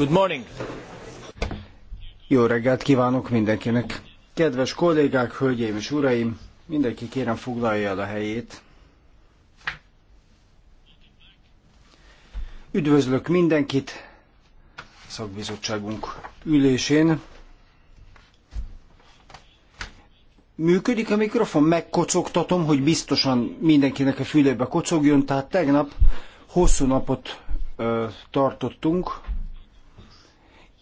Good morning. Jó reggelt kívánok mindenkinek. Kedves kollégák, hölgyeim és uraim, mindenki kérem foglalja el a helyét. Üdvözlök mindenkit a szakbizottságunk ülésén. Működik a mikrofon? Megkocogtatom, hogy biztosan mindenkinek a fülébe kocogjon. Tehát tegnap hosszú napot ö, tartottunk,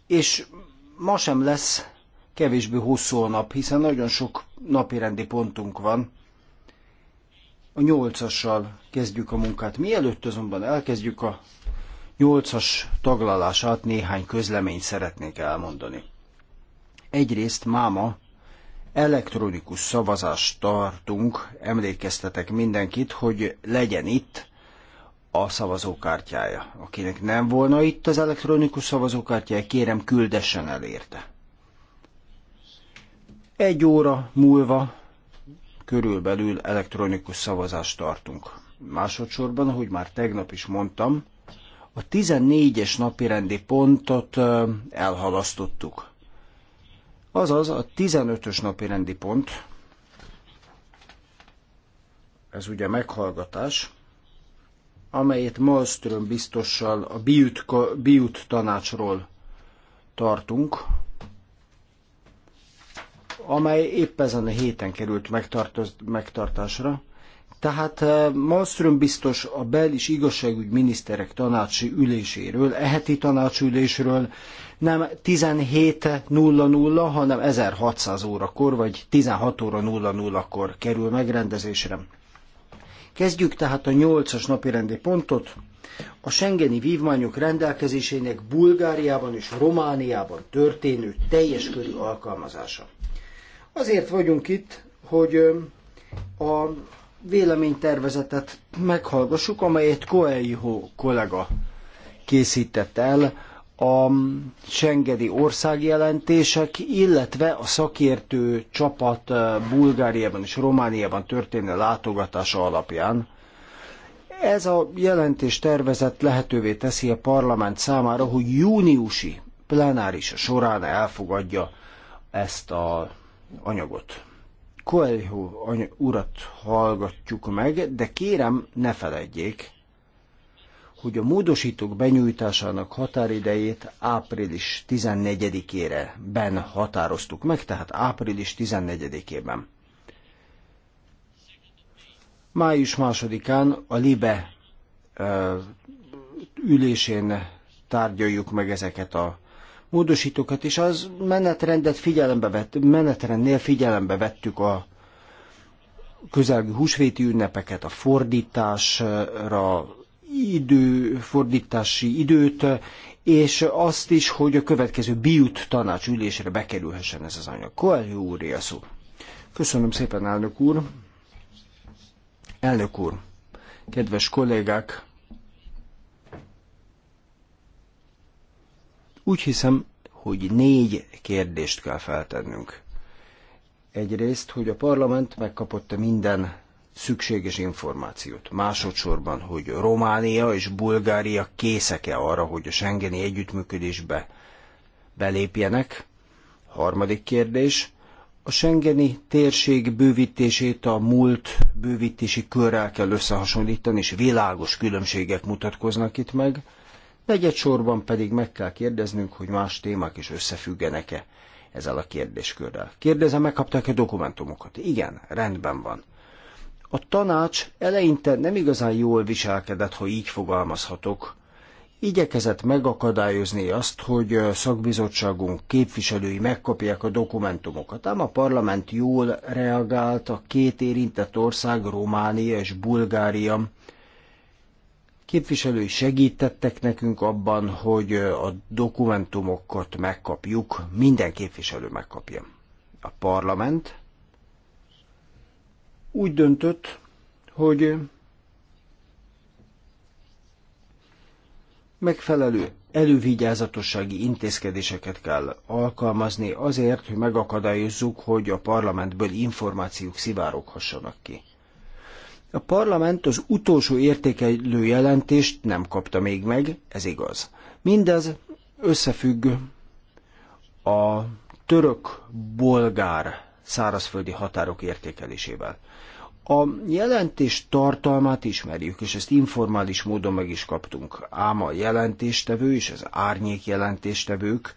és ma sem lesz kevésbé hosszú a nap, hiszen nagyon sok napirendi pontunk van. A nyolcassal kezdjük a munkát. Mielőtt azonban elkezdjük a nyolcas taglalását, néhány közleményt szeretnék elmondani. Egyrészt máma elektronikus szavazást tartunk, emlékeztetek mindenkit, hogy legyen itt, a szavazókártyája. Akinek nem volna itt az elektronikus szavazókártyája, kérem küldessen el érte. Egy óra múlva körülbelül elektronikus szavazást tartunk. Másodszorban, ahogy már tegnap is mondtam, a 14-es rendi pontot elhalasztottuk. Azaz a 15-ös rendi pont, ez ugye meghallgatás, amelyet Malmström biztossal a BIUT, tanácsról tartunk, amely épp ezen a héten került megtartásra. Tehát eh, Malmström biztos a bel- és igazságügy miniszterek tanácsi üléséről, eheti tanácsülésről nem 17.00, hanem 1600 órakor, vagy 16 óra 00-kor kerül megrendezésre. Kezdjük tehát a nyolcas napirendi pontot. A Schengeni vívmányok rendelkezésének Bulgáriában és Romániában történő teljes körű alkalmazása. Azért vagyunk itt, hogy a véleménytervezetet meghallgassuk, amelyet Coelho kollega készített el a Schengedi országjelentések, illetve a szakértő csapat eh, Bulgáriában és Romániában történő látogatása alapján. Ez a jelentés tervezet lehetővé teszi a parlament számára, hogy júniusi plenáris során elfogadja ezt az anyagot. Coelho urat hallgatjuk meg, de kérem ne feledjék, hogy a módosítók benyújtásának határidejét április 14-ére ben határoztuk meg, tehát április 14-ében. Május 2-án a LIBE ülésén tárgyaljuk meg ezeket a módosítókat, és az menetrendet figyelembe vett, menetrendnél figyelembe vettük a közelgő húsvéti ünnepeket, a fordításra időfordítási időt, és azt is, hogy a következő BIUT tanács ülésre bekerülhessen ez az anyag. Koeljó úr, a szó. Köszönöm szépen, elnök úr. Elnök úr, kedves kollégák, úgy hiszem, hogy négy kérdést kell feltennünk. Egyrészt, hogy a parlament megkapott-e minden szükséges információt. Másodszorban, hogy Románia és Bulgária készek-e arra, hogy a Schengeni együttműködésbe belépjenek. Harmadik kérdés, a Schengeni térség bővítését a múlt bővítési körrel kell összehasonlítani, és világos különbségek mutatkoznak itt meg. Negyed sorban pedig meg kell kérdeznünk, hogy más témák is összefüggenek-e ezzel a kérdéskörrel. Kérdezem, megkapták-e dokumentumokat? Igen, rendben van. A tanács eleinte nem igazán jól viselkedett, ha így fogalmazhatok. Igyekezett megakadályozni azt, hogy szakbizottságunk képviselői megkapják a dokumentumokat, ám a parlament jól reagált a két érintett ország, Románia és Bulgária, képviselői segítettek nekünk abban, hogy a dokumentumokat megkapjuk, minden képviselő megkapja. A parlament úgy döntött, hogy megfelelő elővigyázatossági intézkedéseket kell alkalmazni azért, hogy megakadályozzuk, hogy a parlamentből információk szivároghassanak ki. A parlament az utolsó értékelő jelentést nem kapta még meg, ez igaz. Mindez összefügg a török-bolgár szárazföldi határok értékelésével. A jelentés tartalmát ismerjük, és ezt informális módon meg is kaptunk. Ám a jelentéstevő és az árnyék jelentéstevők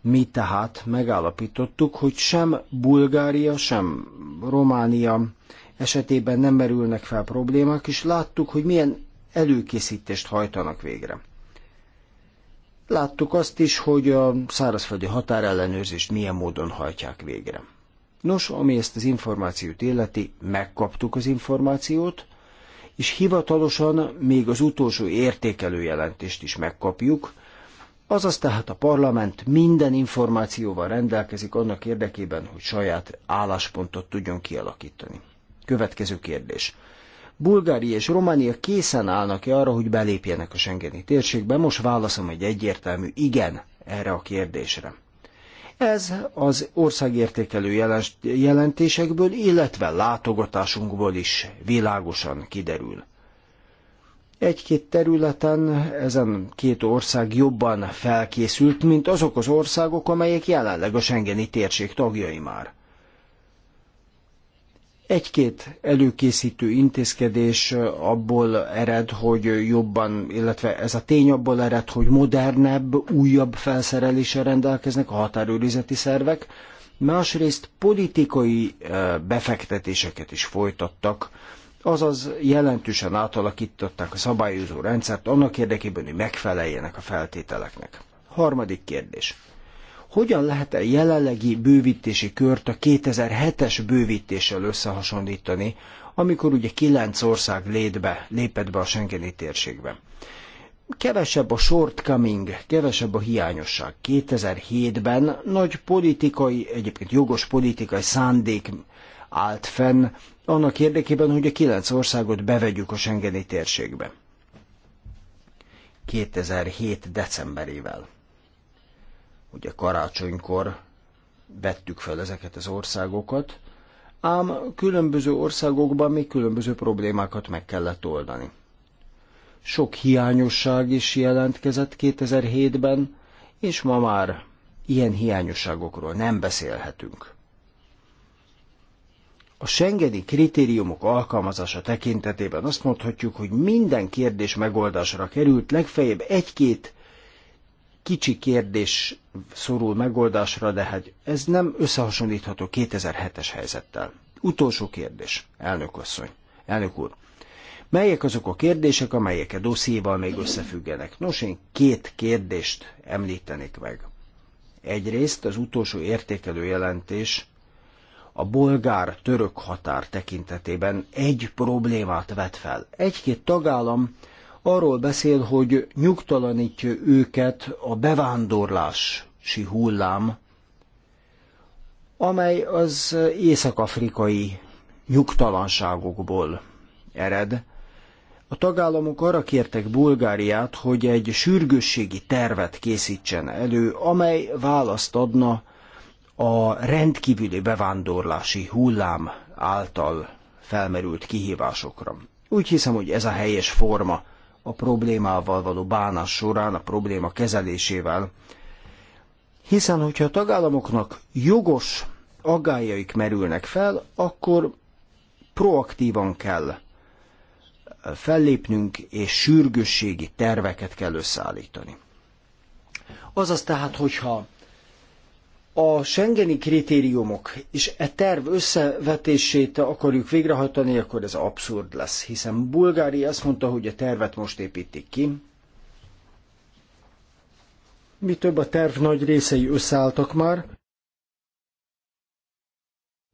mi tehát megállapítottuk, hogy sem Bulgária, sem Románia esetében nem merülnek fel problémák, és láttuk, hogy milyen előkészítést hajtanak végre. Láttuk azt is, hogy a szárazföldi határellenőrzést milyen módon hajtják végre. Nos, ami ezt az információt illeti, megkaptuk az információt, és hivatalosan még az utolsó értékelő jelentést is megkapjuk, azaz tehát a parlament minden információval rendelkezik annak érdekében, hogy saját álláspontot tudjon kialakítani. Következő kérdés. Bulgária és Románia készen állnak-e arra, hogy belépjenek a Schengeni térségbe? Most válaszom egy egyértelmű igen erre a kérdésre. Ez az országértékelő jelentésekből, illetve látogatásunkból is világosan kiderül. Egy-két területen ezen két ország jobban felkészült, mint azok az országok, amelyek jelenleg a Schengeni térség tagjai már. Egy-két előkészítő intézkedés abból ered, hogy jobban, illetve ez a tény abból ered, hogy modernebb, újabb felszereléssel rendelkeznek a határőrizeti szervek, másrészt politikai befektetéseket is folytattak, azaz jelentősen átalakították a szabályozó rendszert annak érdekében, hogy megfeleljenek a feltételeknek. Harmadik kérdés. Hogyan lehet a jelenlegi bővítési kört a 2007-es bővítéssel összehasonlítani, amikor ugye kilenc ország létbe, lépett be a Schengeni térségbe? kevesebb a shortcoming, kevesebb a hiányosság. 2007-ben nagy politikai, egyébként jogos politikai szándék állt fenn annak érdekében, hogy a kilenc országot bevegyük a Schengeni térségbe. 2007. decemberével ugye karácsonykor vettük fel ezeket az országokat, ám különböző országokban még különböző problémákat meg kellett oldani. Sok hiányosság is jelentkezett 2007-ben, és ma már ilyen hiányosságokról nem beszélhetünk. A Schengeni kritériumok alkalmazása tekintetében azt mondhatjuk, hogy minden kérdés megoldásra került, legfeljebb egy-két kicsi kérdés szorul megoldásra, de hát ez nem összehasonlítható 2007-es helyzettel. Utolsó kérdés, elnök asszony, elnök úr. Melyek azok a kérdések, amelyek a dossziéval még összefüggenek? Nos, én két kérdést említenék meg. Egyrészt az utolsó értékelő jelentés a bolgár-török határ tekintetében egy problémát vet fel. Egy-két tagállam arról beszél, hogy nyugtalanítja őket a bevándorlás Si hullám, amely az észak-afrikai nyugtalanságokból ered. A tagállamok arra kértek Bulgáriát, hogy egy sürgősségi tervet készítsen elő, amely választ adna a rendkívüli bevándorlási hullám által felmerült kihívásokra. Úgy hiszem, hogy ez a helyes forma a problémával való bánás során, a probléma kezelésével, hiszen, hogyha a tagállamoknak jogos aggájaik merülnek fel, akkor proaktívan kell eh, fellépnünk, és sürgősségi terveket kell összeállítani. Azaz tehát, hogyha a Schengeni kritériumok és e terv összevetését akarjuk végrehajtani, akkor ez abszurd lesz, hiszen Bulgária azt mondta, hogy a tervet most építik ki, mi több a terv nagy részei összeálltak már,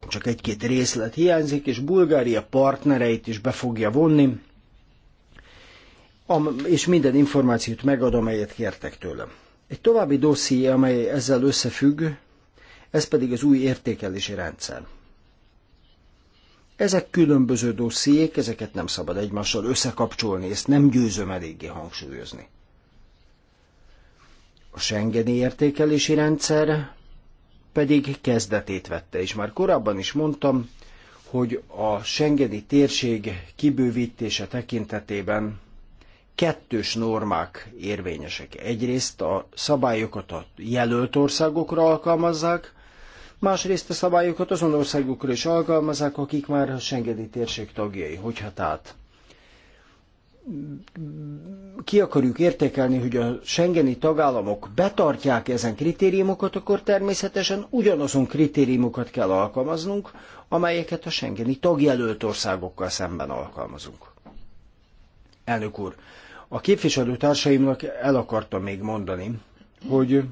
csak egy-két részlet hiányzik, és Bulgária partnereit is be fogja vonni, és minden információt megad, amelyet kértek tőlem. Egy további dosszié, amely ezzel összefügg, ez pedig az új értékelési rendszer. Ezek különböző dossziék, ezeket nem szabad egymással összekapcsolni, ezt nem győzöm eléggé hangsúlyozni. A Schengeni értékelési rendszer pedig kezdetét vette, és már korábban is mondtam, hogy a Schengeni térség kibővítése tekintetében kettős normák érvényesek. Egyrészt a szabályokat a jelölt országokra alkalmazzák, másrészt a szabályokat azon országokra is alkalmazzák, akik már a Schengeni térség tagjai. Hogyha tehát ki akarjuk értékelni, hogy a Schengeni tagállamok betartják ezen kritériumokat, akkor természetesen ugyanazon kritériumokat kell alkalmaznunk, amelyeket a Schengeni tagjelölt országokkal szemben alkalmazunk. Elnök úr, a képviselőtársaimnak el akartam még mondani, hogy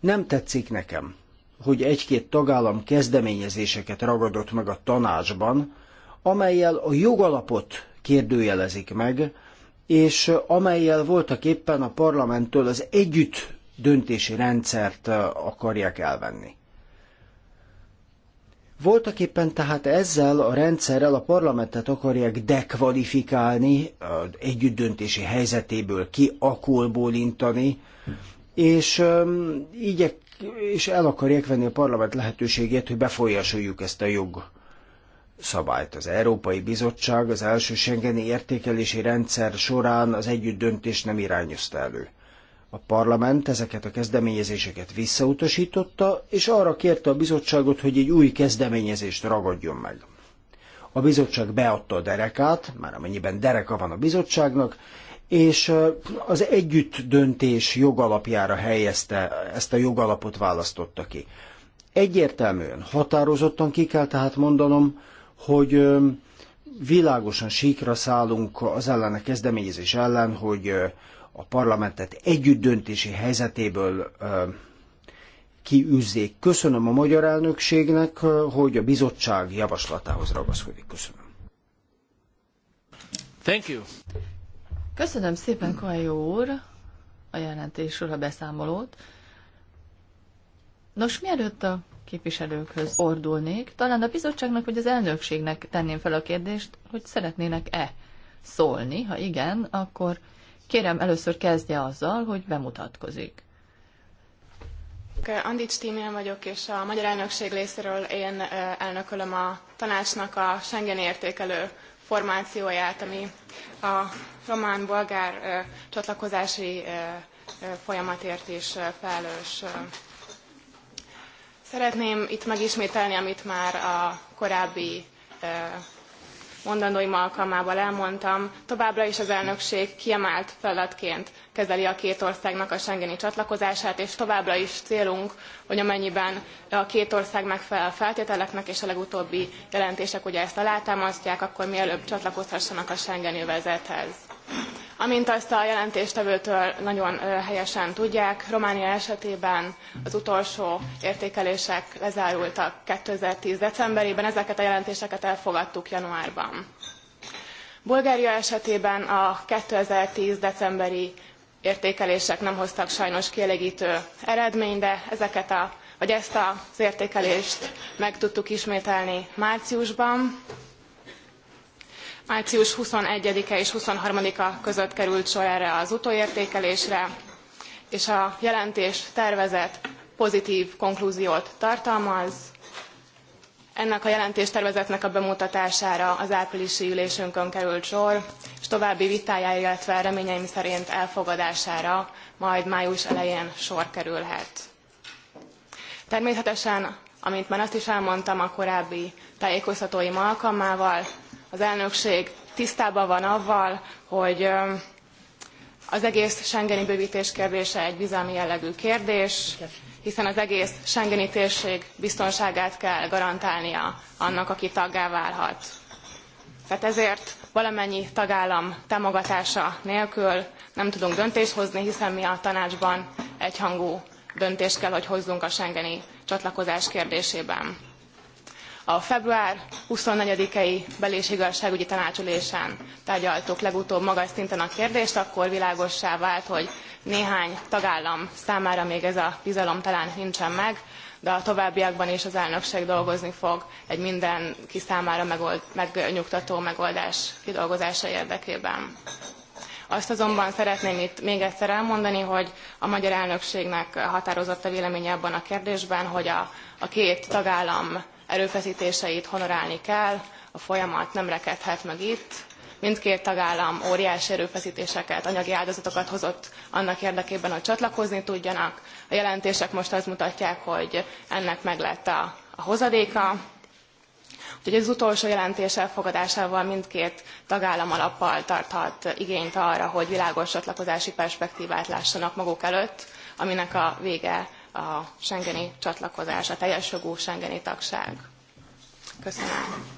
nem tetszik nekem, hogy egy-két tagállam kezdeményezéseket ragadott meg a tanácsban, amelyel a jogalapot kérdőjelezik meg, és amelyel voltak éppen a parlamenttől az együtt döntési rendszert akarják elvenni. Voltak éppen tehát ezzel a rendszerrel a parlamentet akarják dekvalifikálni, döntési helyzetéből ki akolbólintani, és így és el akarják venni a parlament lehetőségét, hogy befolyásoljuk ezt a jogot szabályt. Az Európai Bizottság az első Schengeni értékelési rendszer során az együttdöntés nem irányozta elő. A parlament ezeket a kezdeményezéseket visszautasította, és arra kérte a bizottságot, hogy egy új kezdeményezést ragadjon meg. A bizottság beadta a derekát, már amennyiben dereka van a bizottságnak, és az együttdöntés jogalapjára helyezte, ezt a jogalapot választotta ki. Egyértelműen, határozottan ki kell tehát mondanom, hogy világosan síkra szállunk az ellene kezdeményezés ellen, hogy a parlamentet együttdöntési helyzetéből kiűzzék. Köszönöm a magyar elnökségnek, hogy a bizottság javaslatához ragaszkodik. Köszönöm. Thank you. Köszönöm szépen, Kajó úr, a jelentésről a beszámolót. Nos, mielőtt a képviselőkhöz ordulnék. Talán a bizottságnak vagy az elnökségnek tenném fel a kérdést, hogy szeretnének-e szólni. Ha igen, akkor kérem először kezdje azzal, hogy bemutatkozik. Andics Tímél vagyok, és a Magyar Elnökség részéről én elnökölöm a tanácsnak a Schengen értékelő formációját, ami a román-bolgár csatlakozási folyamatért is felelős Szeretném itt megismételni, amit már a korábbi mondandóim alkalmával elmondtam. Továbbra is az elnökség kiemelt feladatként kezeli a két országnak a schengeni csatlakozását, és továbbra is célunk, hogy amennyiben a két ország megfelel a feltételeknek, és a legutóbbi jelentések ugye ezt alátámasztják, akkor mielőbb csatlakozhassanak a schengeni övezethez Amint azt a jelentéstevőtől nagyon helyesen tudják, Románia esetében az utolsó értékelések lezárultak 2010. decemberében, ezeket a jelentéseket elfogadtuk januárban. Bulgária esetében a 2010. decemberi értékelések nem hoztak sajnos kielégítő eredményt, de ezeket a, vagy ezt az értékelést meg tudtuk ismételni márciusban. Március 21-e és 23-a között került sor erre az utóértékelésre, és a jelentés tervezett pozitív konklúziót tartalmaz. Ennek a jelentéstervezetnek a bemutatására az áprilisi ülésünkön került sor, és további vitájára, illetve reményeim szerint elfogadására majd május elején sor kerülhet. Természetesen, amint már azt is elmondtam a korábbi tájékoztatóim alkalmával, az elnökség tisztában van azzal, hogy az egész Schengeni bővítés kérdése egy bizalmi jellegű kérdés, hiszen az egész Schengeni térség biztonságát kell garantálnia annak, aki taggá válhat. Tehát ezért valamennyi tagállam támogatása nélkül nem tudunk döntést hozni, hiszen mi a tanácsban egyhangú döntést kell, hogy hozzunk a Schengeni csatlakozás kérdésében a február 24-i belés igazságügyi tanácsülésen tárgyaltuk legutóbb magas szinten a kérdést, akkor világossá vált, hogy néhány tagállam számára még ez a bizalom talán nincsen meg, de a továbbiakban is az elnökség dolgozni fog egy mindenki számára megold, megnyugtató megoldás kidolgozása érdekében. Azt azonban szeretném itt még egyszer elmondani, hogy a magyar elnökségnek határozott a véleménye abban a kérdésben, hogy a, a két tagállam erőfeszítéseit honorálni kell, a folyamat nem rekedhet meg itt. Mindkét tagállam óriási erőfeszítéseket, anyagi áldozatokat hozott annak érdekében, hogy csatlakozni tudjanak. A jelentések most azt mutatják, hogy ennek meglett a, a hozadéka. Úgyhogy az utolsó jelentés elfogadásával mindkét tagállam alappal tarthat igényt arra, hogy világos csatlakozási perspektívát lássanak maguk előtt, aminek a vége a Schengeni csatlakozás, a teljes jogú Schengeni tagság. Köszönöm.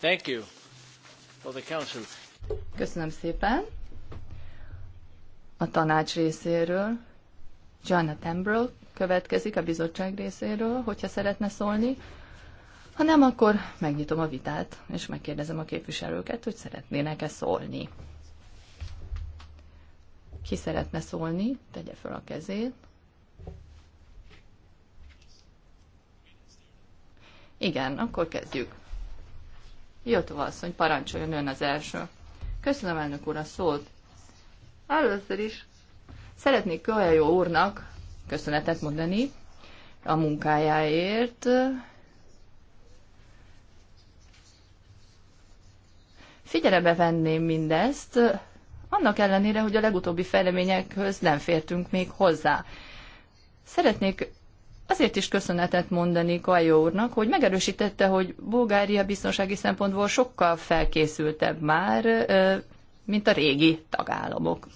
Thank you for the council. Köszönöm szépen. A tanács részéről Joanna Tembrell következik a bizottság részéről, hogyha szeretne szólni. Ha nem, akkor megnyitom a vitát, és megkérdezem a képviselőket, hogy szeretnének-e szólni. Ki szeretne szólni, tegye fel a kezét. Igen, akkor kezdjük. Jotva asszony, parancsoljon ön az első. Köszönöm, elnök úr, a szót. Először is szeretnék Kajajó úrnak köszönetet mondani a munkájáért. Figyelembe venném mindezt, annak ellenére, hogy a legutóbbi fejleményekhöz nem fértünk még hozzá. Szeretnék azért is köszönetet mondani Kajó úrnak, hogy megerősítette, hogy Bulgária biztonsági szempontból sokkal felkészültebb már, mint a régi tagállamok.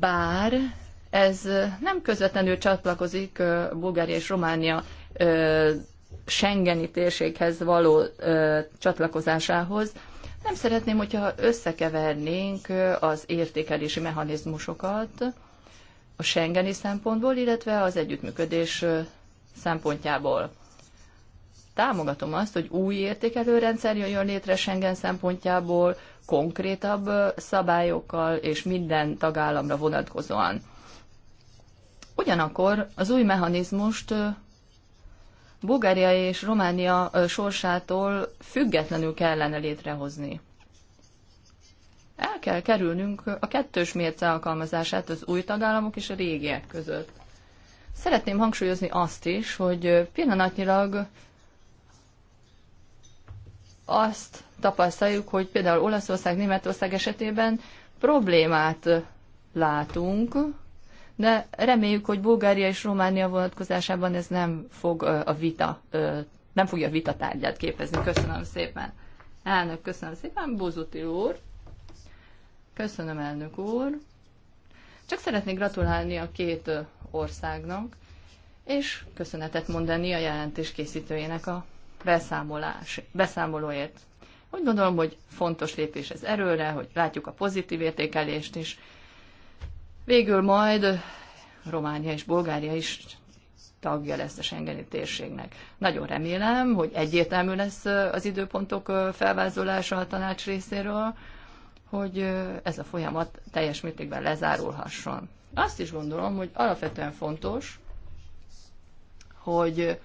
Bár ez nem közvetlenül csatlakozik Bulgária és Románia Schengeni térséghez való csatlakozásához, nem szeretném, hogyha összekevernénk az értékelési mechanizmusokat a Schengeni szempontból, illetve az együttműködés szempontjából. Támogatom azt, hogy új értékelőrendszer jön létre Schengen szempontjából, konkrétabb szabályokkal és minden tagállamra vonatkozóan. Ugyanakkor az új mechanizmust Bulgária és Románia sorsától függetlenül kellene létrehozni. El kell kerülnünk a kettős mérce alkalmazását az új tagállamok és a régiek között. Szeretném hangsúlyozni azt is, hogy pillanatnyilag azt tapasztaljuk, hogy például Olaszország, Németország esetében problémát látunk, de reméljük, hogy Bulgária és Románia vonatkozásában ez nem fog a vita, nem fogja a vita tárgyát képezni. Köszönöm szépen. Elnök, köszönöm szépen. Bozuti úr. Köszönöm, elnök úr. Csak szeretnék gratulálni a két országnak, és köszönetet mondani a jelentés készítőjének a beszámolás, beszámolóért. Úgy gondolom, hogy fontos lépés ez erőre, hogy látjuk a pozitív értékelést is, Végül majd Románia és Bulgária is tagja lesz a Schengeni térségnek. Nagyon remélem, hogy egyértelmű lesz az időpontok felvázolása a tanács részéről, hogy ez a folyamat teljes mértékben lezárulhasson. Azt is gondolom, hogy alapvetően fontos, hogy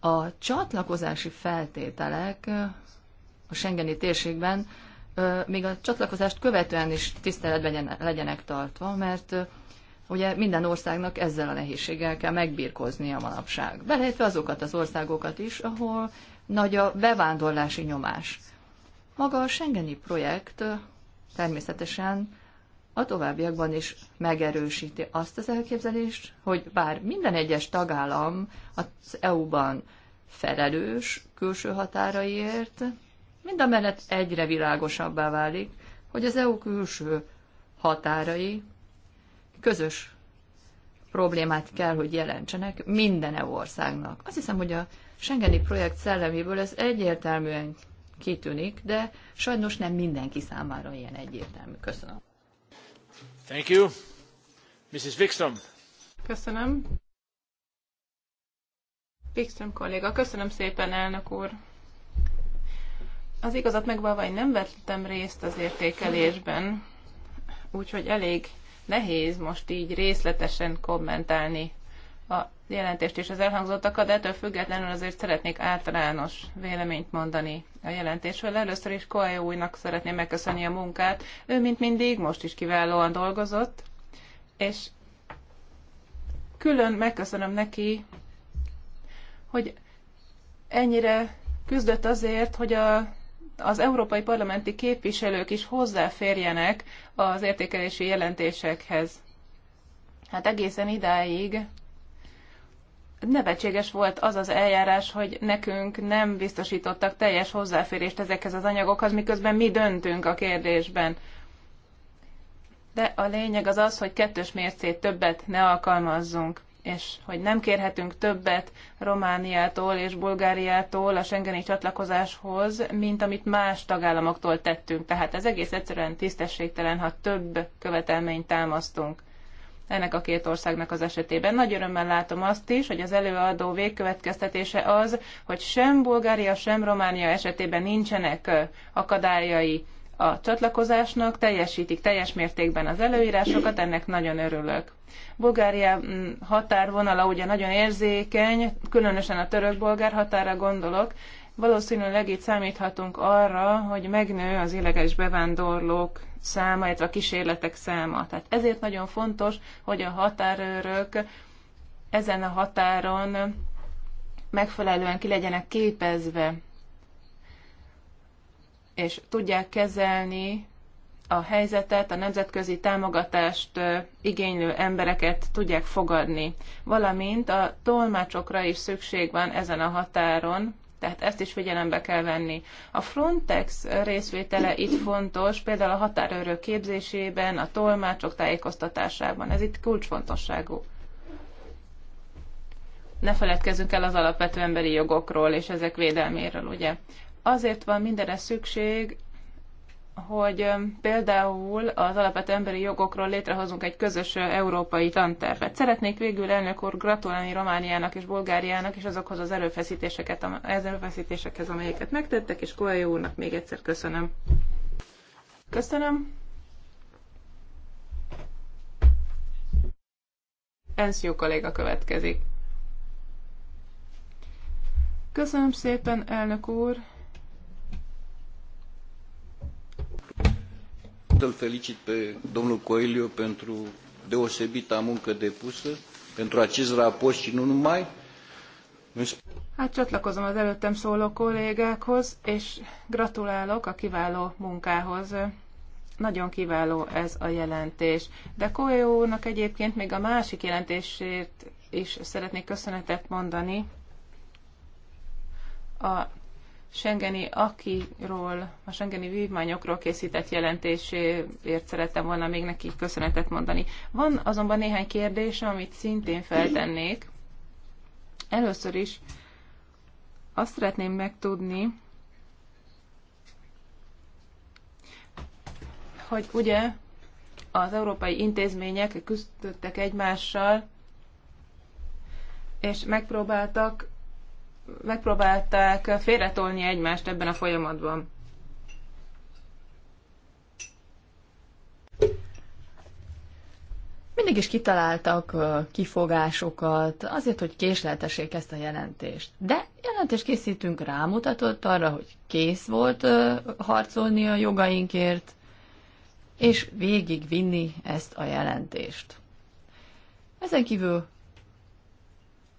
a csatlakozási feltételek a Schengeni térségben még a csatlakozást követően is tiszteletben legyenek tartva, mert ugye minden országnak ezzel a nehézséggel kell megbírkozni a manapság. Belejtve azokat az országokat is, ahol nagy a bevándorlási nyomás. Maga a Schengeni projekt természetesen a továbbiakban is megerősíti azt az elképzelést, hogy bár minden egyes tagállam az EU-ban felelős külső határaiért, mind a mellett egyre világosabbá válik, hogy az EU külső határai közös problémát kell, hogy jelentsenek minden EU országnak. Azt hiszem, hogy a Schengeni projekt szelleméből ez egyértelműen kitűnik, de sajnos nem mindenki számára ilyen egyértelmű. Köszönöm. Thank you. Mrs. Wikström. Köszönöm. Wikström kolléga, köszönöm szépen, elnök úr. Az igazat megvalva, hogy nem vettem részt az értékelésben, úgyhogy elég nehéz most így részletesen kommentálni a jelentést és az elhangzottakat, de ettől függetlenül azért szeretnék általános véleményt mondani a jelentésről. Először is Koelyó újnak szeretném megköszönni a munkát. Ő, mint mindig, most is kiválóan dolgozott, és külön megköszönöm neki, hogy ennyire küzdött azért, hogy a az európai parlamenti képviselők is hozzáférjenek az értékelési jelentésekhez. Hát egészen idáig nevetséges volt az az eljárás, hogy nekünk nem biztosítottak teljes hozzáférést ezekhez az anyagokhoz, miközben mi döntünk a kérdésben. De a lényeg az az, hogy kettős mércét többet ne alkalmazzunk és hogy nem kérhetünk többet Romániától és Bulgáriától a Schengeni csatlakozáshoz, mint amit más tagállamoktól tettünk. Tehát ez egész egyszerűen tisztességtelen, ha több követelményt támasztunk ennek a két országnak az esetében. Nagy örömmel látom azt is, hogy az előadó végkövetkeztetése az, hogy sem Bulgária, sem Románia esetében nincsenek akadályai a csatlakozásnak, teljesítik teljes mértékben az előírásokat, ennek nagyon örülök. Bulgária mm, határvonala ugye nagyon érzékeny, különösen a török-bolgár határa gondolok, Valószínűleg itt számíthatunk arra, hogy megnő az illegális bevándorlók száma, illetve a kísérletek száma. Tehát ezért nagyon fontos, hogy a határőrök ezen a határon megfelelően ki legyenek képezve és tudják kezelni a helyzetet, a nemzetközi támogatást igénylő embereket tudják fogadni. Valamint a tolmácsokra is szükség van ezen a határon, tehát ezt is figyelembe kell venni. A Frontex részvétele itt fontos, például a határőrök képzésében, a tolmácsok tájékoztatásában. Ez itt kulcsfontosságú. Ne feledkezzünk el az alapvető emberi jogokról és ezek védelméről, ugye? Azért van mindenre szükség, hogy például az alapvető emberi jogokról létrehozunk egy közös európai tantervet. Szeretnék végül elnök úr gratulálni Romániának és Bulgáriának és azokhoz az erőfeszítéseket, az erőfeszítésekhez, amelyeket megtettek, és Koelyó úrnak még egyszer köszönöm. Köszönöm. Ensz kolléga következik. Köszönöm szépen, elnök úr. Îl felicit pe domnul Coelho pentru deosebita muncă depusă, pentru acest raport și nu numai. Hát csatlakozom az előttem szóló kollégákhoz, és gratulálok a kiváló munkához. Nagyon kiváló ez a jelentés. De Kolyó úrnak egyébként még a másik jelentésért is szeretnék köszönetet mondani. A Schengeni akiról, a Schengeni vívmányokról készített jelentéséért szerettem volna még neki köszönetet mondani. Van azonban néhány kérdés, amit szintén feltennék. Először is azt szeretném megtudni, hogy ugye az európai intézmények küzdöttek egymással, és megpróbáltak megpróbálták félretolni egymást ebben a folyamatban. Mindig is kitaláltak kifogásokat azért, hogy késleltessék ezt a jelentést. De jelentés készítünk rámutatott arra, hogy kész volt harcolni a jogainkért, és végigvinni ezt a jelentést. Ezen kívül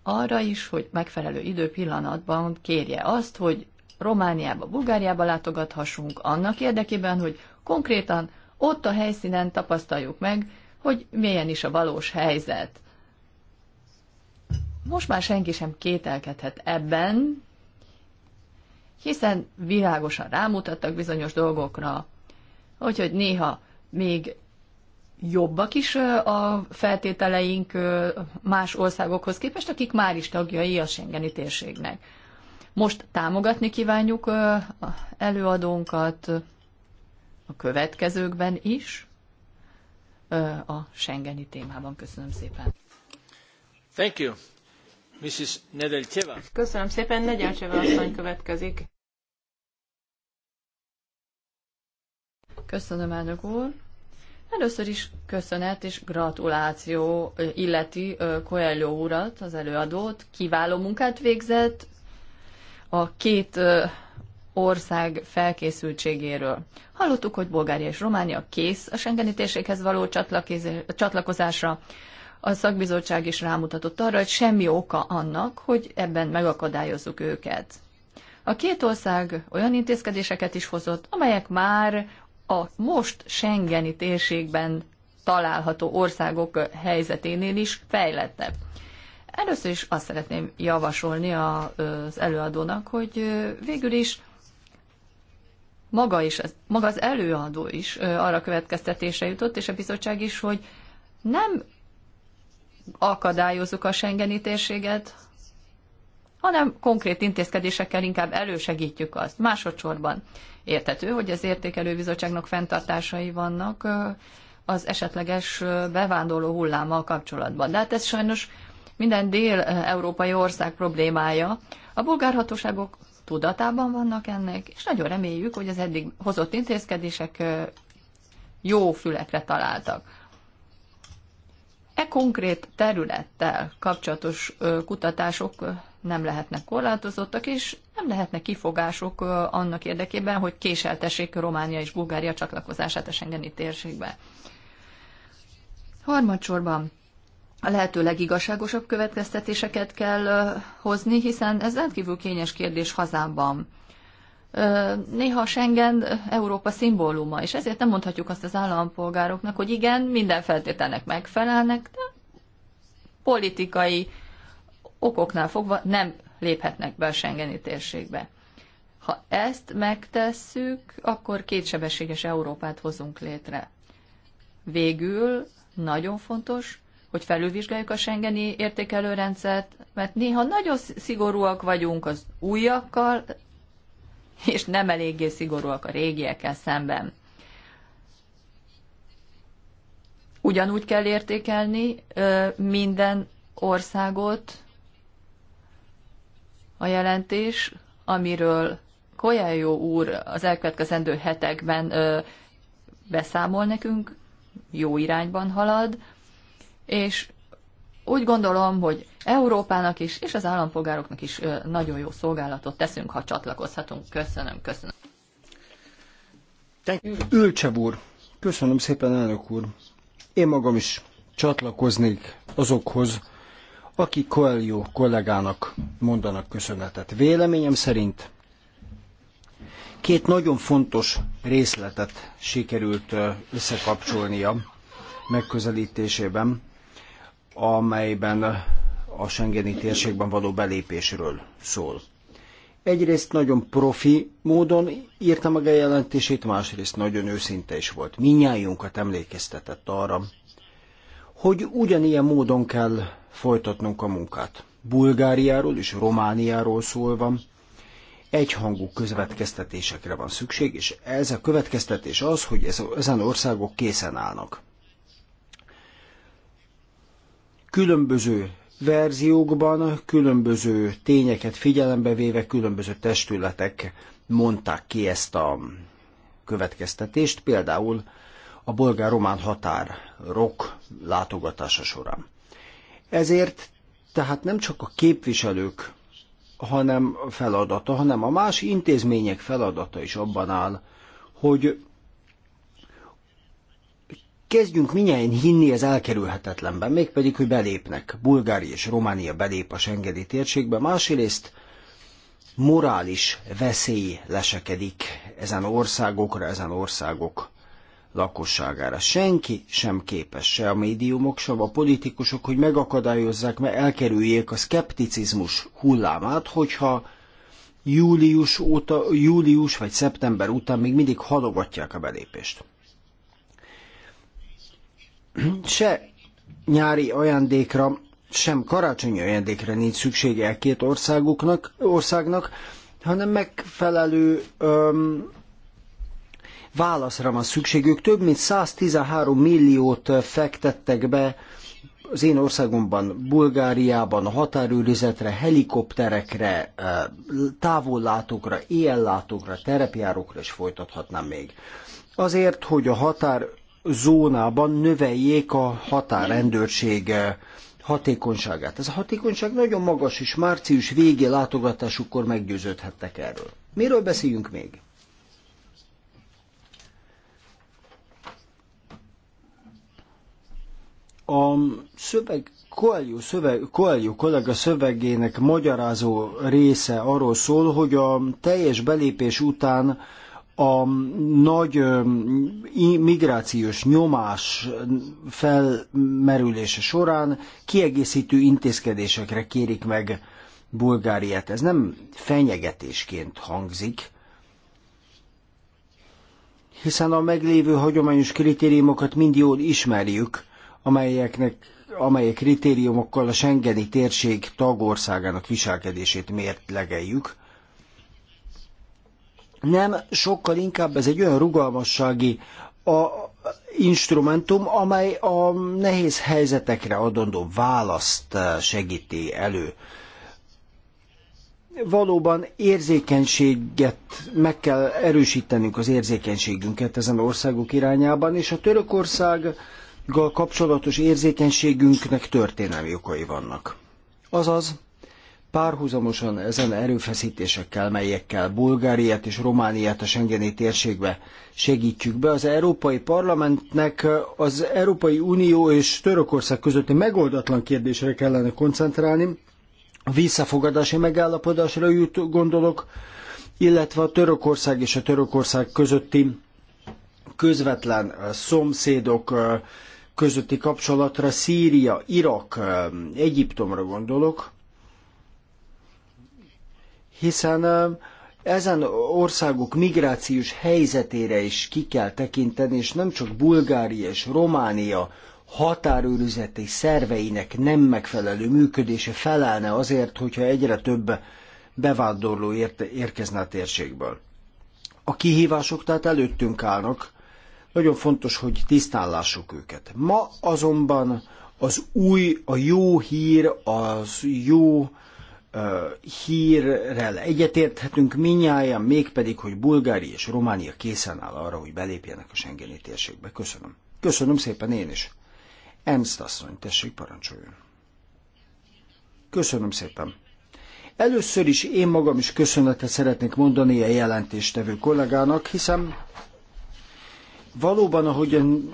arra is, hogy megfelelő időpillanatban kérje azt, hogy Romániába, Bulgáriába látogathassunk annak érdekében, hogy konkrétan ott a helyszínen tapasztaljuk meg, hogy milyen is a valós helyzet. Most már senki sem kételkedhet ebben, hiszen világosan rámutattak bizonyos dolgokra, úgyhogy néha még jobbak is a feltételeink más országokhoz képest, akik már is tagjai a Schengeni térségnek. Most támogatni kívánjuk előadónkat a következőkben is a Schengeni témában. Köszönöm szépen. Thank you. Mrs. Nedelcheva. Köszönöm szépen. Nedelcheva asszony következik. Köszönöm, elnök úr. Először is köszönet és gratuláció illeti Coelho urat, az előadót. Kiváló munkát végzett a két ország felkészültségéről. Hallottuk, hogy Bulgária és Románia kész a Schengeni térséghez való csatlakozásra. A szakbizottság is rámutatott arra, hogy semmi oka annak, hogy ebben megakadályozzuk őket. A két ország olyan intézkedéseket is hozott, amelyek már a most Schengeni térségben található országok helyzeténél is fejlettebb. Először is azt szeretném javasolni az előadónak, hogy végül is maga, is, maga az előadó is arra következtetése jutott, és a bizottság is, hogy nem akadályozzuk a Schengeni térséget, hanem konkrét intézkedésekkel inkább elősegítjük azt. Másodszorban értető, hogy az bizottságnak fenntartásai vannak az esetleges bevándorló hullámmal kapcsolatban. De hát ez sajnos minden dél-európai ország problémája. A bulgárhatóságok tudatában vannak ennek, és nagyon reméljük, hogy az eddig hozott intézkedések jó fülekre találtak. E konkrét területtel kapcsolatos kutatások nem lehetnek korlátozottak, és nem lehetnek kifogások annak érdekében, hogy késeltessék Románia és Bulgária csatlakozását a Schengeni térségbe. Harmadsorban a lehető legigazságosabb következtetéseket kell hozni, hiszen ez rendkívül kényes kérdés hazámban. Néha Schengen Európa szimbóluma, és ezért nem mondhatjuk azt az állampolgároknak, hogy igen, minden feltételnek megfelelnek, de politikai okoknál fogva nem léphetnek be a Schengeni térségbe. Ha ezt megtesszük, akkor kétsebességes Európát hozunk létre. Végül nagyon fontos, hogy felülvizsgáljuk a Schengeni értékelőrendszert, mert néha nagyon szigorúak vagyunk az újakkal, és nem eléggé szigorúak a régiekkel szemben. Ugyanúgy kell értékelni minden országot, a jelentés, amiről jó úr az elkövetkezendő hetekben ö, beszámol nekünk, jó irányban halad, és úgy gondolom, hogy Európának is, és az állampolgároknak is ö, nagyon jó szolgálatot teszünk, ha csatlakozhatunk. Köszönöm, köszönöm. Ülcsebb úr, köszönöm szépen, elnök úr. Én magam is csatlakoznék azokhoz, Paki Coelho kollégának mondanak köszönetet. Véleményem szerint két nagyon fontos részletet sikerült összekapcsolnia megközelítésében, amelyben a Schengeni térségben való belépésről szól. Egyrészt nagyon profi módon írta meg a jelentését, másrészt nagyon őszinte is volt. Minnyájunkat emlékeztetett arra, hogy ugyanilyen módon kell folytatnunk a munkát. Bulgáriáról és Romániáról szólva egyhangú közvetkeztetésekre van szükség, és ez a következtetés az, hogy ez, ezen országok készen állnak. Különböző verziókban, különböző tényeket figyelembe véve különböző testületek mondták ki ezt a következtetést, például a bolgár-román határ rok látogatása során. Ezért tehát nem csak a képviselők hanem feladata, hanem a más intézmények feladata is abban áll, hogy kezdjünk minnyáján hinni az elkerülhetetlenben, mégpedig, hogy belépnek. Bulgária és Románia belép a Schengeni térségbe, másrészt morális veszély lesekedik ezen országokra, ezen országok lakosságára. Senki sem képes, se a médiumok, se a politikusok, hogy megakadályozzák, mert elkerüljék a szkepticizmus hullámát, hogyha július, óta, július vagy szeptember után még mindig halogatják a belépést. Se nyári ajándékra, sem karácsonyi ajándékra nincs szüksége két országuknak, országnak, hanem megfelelő öm, válaszra van Ők Több mint 113 milliót fektettek be az én országomban, Bulgáriában a határőrizetre, helikopterekre, eh, távollátókra, éjjellátókra, terepjárókra is folytathatnám még. Azért, hogy a határzónában növeljék a határrendőrség eh, hatékonyságát. Ez a hatékonyság nagyon magas, és március végé látogatásukkor meggyőződhettek erről. Miről beszéljünk még? A szöveg Koeljó, szöveg, Koeljó kollega szövegének magyarázó része arról szól, hogy a teljes belépés után a nagy migrációs nyomás felmerülése során kiegészítő intézkedésekre kérik meg Bulgáriát. Ez nem fenyegetésként hangzik, hiszen a meglévő hagyományos kritériumokat mind jól ismerjük – amelyeknek, amelyek kritériumokkal a Schengeni térség tagországának viselkedését mértlegeljük. Nem, sokkal inkább ez egy olyan rugalmassági a instrumentum, amely a nehéz helyzetekre adandó választ eh, segíti elő valóban érzékenységet meg kell erősítenünk az érzékenységünket ezen országok irányában, és a Törökország kapcsolatos érzékenységünknek történelmi okai vannak. Azaz, párhuzamosan ezen erőfeszítésekkel, melyekkel Bulgáriát és Romániát a Schengeni térségbe segítjük be, az Európai Parlamentnek az Európai Unió és Törökország közötti megoldatlan kérdésre kellene koncentrálni, a visszafogadási megállapodásra jut, gondolok, illetve a Törökország és a Törökország közötti közvetlen eh, szomszédok eh, közötti kapcsolatra, Szíria, Irak, eh, Egyiptomra gondolok, hiszen eh, ezen országok migrációs helyzetére is ki kell tekinteni, és nem csak Bulgária és Románia határőrizeti szerveinek nem megfelelő működése felelne azért, hogyha egyre több bevándorló érkezne a térségből. A kihívások tehát előttünk állnak, nagyon fontos, hogy tisztállássuk őket. Ma azonban az új, a jó hír, az jó hírrel egyetérthetünk minnyáján, mégpedig, hogy Bulgária és Románia készen áll arra, hogy belépjenek a Schengeni térségbe. Köszönöm. Köszönöm szépen én is. Ernst asszony, tessék parancsoljon. Köszönöm szépen. Először is én magam is köszönetet szeretnék mondani a jelentéstevő kollégának, hiszen Valóban, ahogyan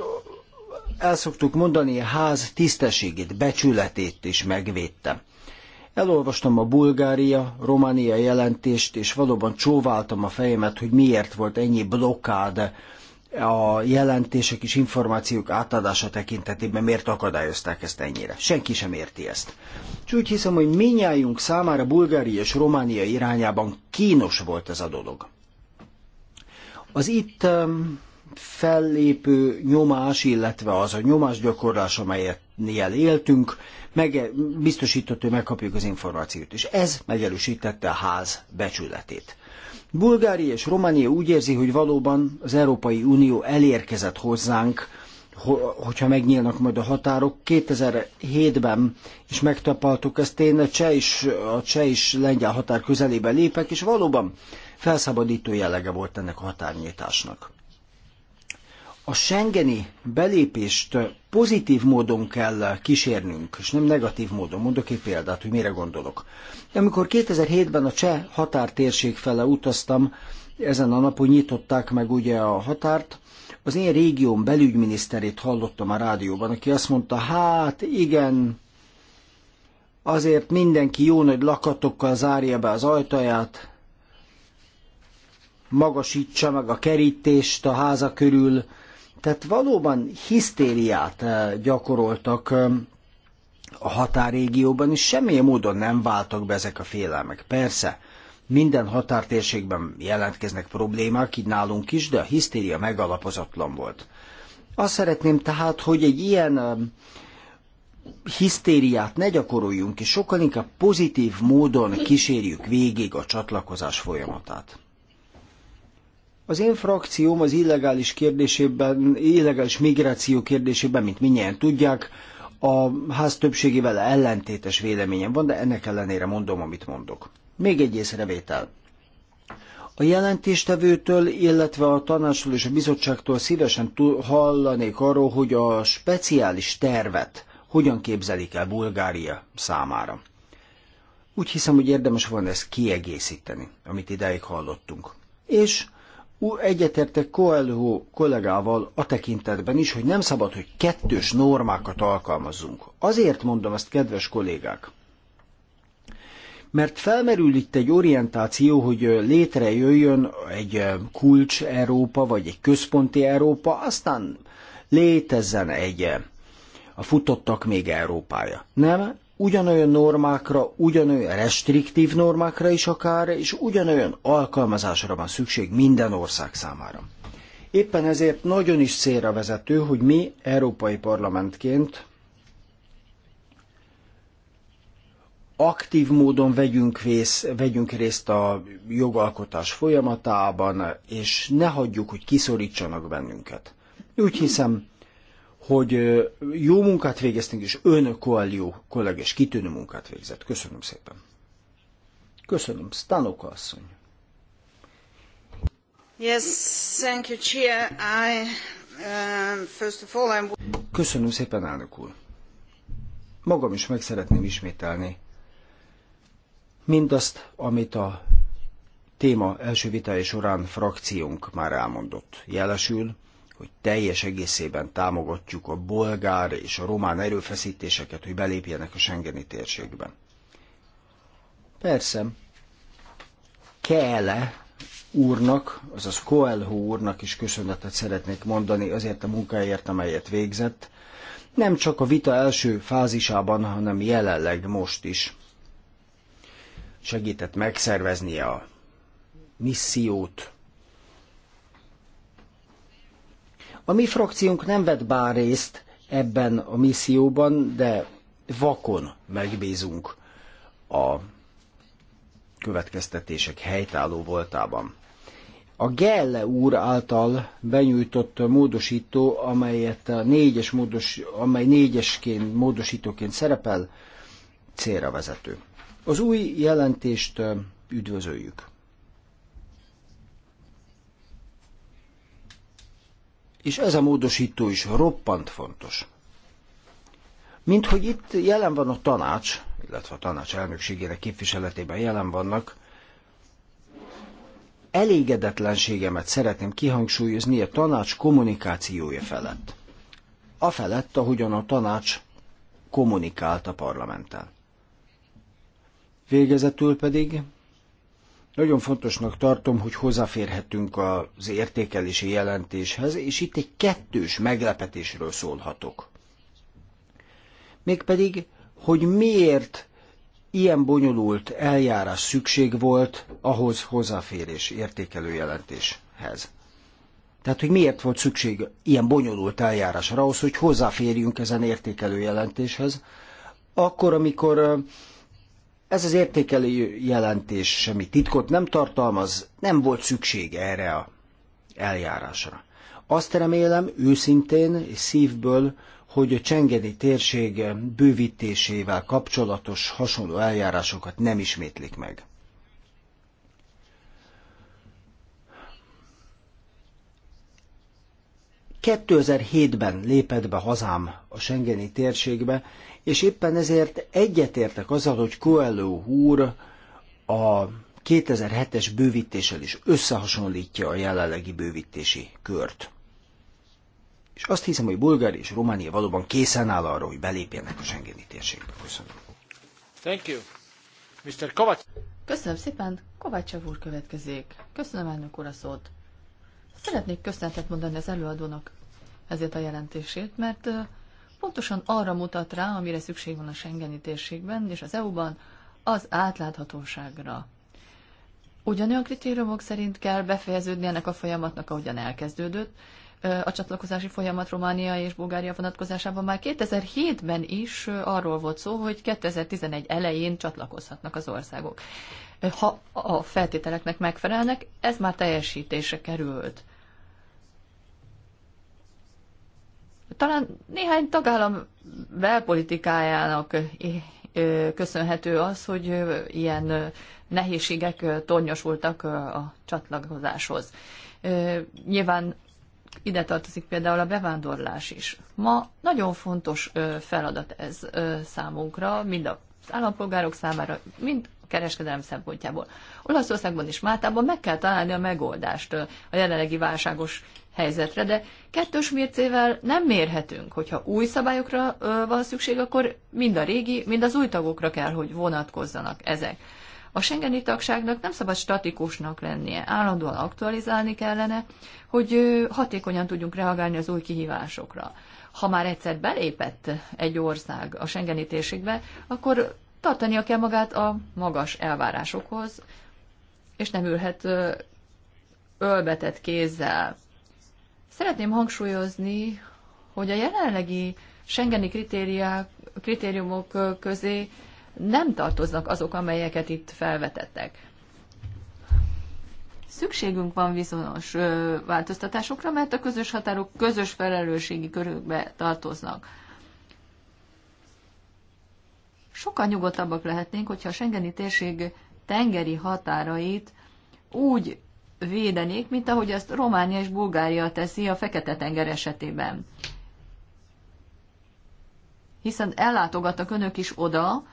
el szoktuk mondani, a ház tisztességét, becsületét is megvédte. Elolvastam a Bulgária, Románia jelentést, és valóban csóváltam a fejemet, hogy miért volt ennyi blokkád a jelentések és információk átadása tekintetében, miért akadályozták ezt ennyire. Senki sem érti ezt. És úgy hiszem, hogy minnyájunk számára Bulgária és Románia irányában kínos volt ez a dolog. Az itt um, fellépő nyomás, illetve az a nyomásgyakorlás, amelyet éltünk, meg, biztosított, hogy megkapjuk az információt. És ez megerősítette a ház becsületét. Bulgária és Románia úgy érzi, hogy valóban az Európai Unió elérkezett hozzánk, hogyha megnyílnak majd a határok. 2007-ben is megtapaltuk ezt, én a cseh és, a cseh és lengyel határ közelébe lépek, és valóban felszabadító jellege volt ennek a határnyitásnak a Schengeni belépést pozitív módon kell kísérnünk, és nem negatív módon. Mondok egy példát, hogy mire gondolok. Amikor 2007-ben a cseh határtérség fele utaztam, ezen a napon nyitották meg ugye a határt, az én régióm belügyminiszterét hallottam a rádióban, aki azt mondta, hát igen, azért mindenki jó nagy lakatokkal zárja be az ajtaját, magasítsa meg a kerítést a háza körül, tehát valóban hisztériát eh, gyakoroltak eh, a határégióban, és semmilyen módon nem váltak be ezek a félelmek. Persze, minden határtérségben jelentkeznek problémák, így nálunk is, de a hisztéria megalapozatlan volt. Azt szeretném tehát, hogy egy ilyen eh, hisztériát ne gyakoroljunk, és sokkal inkább pozitív módon kísérjük végig a csatlakozás folyamatát. Az én frakcióm az illegális kérdésében, illegális migráció kérdésében, mint minnyien tudják, a ház többségével ellentétes véleményem van, de ennek ellenére mondom, amit mondok. Még egy észrevétel. A jelentéstevőtől, illetve a tanácstól és a bizottságtól szívesen hallanék arról, hogy a speciális tervet hogyan képzelik el Bulgária számára. Úgy hiszem, hogy érdemes volna ezt kiegészíteni, amit idáig hallottunk. És egyetértek Coelho kollégával a tekintetben is, hogy nem szabad, hogy kettős normákat alkalmazzunk. Azért mondom ezt, kedves kollégák, mert felmerül itt egy orientáció, hogy létrejöjjön egy kulcs Európa, vagy egy központi Európa, aztán létezzen egy a futottak még Európája. Nem, ugyanolyan normákra, ugyanolyan restriktív normákra is akár, és ugyanolyan alkalmazásra van szükség minden ország számára. Éppen ezért nagyon is célra vezető, hogy mi Európai Parlamentként aktív módon vegyünk, vész, vegyünk részt a jogalkotás folyamatában, és ne hagyjuk, hogy kiszorítsanak bennünket. Úgy hiszem, hogy jó munkát végeztünk, és ön, Koalió kollégés, kitűnő munkát végzett. Köszönöm szépen. Köszönöm. Stanoka asszony. Yes, thank you, Chair. I, uh, first of all, I'm... Köszönöm szépen, elnök úr. Magam is meg szeretném ismételni mindazt, amit a téma első vitája során frakciónk már elmondott. Jelesül, hogy teljes egészében támogatjuk a bolgár és a román erőfeszítéseket, hogy belépjenek a Schengeni térségben. Persze, Kele úrnak, azaz Koelho úrnak is köszönetet szeretnék mondani azért a munkáért, amelyet végzett, nem csak a vita első fázisában, hanem jelenleg most is. Segített megszervezni a missziót, A mi frakciónk nem vett bár részt ebben a misszióban, de vakon megbízunk a következtetések helytálló voltában. A Gelle úr által benyújtott módosító, amelyet a négyes módos, amely négyesként módosítóként szerepel, célra vezető. Az új jelentést üdvözöljük. és ez a módosító is roppant fontos. Mint hogy itt jelen van a tanács, illetve a tanács elnökségének képviseletében jelen vannak, elégedetlenségemet szeretném kihangsúlyozni a tanács kommunikációja felett. A felett, ahogyan a tanács kommunikált a parlamenttel. Végezetül pedig nagyon fontosnak tartom, hogy hozzáférhetünk az értékelési jelentéshez, és itt egy kettős meglepetésről szólhatok. Mégpedig, hogy miért ilyen bonyolult eljárás szükség volt ahhoz hozzáférés értékelő jelentéshez. Tehát, hogy miért volt szükség ilyen bonyolult eljárásra ahhoz, hogy hozzáférjünk ezen értékelő jelentéshez, akkor, amikor ez az értékelő jelentés semmi titkot nem tartalmaz, nem volt szükség erre a eljárásra. Azt remélem őszintén és szívből, hogy a Csengedi térség bővítésével kapcsolatos hasonló eljárásokat nem ismétlik meg. ...2007-ben lépett be hazám a Schengeni térségbe, és éppen ezért egyetértek azzal, hogy Coelho úr a 2007-es bővítéssel is összehasonlítja a jelenlegi bővítési kört. És azt hiszem, hogy Bulgária és Románia valóban készen áll arra, hogy belépjenek a Schengeni térségbe. Köszönöm. Thank you. Mr. Kovács. Köszönöm szépen. Kovácsav úr következik. Köszönöm elnök úr a szót. Szeretnék köszönetet mondani az előadónak ezért a jelentését, mert pontosan arra mutat rá, amire szükség van a Schengeni térségben és az EU-ban, az átláthatóságra. Ugyanolyan kritériumok szerint kell befejeződni ennek a folyamatnak, ahogyan elkezdődött. A csatlakozási folyamat Románia és Bulgária vonatkozásában már 2007-ben is arról volt szó, hogy 2011 elején csatlakozhatnak az országok. Ha a feltételeknek megfelelnek, ez már teljesítése került. talán néhány tagállam belpolitikájának köszönhető az, hogy ilyen nehézségek tornyosultak a csatlakozáshoz. Nyilván ide tartozik például a bevándorlás is. Ma nagyon fontos feladat ez számunkra, mind az állampolgárok számára, mind a kereskedelem szempontjából. Olaszországban és Máltában meg kell találni a megoldást a jelenlegi válságos helyzetre, de kettős mércével nem mérhetünk. Hogyha új szabályokra van szükség, akkor mind a régi, mind az új tagokra kell, hogy vonatkozzanak ezek. A Schengeni tagságnak nem szabad statikusnak lennie, állandóan aktualizálni kellene, hogy hatékonyan tudjunk reagálni az új kihívásokra. Ha már egyszer belépett egy ország a Schengeni térségbe, akkor tartania kell magát a magas elvárásokhoz, és nem ülhet ölbetett kézzel. Szeretném hangsúlyozni, hogy a jelenlegi Schengeni kritériumok közé nem tartoznak azok, amelyeket itt felvetettek. Szükségünk van viszonyos változtatásokra, mert a közös határok közös felelősségi körökbe tartoznak. Sokkal nyugodtabbak lehetnénk, hogyha a Schengeni térség tengeri határait úgy védenék, mint ahogy azt Románia és Bulgária teszi a Fekete-tenger esetében. Hiszen ellátogattak önök is oda,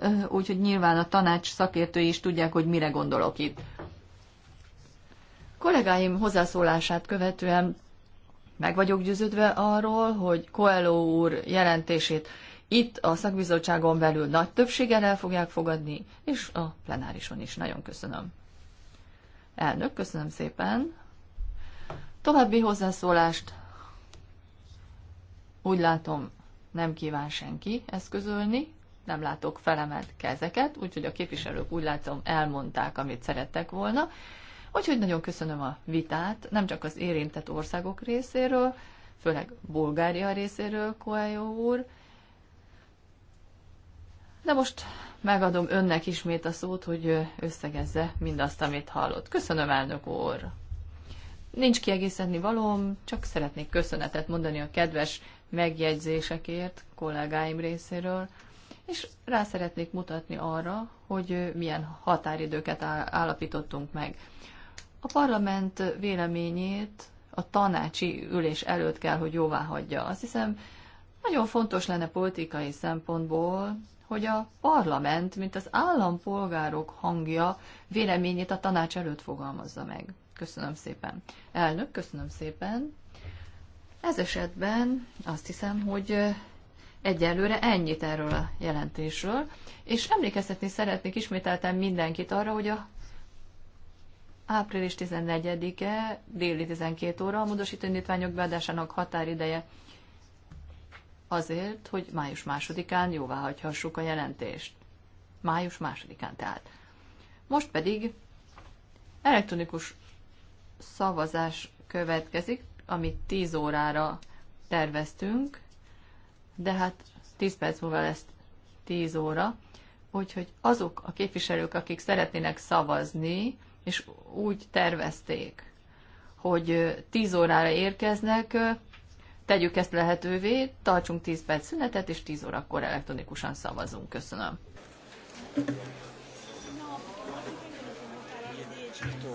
eh, úgyhogy nyilván a tanács szakértői is tudják, hogy mire gondolok itt. Kollégáim hozzászólását követően meg vagyok győződve arról, hogy Coelho úr jelentését itt a szakbizottságon belül nagy többséggel el fogják fogadni, és a plenárison is. Nagyon köszönöm. Elnök, köszönöm szépen. További hozzászólást úgy látom nem kíván senki eszközölni, nem látok felemelt kezeket, úgyhogy a képviselők úgy látom elmondták, amit szerettek volna. Úgyhogy nagyon köszönöm a vitát, nem csak az érintett országok részéről, főleg Bulgária részéről, Koelyó úr. De most megadom önnek ismét a szót, hogy összegezze mindazt, amit hallott. Köszönöm, elnök úr! Nincs kiegészíteni valóm, csak szeretnék köszönetet mondani a kedves megjegyzésekért kollégáim részéről, és rá szeretnék mutatni arra, hogy milyen határidőket állapítottunk meg. A parlament véleményét a tanácsi ülés előtt kell, hogy jóvá hagyja. Azt hiszem, nagyon fontos lenne politikai szempontból, hogy a parlament, mint az állampolgárok hangja véleményét a tanács előtt fogalmazza meg. Köszönöm szépen. Elnök, köszönöm szépen. Ez esetben azt hiszem, hogy egyelőre ennyit erről a jelentésről, és emlékeztetni szeretnék ismételten mindenkit arra, hogy a április 14-e déli 12 óra a módosítő indítványok beadásának határideje azért, hogy május másodikán jóvá hagyhassuk a jelentést. Május másodikán tehát. Most pedig elektronikus szavazás következik, amit 10 órára terveztünk, de hát 10 perc múlva lesz 10 óra, úgyhogy azok a képviselők, akik szeretnének szavazni, és úgy tervezték, hogy 10 órára érkeznek, tegyük ezt lehetővé, tartsunk 10 perc szünetet, és 10 órakor elektronikusan szavazunk. Köszönöm. Esto,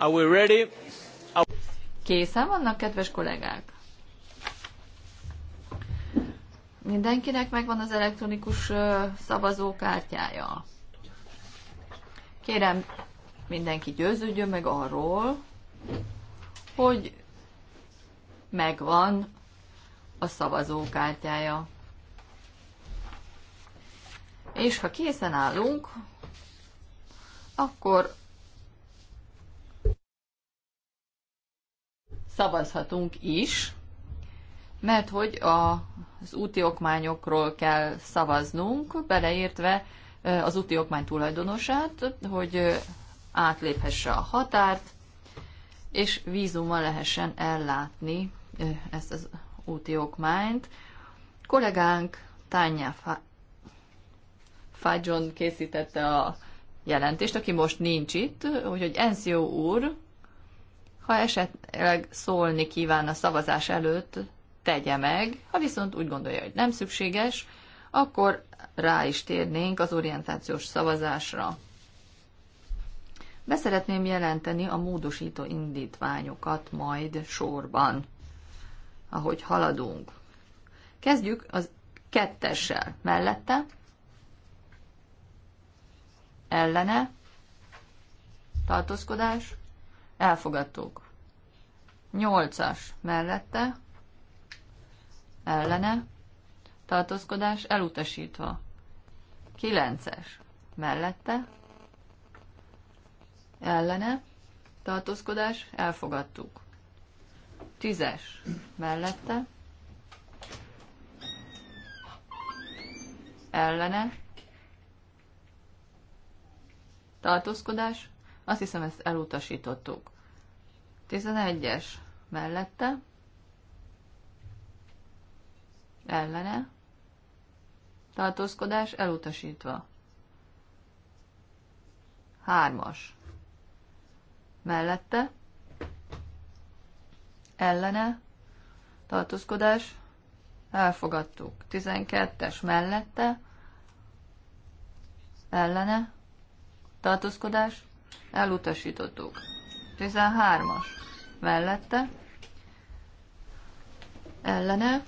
Are we ready? Készen vannak, kedves kollégák? Mindenkinek megvan az elektronikus szavazókártyája. Kérem, mindenki győződjön meg arról, hogy megvan a szavazókártyája. És ha készen állunk, akkor szavazhatunk is, mert hogy a, az úti okmányokról kell szavaznunk, beleértve az úti okmány tulajdonosát, hogy átléphesse a határt, és vízummal lehessen ellátni ezt az úti okmányt. Kollégánk Tanya Fajon készítette a jelentést, aki most nincs itt, úgyhogy Enzio úr ha esetleg szólni kíván a szavazás előtt, tegye meg, ha viszont úgy gondolja, hogy nem szükséges, akkor rá is térnénk az orientációs szavazásra. Beszeretném jelenteni a módosító indítványokat majd sorban, ahogy haladunk. Kezdjük az kettessel mellette, ellene, tartózkodás, elfogadtuk. Nyolcas mellette, ellene, tartózkodás elutasítva. Kilences mellette, ellene, tartózkodás elfogadtuk. Tízes. mellette, ellene, tartózkodás azt hiszem, ezt elutasítottuk. 11-es mellette, ellene, tartózkodás elutasítva. 3-as mellette, ellene, tartózkodás elfogadtuk. 12-es mellette, ellene, tartózkodás elutasítottuk. 13-as mellette, ellene,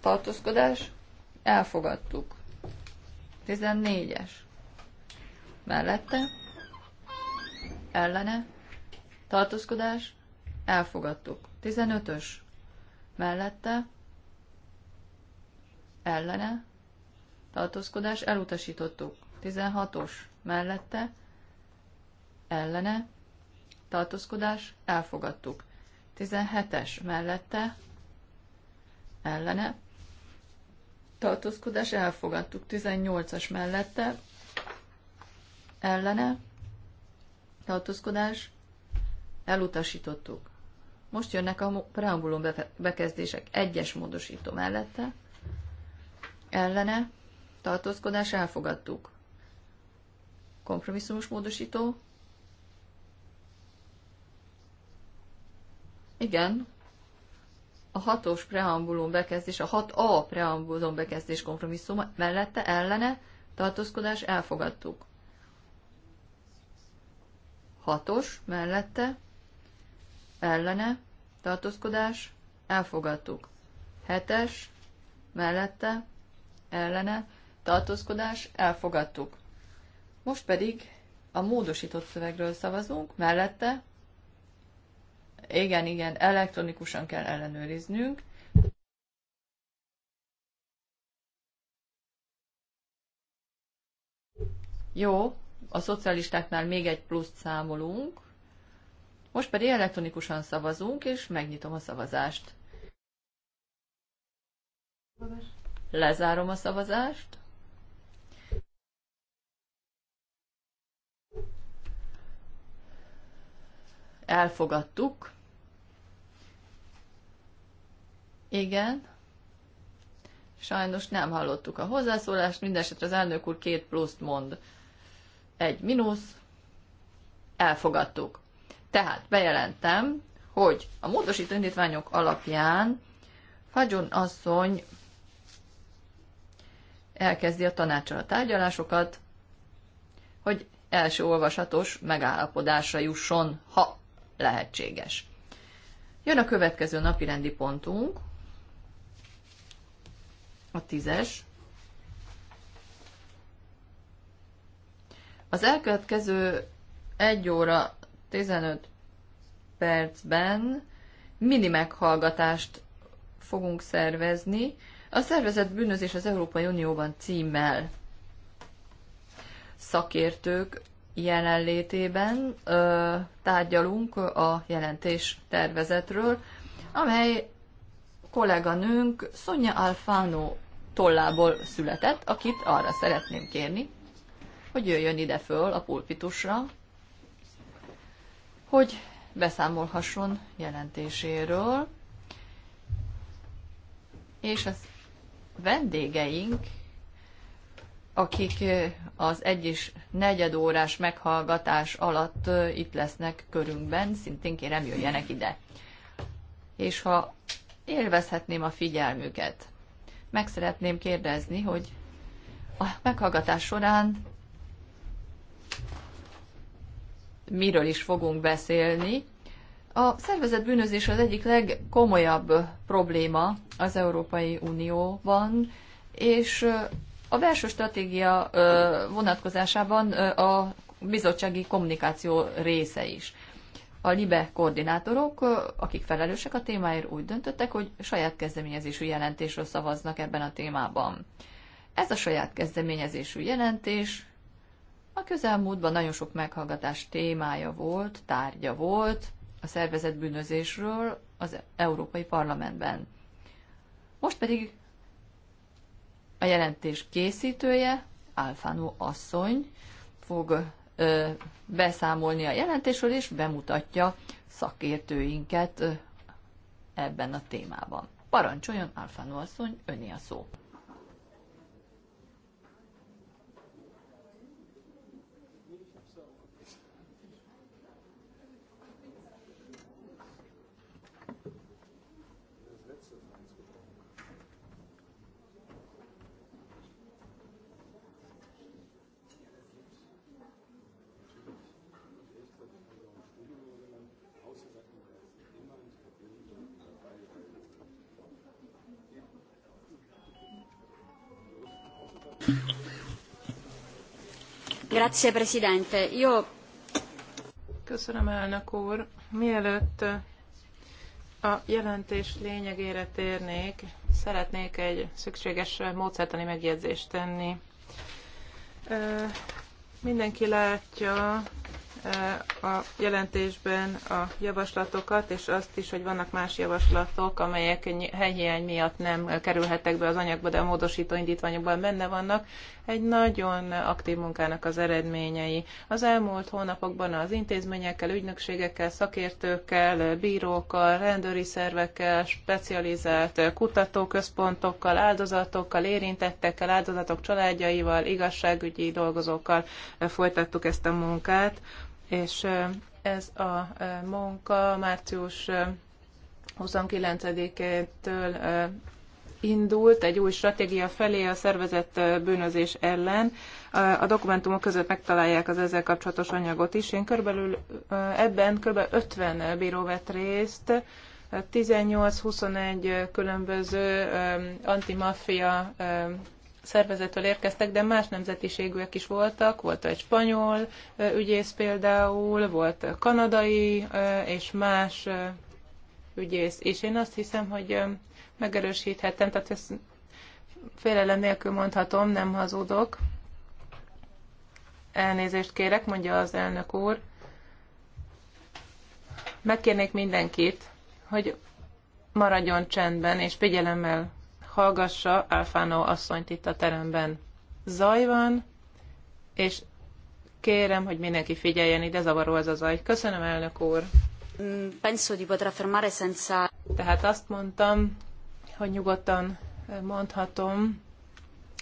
tartózkodás, elfogadtuk. 14-es mellette, ellene, tartózkodás, elfogadtuk. 15-ös mellette, ellene, tartózkodás, elutasítottuk. 16-os mellette, ellene, tartózkodás, elfogadtuk. 17-es mellette, ellene, tartózkodás, elfogadtuk. 18-as mellette, ellene, tartózkodás, elutasítottuk. Most jönnek a preambulum bekezdések egyes módosító mellette, ellene, tartózkodás, elfogadtuk. Kompromisszumos módosító Igen, a hatos preambulum bekezdés, a 6A preambulum bekezdés kompromisszum mellette ellene tartózkodás elfogadtuk. Hatos mellette ellene tartózkodás elfogadtuk. Hetes mellette ellene tartózkodás elfogadtuk. Most pedig a módosított szövegről szavazunk, mellette igen, igen, elektronikusan kell ellenőriznünk. Jó, a szocialistáknál még egy pluszt számolunk. Most pedig elektronikusan szavazunk, és megnyitom a szavazást. Lezárom a szavazást. Elfogadtuk. Igen. Sajnos nem hallottuk a hozzászólást, mindesetre az elnök úr két pluszt mond. Egy mínusz. Elfogadtuk. Tehát bejelentem, hogy a módosító indítványok alapján Fagyon asszony elkezdi a tanácsal a tárgyalásokat, hogy első olvasatos megállapodásra jusson, ha lehetséges. Jön a következő napi rendi pontunk, a tízes. Az elkövetkező 1 óra 15 percben mini meghallgatást fogunk szervezni a szervezett bűnözés az Európai Unióban címmel. Szakértők jelenlétében ö, tárgyalunk a jelentés tervezetről, amely kolléganőnk Sonja Alfano tollából született, akit arra szeretném kérni, hogy jöjjön ide föl a pulpitusra, hogy beszámolhasson jelentéséről, és az vendégeink, akik az egy és negyed órás meghallgatás alatt itt lesznek körünkben, szintén kérem jöjjenek ide. És ha élvezhetném a figyelmüket, meg szeretném kérdezni, hogy a meghallgatás során miről is fogunk beszélni. A szervezett bűnözés az egyik legkomolyabb probléma az Európai Unióban, és a belső stratégia vonatkozásában a bizottsági kommunikáció része is. A LIBE koordinátorok, akik felelősek a témáért, úgy döntöttek, hogy saját kezdeményezésű jelentésről szavaznak ebben a témában. Ez a saját kezdeményezésű jelentés a közelmúltban nagyon sok meghallgatás témája volt, tárgya volt a szervezetbűnözésről bűnözésről az Európai Parlamentben. Most pedig a jelentés készítője, Alfano asszony fog beszámolni a jelentésről, és bemutatja szakértőinket ebben a témában. Parancsoljon, Alfano asszony, öné a szó. Köszönöm, Mielőtt a jelentés lényegére térnék, szeretnék egy szükséges módszertani megjegyzést tenni. Mindenki látja, a jelentésben a javaslatokat, és azt is, hogy vannak más javaslatok, amelyek helyhiány miatt nem kerülhettek be az anyagba, de a módosító indítványokban benne vannak, egy nagyon aktív munkának az eredményei. Az elmúlt hónapokban az intézményekkel, ügynökségekkel, szakértőkkel, bírókkal, rendőri szervekkel, specializált kutatóközpontokkal, áldozatokkal, érintettekkel, áldozatok családjaival, igazságügyi dolgozókkal folytattuk ezt a munkát és ez a munka március 29-től indult egy új stratégia felé a szervezett bűnözés ellen. A dokumentumok között megtalálják az ezzel kapcsolatos anyagot is. Én körülbelül ebben kb. 50 bíró vett részt, 18-21 különböző antimafia szervezetől érkeztek, de más nemzetiségűek is voltak, volt egy spanyol ügyész például, volt kanadai és más ügyész, és én azt hiszem, hogy megerősíthettem, tehát ezt félelem nélkül mondhatom, nem hazudok. Elnézést kérek, mondja az elnök úr. Megkérnék mindenkit, hogy maradjon csendben és figyelemmel hallgassa Alfano asszonyt itt a teremben. Zaj van, és kérem, hogy mindenki figyeljen ide, zavaró az a zaj. Köszönöm, elnök úr. Mm, penso di potrà fermare senza... Tehát azt mondtam, hogy nyugodtan mondhatom,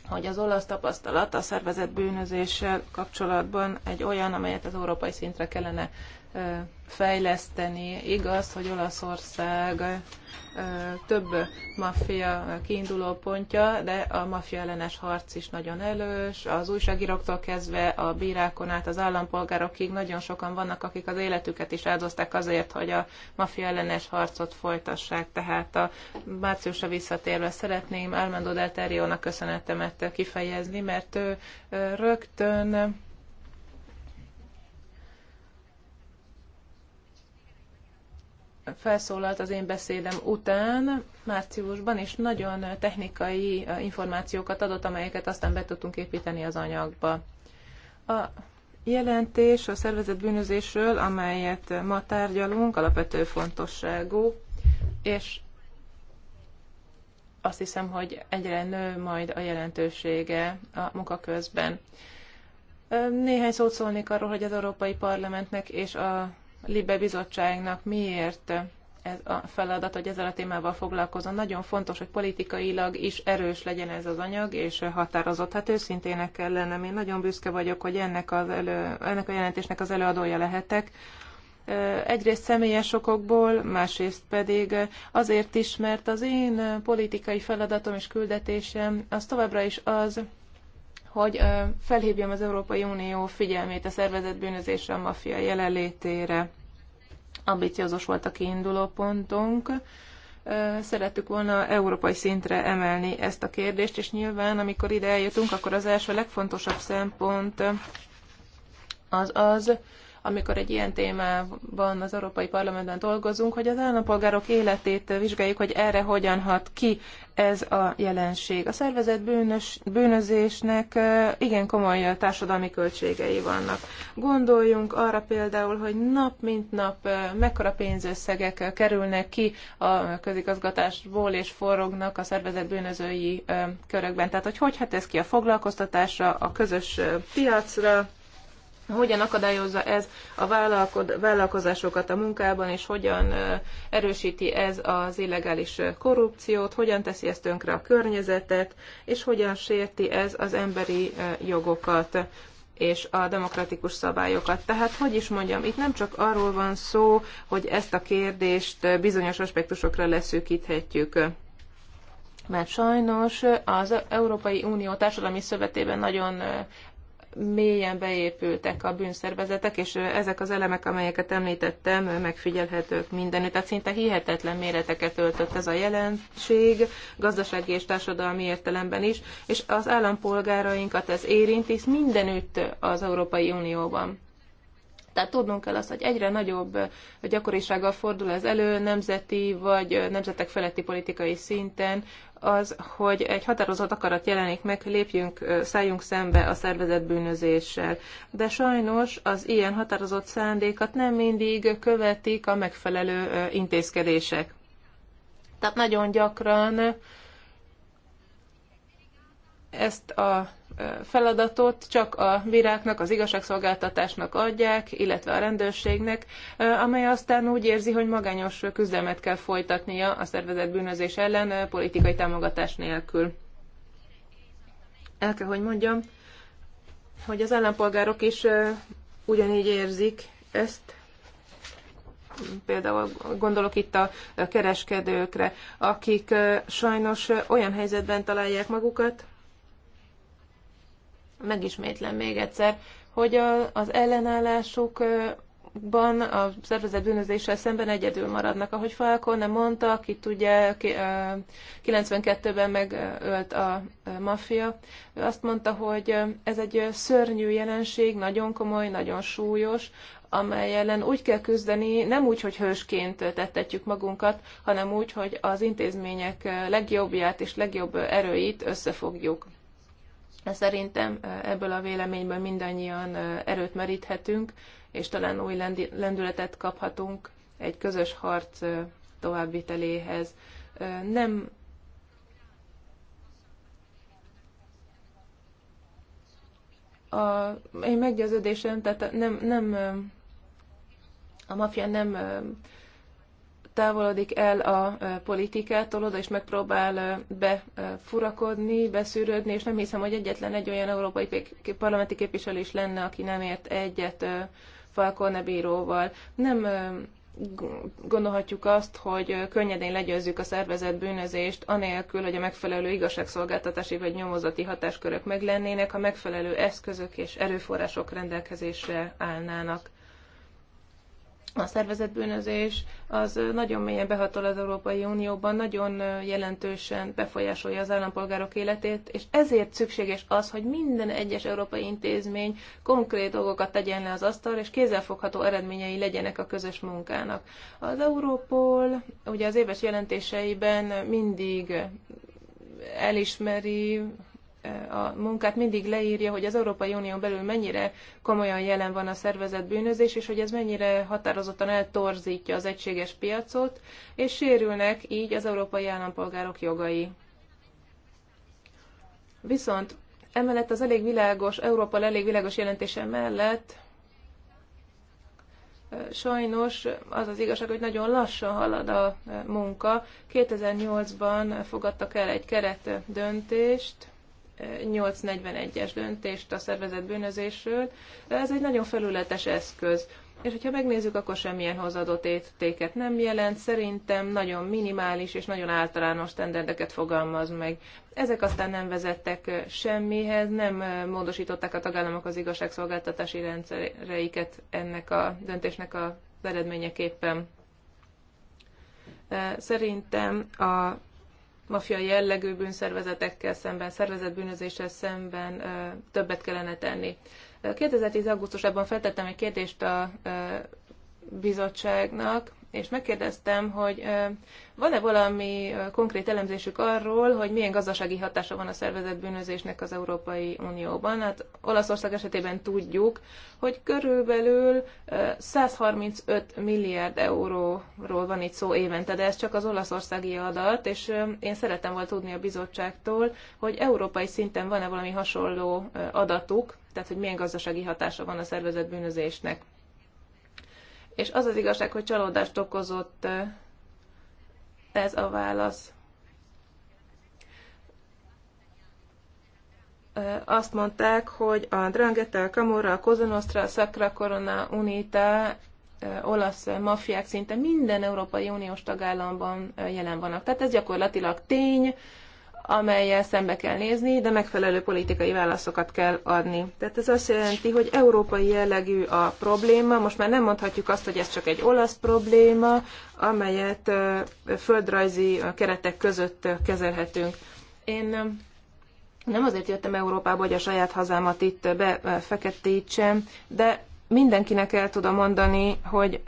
hogy az olasz tapasztalat a szervezett bűnözéssel kapcsolatban egy olyan, amelyet az európai szintre kellene fejleszteni. Igaz, hogy Olaszország több maffia kiinduló pontja, de a maffia ellenes harc is nagyon elős. Az újságíróktól kezdve a bírákon át az állampolgárokig nagyon sokan vannak, akik az életüket is áldozták azért, hogy a maffia ellenes harcot folytassák. Tehát a márciusra visszatérve szeretném Armando Del Terriónak köszönetemet kifejezni, mert ő rögtön felszólalt az én beszédem után, márciusban, és nagyon technikai információkat adott, amelyeket aztán be tudtunk építeni az anyagba. A jelentés a szervezett bűnözésről, amelyet ma tárgyalunk, alapvető fontosságú, és azt hiszem, hogy egyre nő majd a jelentősége a munka közben. Néhány szót szólnék arról, hogy az Európai Parlamentnek és a Libe Bizottságnak miért ez a feladat, hogy ezzel a témával foglalkozom. Nagyon fontos, hogy politikailag is erős legyen ez az anyag, és határozott. Hát őszintének kell lennem. Én nagyon büszke vagyok, hogy ennek, az elő, ennek a jelentésnek az előadója lehetek. Egyrészt személyes okokból, másrészt pedig azért is, mert az én politikai feladatom és küldetésem az továbbra is az, hogy felhívjam az Európai Unió figyelmét a szervezett bűnözésre, a maffia jelenlétére. Ambiciózus volt a kiinduló pontunk. Szerettük volna európai szintre emelni ezt a kérdést, és nyilván, amikor ide eljutunk, akkor az első legfontosabb szempont az az, amikor egy ilyen témában az Európai Parlamentben dolgozunk, hogy az állampolgárok életét vizsgáljuk, hogy erre hogyan hat ki ez a jelenség. A szervezet bűnös, bűnözésnek igen komoly társadalmi költségei vannak. Gondoljunk arra például, hogy nap mint nap mekkora pénzösszegek kerülnek ki a közigazgatásból és forognak a szervezet bűnözői körökben. Tehát, hogy hogy hát ez ki a foglalkoztatásra, a közös piacra, hogyan akadályozza ez a vállalkozásokat a munkában, és hogyan erősíti ez az illegális korrupciót, hogyan teszi ezt tönkre a környezetet, és hogyan sérti ez az emberi jogokat és a demokratikus szabályokat. Tehát, hogy is mondjam, itt nem csak arról van szó, hogy ezt a kérdést bizonyos aspektusokra leszűkíthetjük mert sajnos az Európai Unió társadalmi szövetében nagyon mélyen beépültek a bűnszervezetek, és ezek az elemek, amelyeket említettem, megfigyelhetők mindenütt. Tehát szinte hihetetlen méreteket öltött ez a jelenség, gazdasági és társadalmi értelemben is, és az állampolgárainkat ez érinti, mindenütt az Európai Unióban. Tehát tudnunk kell azt, hogy egyre nagyobb gyakorisággal fordul ez elő nemzeti vagy nemzetek feletti politikai szinten, az, hogy egy határozott akarat jelenik meg, lépjünk, szálljunk szembe a szervezett bűnözéssel. De sajnos az ilyen határozott szándékat nem mindig követik a megfelelő intézkedések. Tehát nagyon gyakran ezt a feladatot csak a bíráknak, az igazságszolgáltatásnak adják, illetve a rendőrségnek, amely aztán úgy érzi, hogy magányos küzdelmet kell folytatnia a szervezet bűnözés ellen politikai támogatás nélkül. El kell, hogy mondjam, hogy az állampolgárok is ugyanígy érzik ezt, például gondolok itt a kereskedőkre, akik sajnos olyan helyzetben találják magukat, megismétlem még egyszer, hogy a, az ellenállásuk ban a szervezet bűnözéssel szemben egyedül maradnak. Ahogy Falcone mondta, ki tudja, 92-ben megölt a maffia, ő azt mondta, hogy ez egy szörnyű jelenség, nagyon komoly, nagyon súlyos, amely ellen úgy kell küzdeni, nem úgy, hogy hősként tettetjük magunkat, hanem úgy, hogy az intézmények legjobbját és legjobb erőit összefogjuk. Szerintem ebből a véleményből mindannyian erőt meríthetünk, és talán új lendületet kaphatunk egy közös harc továbbviteléhez. Nem a, én meggyőződésem, tehát nem, nem a maffia nem távolodik el a politikától, oda is megpróbál befurakodni, beszűrődni, és nem hiszem, hogy egyetlen egy olyan európai parlamenti képviselő is lenne, aki nem ért egyet Falcone bíróval. Nem gondolhatjuk azt, hogy könnyedén legyőzzük a szervezet bűnözést, anélkül, hogy a megfelelő igazságszolgáltatási vagy nyomozati hatáskörök meglennének, a megfelelő eszközök és erőforrások rendelkezésre állnának a szervezetbűnözés az nagyon mélyen behatol az Európai Unióban, nagyon jelentősen befolyásolja az állampolgárok életét, és ezért szükséges az, hogy minden egyes európai intézmény konkrét dolgokat tegyen le az asztalra, és kézzelfogható eredményei legyenek a közös munkának. Az Európol ugye az éves jelentéseiben mindig elismeri, a munkát mindig leírja, hogy az Európai Unión belül mennyire komolyan jelen van a szervezett bűnözés, és hogy ez mennyire határozottan eltorzítja az egységes piacot, és sérülnek így az európai állampolgárok jogai. Viszont emellett az elég világos, Európa elég világos jelentése mellett sajnos az az igazság, hogy nagyon lassan halad a munka. 2008-ban fogadtak el egy keret döntést, 841-es döntést a szervezet bűnözésről. Ez egy nagyon felületes eszköz. És hogyha megnézzük, akkor semmilyen hozadott értéket nem jelent. Szerintem nagyon minimális és nagyon általános standardeket fogalmaz meg. Ezek aztán nem vezettek semmihez, nem módosították a tagállamok az igazságszolgáltatási rendszereiket ennek a döntésnek az eredményeképpen. Szerintem a mafia jellegű bűnszervezetekkel szemben, szervezett bűnözéssel szemben többet kellene tenni. 2010. augusztusában feltettem egy kérdést a bizottságnak, és megkérdeztem, hogy van-e valami konkrét elemzésük arról, hogy milyen gazdasági hatása van a szervezett bűnözésnek az Európai Unióban. Hát Olaszország esetében tudjuk, hogy körülbelül 135 milliárd euróról van itt szó évente, de ez csak az olaszországi adat, és én szerettem volna tudni a bizottságtól, hogy európai szinten van-e valami hasonló adatuk, tehát hogy milyen gazdasági hatása van a szervezett bűnözésnek és az az igazság, hogy csalódást okozott ez a válasz. Azt mondták, hogy a Drangheta, a Camorra, a Kozanostra, a Sacra Corona, Unita, olasz maffiák szinte minden Európai Uniós tagállamban jelen vannak. Tehát ez gyakorlatilag tény, amelyel szembe kell nézni, de megfelelő politikai válaszokat kell adni. Tehát ez azt jelenti, hogy európai jellegű a probléma, most már nem mondhatjuk azt, hogy ez csak egy olasz probléma, amelyet földrajzi keretek között kezelhetünk. Én nem azért jöttem Európába, hogy a saját hazámat itt befeketítsem, de mindenkinek el tudom mondani, hogy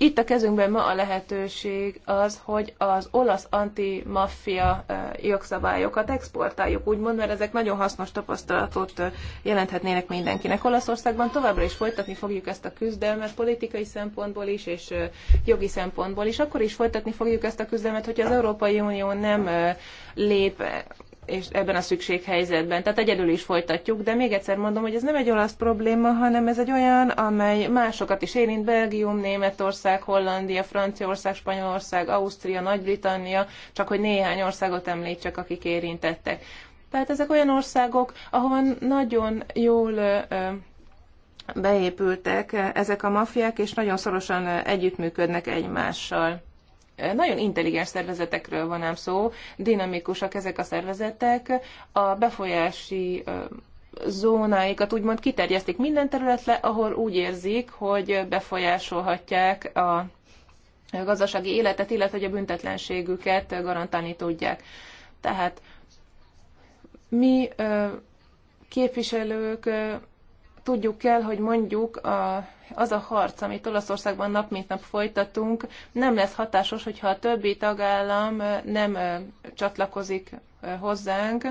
itt a kezünkben ma a lehetőség az, hogy az olasz antimaffia jogszabályokat exportáljuk, úgymond, mert ezek nagyon hasznos tapasztalatot jelenthetnének mindenkinek. Olaszországban továbbra is folytatni fogjuk ezt a küzdelmet politikai szempontból is, és jogi szempontból is. Akkor is folytatni fogjuk ezt a küzdelmet, hogy az Európai Unió nem lép és ebben a szükséghelyzetben. Tehát egyedül is folytatjuk, de még egyszer mondom, hogy ez nem egy olasz probléma, hanem ez egy olyan, amely másokat is érint, Belgium, Németország, Hollandia, Franciaország, Spanyolország, Ausztria, Nagy-Britannia, csak hogy néhány országot említsek, akik érintettek. Tehát ezek olyan országok, ahova nagyon jól beépültek ezek a mafiák, és nagyon szorosan együttműködnek egymással. Nagyon intelligens szervezetekről van ám szó, dinamikusak ezek a szervezetek, a befolyási zónáikat úgymond kiterjesztik minden területre, ahol úgy érzik, hogy befolyásolhatják a gazdasági életet, illetve hogy a büntetlenségüket garantálni tudják. Tehát mi képviselők tudjuk kell, hogy mondjuk a, az a harc, amit Olaszországban nap mint nap folytatunk, nem lesz hatásos, hogyha a többi tagállam nem csatlakozik hozzánk,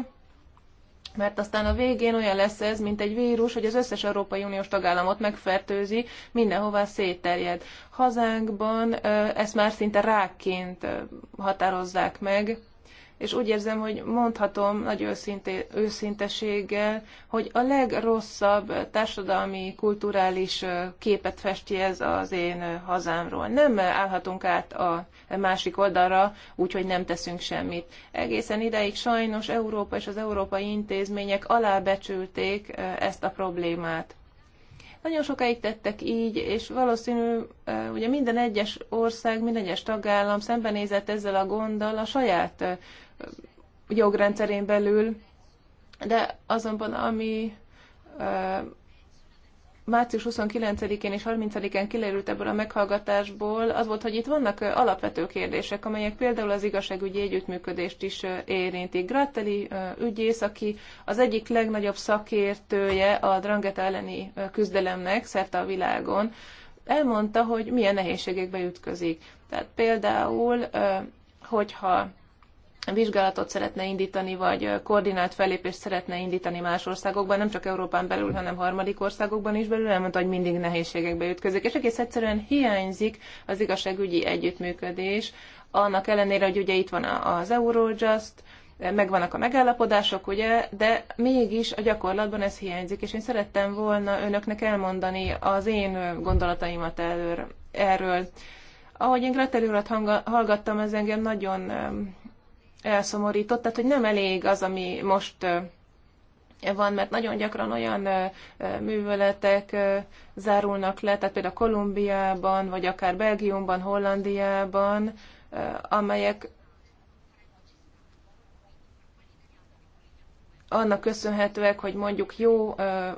mert aztán a végén olyan lesz ez, mint egy vírus, hogy az összes Európai Uniós tagállamot megfertőzi, mindenhová szétterjed. Hazánkban ezt már szinte rákként határozzák meg, és úgy érzem, hogy mondhatom nagy őszinte, őszinteséggel, hogy a legrosszabb társadalmi, kulturális képet festi ez az én hazámról. Nem állhatunk át a másik oldalra, úgyhogy nem teszünk semmit. Egészen ideig sajnos Európa és az európai intézmények alábecsülték ezt a problémát nagyon sokáig tettek így, és valószínű, ugye minden egyes ország, minden egyes tagállam szembenézett ezzel a gonddal a saját jogrendszerén belül, de azonban ami március 29-én és 30-án kilerült ebből a meghallgatásból, az volt, hogy itt vannak alapvető kérdések, amelyek például az igazságügyi együttműködést is érintik. Gratteli ügyész, aki az egyik legnagyobb szakértője a drangeta elleni küzdelemnek szerte a világon, elmondta, hogy milyen nehézségekbe ütközik. Tehát például, hogyha vizsgálatot szeretne indítani, vagy koordinált fellépést szeretne indítani más országokban, nem csak Európán belül, hanem harmadik országokban is belül, elmondta, hogy mindig nehézségekbe ütközik. És egész egyszerűen hiányzik az igazságügyi együttműködés, annak ellenére, hogy ugye itt van az Eurojust, megvannak a megállapodások, ugye, de mégis a gyakorlatban ez hiányzik, és én szerettem volna önöknek elmondani az én gondolataimat erről. erről ahogy én Gretel hallgattam, ez engem nagyon elszomorított, tehát hogy nem elég az, ami most van, mert nagyon gyakran olyan műveletek zárulnak le, tehát például Kolumbiában, vagy akár Belgiumban, Hollandiában, amelyek annak köszönhetőek, hogy mondjuk jó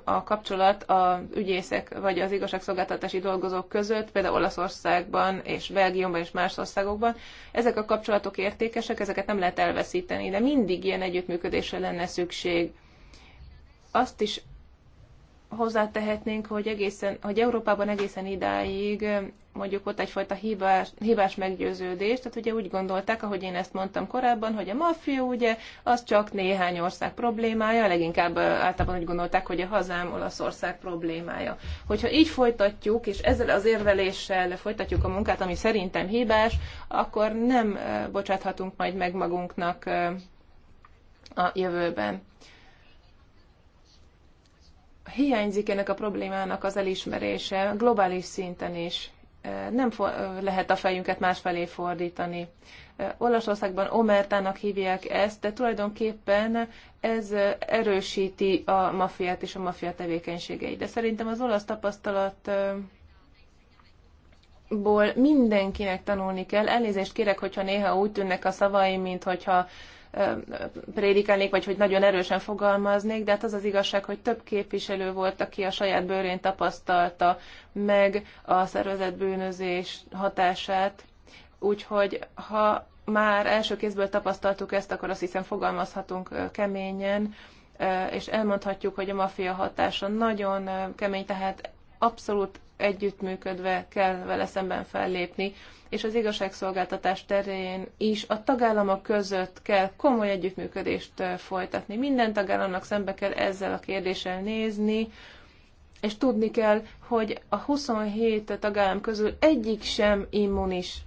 a kapcsolat a ügyészek vagy az igazságszolgáltatási dolgozók között, például Olaszországban és Belgiumban és más országokban. Ezek a kapcsolatok értékesek, ezeket nem lehet elveszíteni, de mindig ilyen együttműködésre lenne szükség. Azt is hozzátehetnénk, hogy, egészen, hogy Európában egészen idáig mondjuk ott egyfajta hibás, hibás meggyőződés, tehát ugye úgy gondolták, ahogy én ezt mondtam korábban, hogy a maffia ugye az csak néhány ország problémája, leginkább általában úgy gondolták, hogy a hazám Olaszország problémája. Hogyha így folytatjuk, és ezzel az érveléssel folytatjuk a munkát, ami szerintem hibás, akkor nem bocsáthatunk majd meg magunknak a jövőben hiányzik ennek a problémának az elismerése globális szinten is nem lehet a fejünket másfelé fordítani. Olaszországban Omertának hívják ezt, de tulajdonképpen ez erősíti a mafiát és a mafia tevékenységeit. De szerintem az olasz tapasztalat ból mindenkinek tanulni kell. Elnézést kérek, hogyha néha úgy tűnnek a szavaim, mint hogyha prédikálnék, vagy hogy nagyon erősen fogalmaznék, de hát az az igazság, hogy több képviselő volt, aki a saját bőrén tapasztalta meg a szervezetbűnözés hatását, úgyhogy ha már első kézből tapasztaltuk ezt, akkor azt hiszem fogalmazhatunk keményen, és elmondhatjuk, hogy a maffia hatása nagyon kemény, tehát abszolút együttműködve kell vele szemben fellépni és az igazságszolgáltatás terén is a tagállamok között kell komoly együttműködést folytatni. Minden tagállamnak szembe kell ezzel a kérdéssel nézni, és tudni kell, hogy a 27 tagállam közül egyik sem immunis.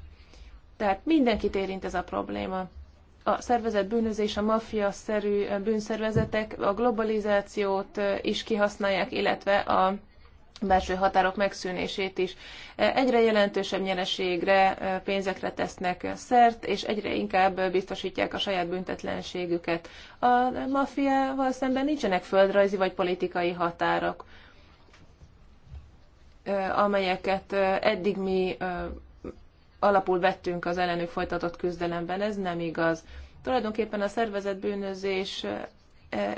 Tehát mindenkit érint ez a probléma. A szervezet bűnözés, a maffia-szerű bűnszervezetek a globalizációt is kihasználják, illetve a belső határok megszűnését is. E, egyre jelentősebb nyereségre, e, pénzekre tesznek szert, és egyre inkább biztosítják a saját büntetlenségüket. A maffiával szemben nincsenek földrajzi vagy politikai határok, e, amelyeket eddig mi alapul vettünk az ellenük folytatott küzdelemben. Ez nem igaz. Tulajdonképpen a szervezett bűnözés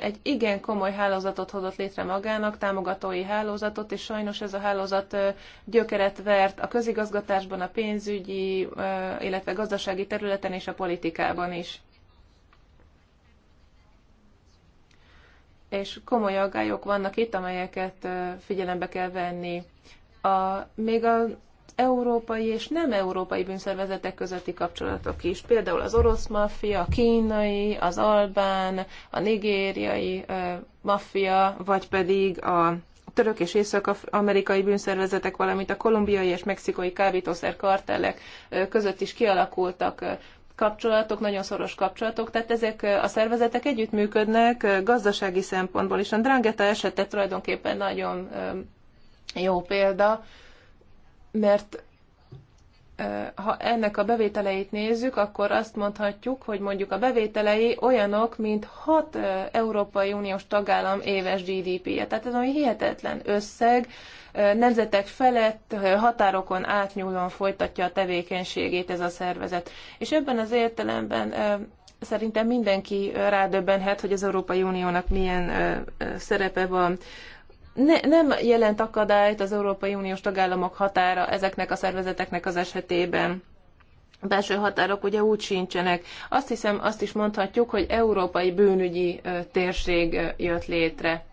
egy igen komoly hálózatot hozott létre magának, támogatói hálózatot, és sajnos ez a hálózat gyökeret vert a közigazgatásban, a pénzügyi, illetve gazdasági területen és a politikában is. És komoly aggályok vannak itt, amelyeket figyelembe kell venni. A, még a európai és nem európai bűnszervezetek közötti kapcsolatok is. Például az orosz maffia, a kínai, az albán, a nigériai maffia, vagy pedig a török és észak-amerikai bűnszervezetek, valamint a kolumbiai és mexikai kábítószer kartellek között is kialakultak kapcsolatok, nagyon szoros kapcsolatok, tehát ezek a szervezetek együttműködnek gazdasági szempontból is. A Drangeta esete tulajdonképpen nagyon jó példa, mert ha ennek a bevételeit nézzük, akkor azt mondhatjuk, hogy mondjuk a bevételei olyanok, mint 6 Európai Uniós tagállam éves GDP-je. Tehát ez olyan hihetetlen összeg, nemzetek felett, határokon átnyúlóan folytatja a tevékenységét ez a szervezet. És ebben az értelemben szerintem mindenki rádöbbenhet, hogy az Európai Uniónak milyen szerepe van ne, nem jelent akadályt az Európai Uniós tagállamok határa ezeknek a szervezeteknek az esetében. A belső határok ugye úgy sincsenek. Azt hiszem, azt is mondhatjuk, hogy európai bűnügyi térség jött létre.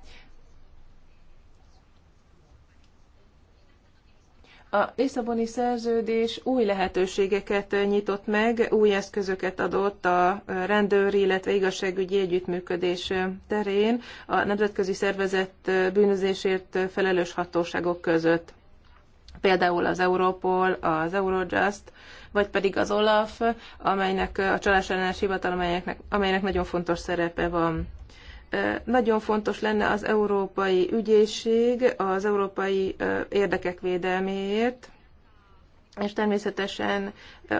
A Lisszaboni szerződés új lehetőségeket nyitott meg, új eszközöket adott a rendőri, illetve igazságügyi együttműködés terén a nemzetközi szervezet bűnözésért felelős hatóságok között. Például az Europol, az Eurojust, vagy pedig az OLAF, amelynek a csalás ellenes hivatal, amelynek, amelynek nagyon fontos szerepe van nagyon fontos lenne az európai ügyészség az európai érdekek védelméért, és természetesen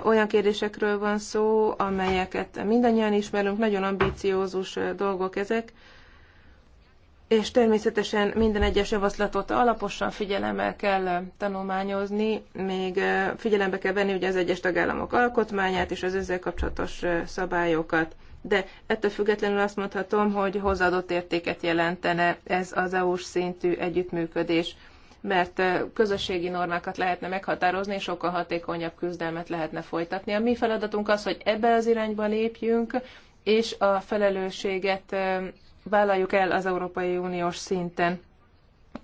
olyan kérdésekről van szó, amelyeket mindannyian ismerünk, nagyon ambiciózus dolgok ezek, és természetesen minden egyes javaslatot alaposan figyelemmel kell tanulmányozni, még figyelembe kell venni ugye az egyes tagállamok alkotmányát és az ezzel kapcsolatos szabályokat de ettől függetlenül azt mondhatom, hogy hozzáadott értéket jelentene ez az EU-s szintű együttműködés mert közösségi normákat lehetne meghatározni, és sokkal hatékonyabb küzdelmet lehetne folytatni. A mi feladatunk az, hogy ebbe az irányba lépjünk, és a felelősséget vállaljuk el az Európai Uniós szinten.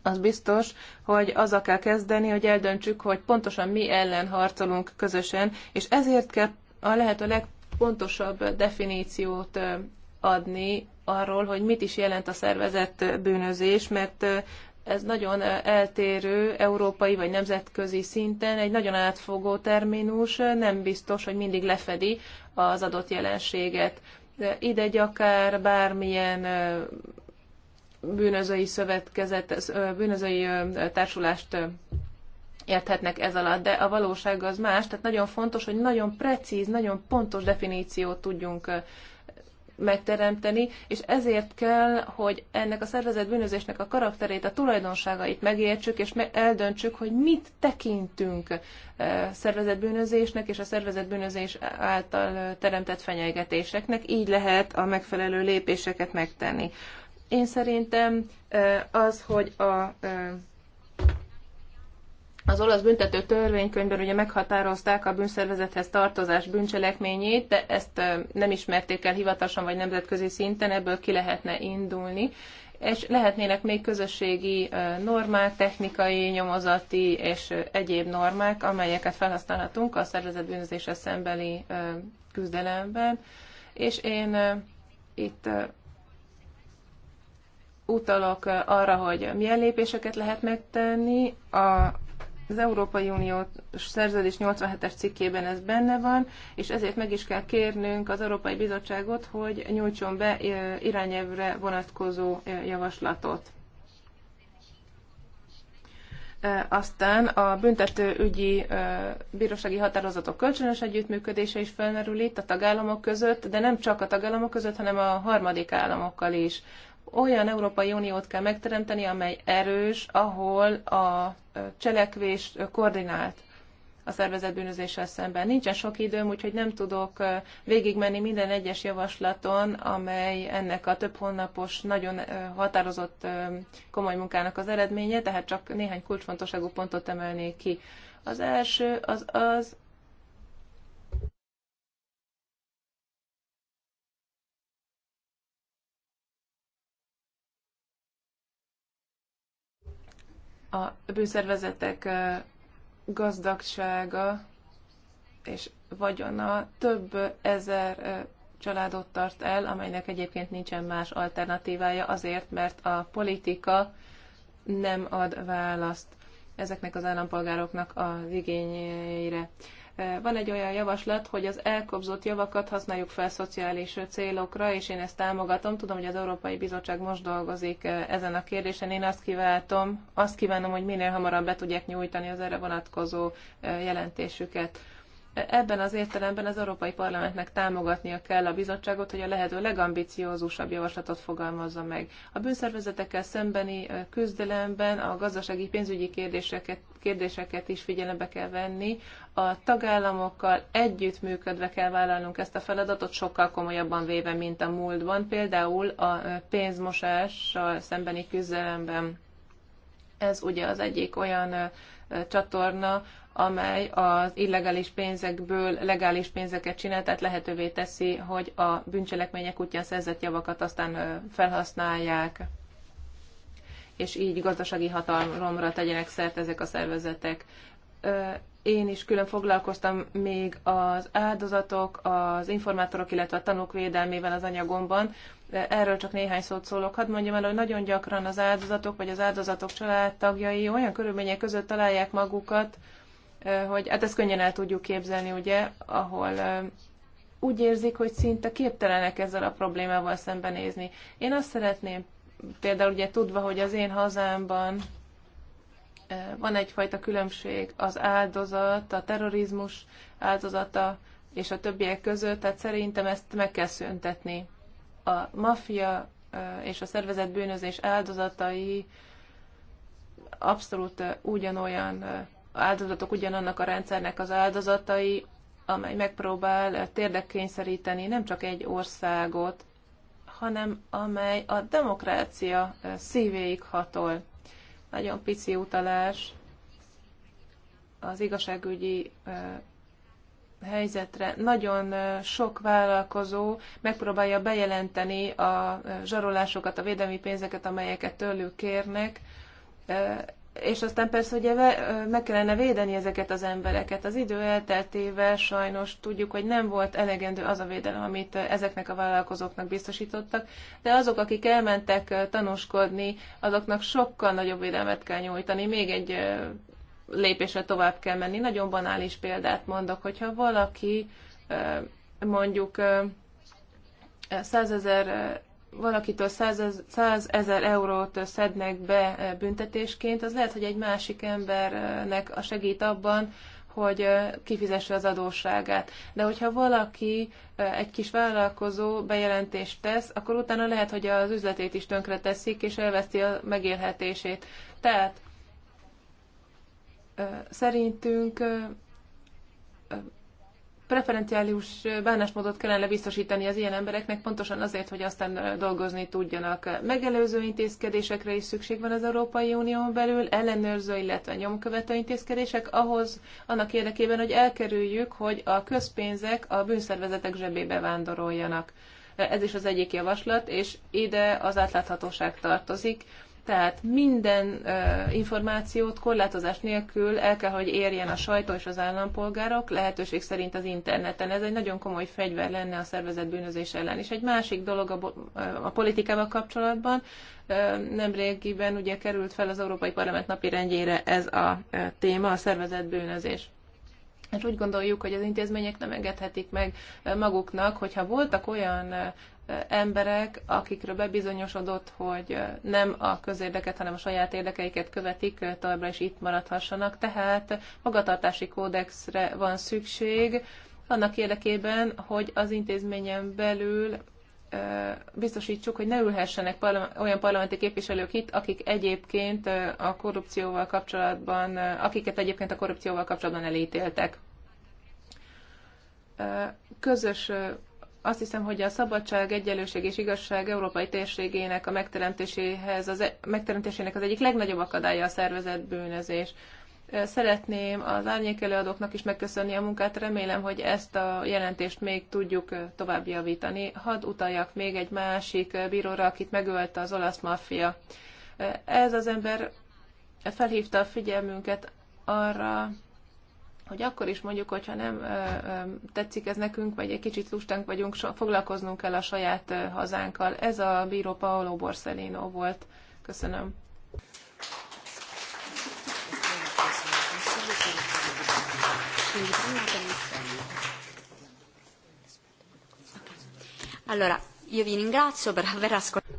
Az biztos, hogy azzal kell kezdeni, hogy eldöntsük, hogy pontosan mi ellen harcolunk közösen, és ezért kell a lehető leg pontosabb definíciót adni arról, hogy mit is jelent a szervezett bűnözés, mert ez nagyon eltérő európai vagy nemzetközi szinten, egy nagyon átfogó terminus, nem biztos, hogy mindig lefedi az adott jelenséget. De ide gyakár bármilyen bűnözői szövetkezet, bűnözői társulást érthetnek ez alatt, de a valóság az más, tehát nagyon fontos, hogy nagyon precíz, nagyon pontos definíciót tudjunk megteremteni, és ezért kell, hogy ennek a szervezet bűnözésnek a karakterét, a tulajdonságait megértsük, és eldöntsük, hogy mit tekintünk szervezett bűnözésnek és a szervezett bűnözés által teremtett fenyegetéseknek, így lehet a megfelelő lépéseket megtenni. Én szerintem az, hogy a az olasz büntető törvénykönyvben ugye meghatározták a bűnszervezethez tartozás bűncselekményét, de ezt nem ismerték el hivatalosan vagy nemzetközi szinten, ebből ki lehetne indulni és lehetnének még közösségi normák, technikai, nyomozati és egyéb normák, amelyeket felhasználhatunk a szervezett bűnözésre szembeni küzdelemben. És én itt utalok arra, hogy milyen lépéseket lehet megtenni a az Európai Unió szerződés 87-es cikkében ez benne van, és ezért meg is kell kérnünk az Európai Bizottságot, hogy nyújtson be irányelvre vonatkozó javaslatot. Aztán a büntetőügyi bírósági határozatok kölcsönös együttműködése is felmerül itt a tagállamok között, de nem csak a tagállamok között, hanem a harmadik államokkal is olyan Európai Uniót kell megteremteni, amely erős, ahol a cselekvés koordinált a szervezetbűnözéssel szemben. Nincsen sok időm, úgyhogy nem tudok végigmenni minden egyes javaslaton, amely ennek a több hónapos, nagyon határozott komoly munkának az eredménye, tehát csak néhány kulcsfontosságú pontot emelnék ki. Az első az az, a bűnszervezetek gazdagsága és vagyona több ezer családot tart el, amelynek egyébként nincsen más alternatívája azért, mert a politika nem ad választ ezeknek az állampolgároknak az igényeire. Van egy olyan javaslat, hogy az elkobzott javakat használjuk fel szociális célokra, és én ezt támogatom. Tudom, hogy az Európai Bizottság most dolgozik eh, ezen a kérdésen. Én azt kiváltom, azt kívánom, hogy minél hamarabb be tudják nyújtani az erre vonatkozó eh, jelentésüket. Ebben az értelemben az Európai Parlamentnek támogatnia kell a bizottságot, hogy a lehető legambiciózusabb javaslatot fogalmazza meg. A bűnszervezetekkel szembeni küzdelemben a gazdasági pénzügyi kérdéseket, kérdéseket is figyelembe kell venni. A tagállamokkal együttműködve kell vállalnunk ezt a feladatot, sokkal komolyabban véve, mint a múltban, például a pénzmosással szembeni küzdelemben. Ez ugye az egyik olyan csatorna, amely az illegális pénzekből legális pénzeket csinál, tehát lehetővé teszi, hogy a bűncselekmények útján szerzett javakat aztán felhasználják, és így gazdasági hatalomra tegyenek szert ezek a szervezetek. Én is külön foglalkoztam még az áldozatok, az informátorok, illetve a tanúk védelmével az anyagomban. Erről csak néhány szót szólok. Hadd mondjam el, hogy nagyon gyakran az áldozatok vagy az áldozatok családtagjai olyan körülmények között találják magukat, hogy hát ezt könnyen el tudjuk képzelni, ugye, ahol úgy érzik, hogy szinte képtelenek ezzel a problémával szembenézni. Én azt szeretném, például ugye tudva, hogy az én hazámban van egyfajta különbség az áldozat, a terrorizmus áldozata és a többiek között, tehát szerintem ezt meg kell szüntetni. A maffia és a szervezett bűnözés áldozatai abszolút ugyanolyan áldozatok ugyanannak a rendszernek az áldozatai, amely megpróbál térdekkényszeríteni nem csak egy országot, hanem amely a demokrácia szívéig hatol. Nagyon pici utalás az igazságügyi helyzetre. Nagyon sok vállalkozó megpróbálja bejelenteni a zsarolásokat, a védelmi pénzeket, amelyeket tőlük kérnek, és aztán persze ugye meg kellene védeni ezeket az embereket. Az idő elteltével sajnos tudjuk, hogy nem volt elegendő az a védelem, amit ezeknek a vállalkozóknak biztosítottak, de azok, akik elmentek tanúskodni, azoknak sokkal nagyobb védelmet kell nyújtani. Még egy lépésre tovább kell menni. Nagyon banális példát mondok, hogyha valaki mondjuk százezer valakitől 100 ezer eurót szednek be e, büntetésként, az lehet, hogy egy másik embernek a segít abban, hogy e, kifizesse az adósságát. De hogyha valaki, e, egy kis vállalkozó bejelentést tesz, akkor utána lehet, hogy az üzletét is tönkre teszik, és elveszti a megélhetését. Tehát szerintünk preferenciális bánásmódot kellene biztosítani az ilyen embereknek, pontosan azért, hogy aztán dolgozni tudjanak. Megelőző intézkedésekre is szükség van az Európai Unión belül, ellenőrző, illetve nyomkövető intézkedések ahhoz, annak érdekében, hogy elkerüljük, hogy a közpénzek a bűnszervezetek zsebébe vándoroljanak. Ez is az egyik javaslat, és ide az átláthatóság tartozik tehát minden uh, információt korlátozás nélkül el kell, hogy érjen a sajtó és az állampolgárok, lehetőség szerint az interneten. Ez egy nagyon komoly fegyver lenne a szervezet bűnözés ellen. És egy másik dolog a, a politikával kapcsolatban, nemrégiben ugye került fel az Európai Parlament napi rendjére ez a téma, a szervezett bűnözés. És úgy gondoljuk, hogy az intézmények nem engedhetik meg maguknak, hogyha voltak olyan emberek, akikről bebizonyosodott, hogy nem a közérdeket, hanem a saját érdekeiket követik, továbbra is itt maradhassanak. Tehát magatartási kódexre van szükség, annak érdekében, hogy az intézményen belül biztosítsuk, hogy ne ülhessenek olyan parlamenti képviselők itt, akik egyébként a korrupcióval kapcsolatban, akiket egyébként a korrupcióval kapcsolatban elítéltek. Közös azt hiszem, hogy a szabadság, egyenlőség és igazság európai térségének a megteremtéséhez, az, e- megteremtésének az egyik legnagyobb akadálya a szervezett bűnözés. Szeretném az árnyékelőadóknak is megköszönni a munkát, remélem, hogy ezt a jelentést még tudjuk tovább javítani. Hadd utaljak még egy másik bíróra, akit megölt az olasz maffia. Ez az ember felhívta a figyelmünket arra, hogy akkor is mondjuk, hogyha nem ö, ö, tetszik ez nekünk, vagy egy kicsit lustánk vagyunk, so, foglalkoznunk kell a saját ö, hazánkkal. Ez a bíró Paolo Borsellino volt. Köszönöm. Allora, io vi ringrazio per aver ascoltato.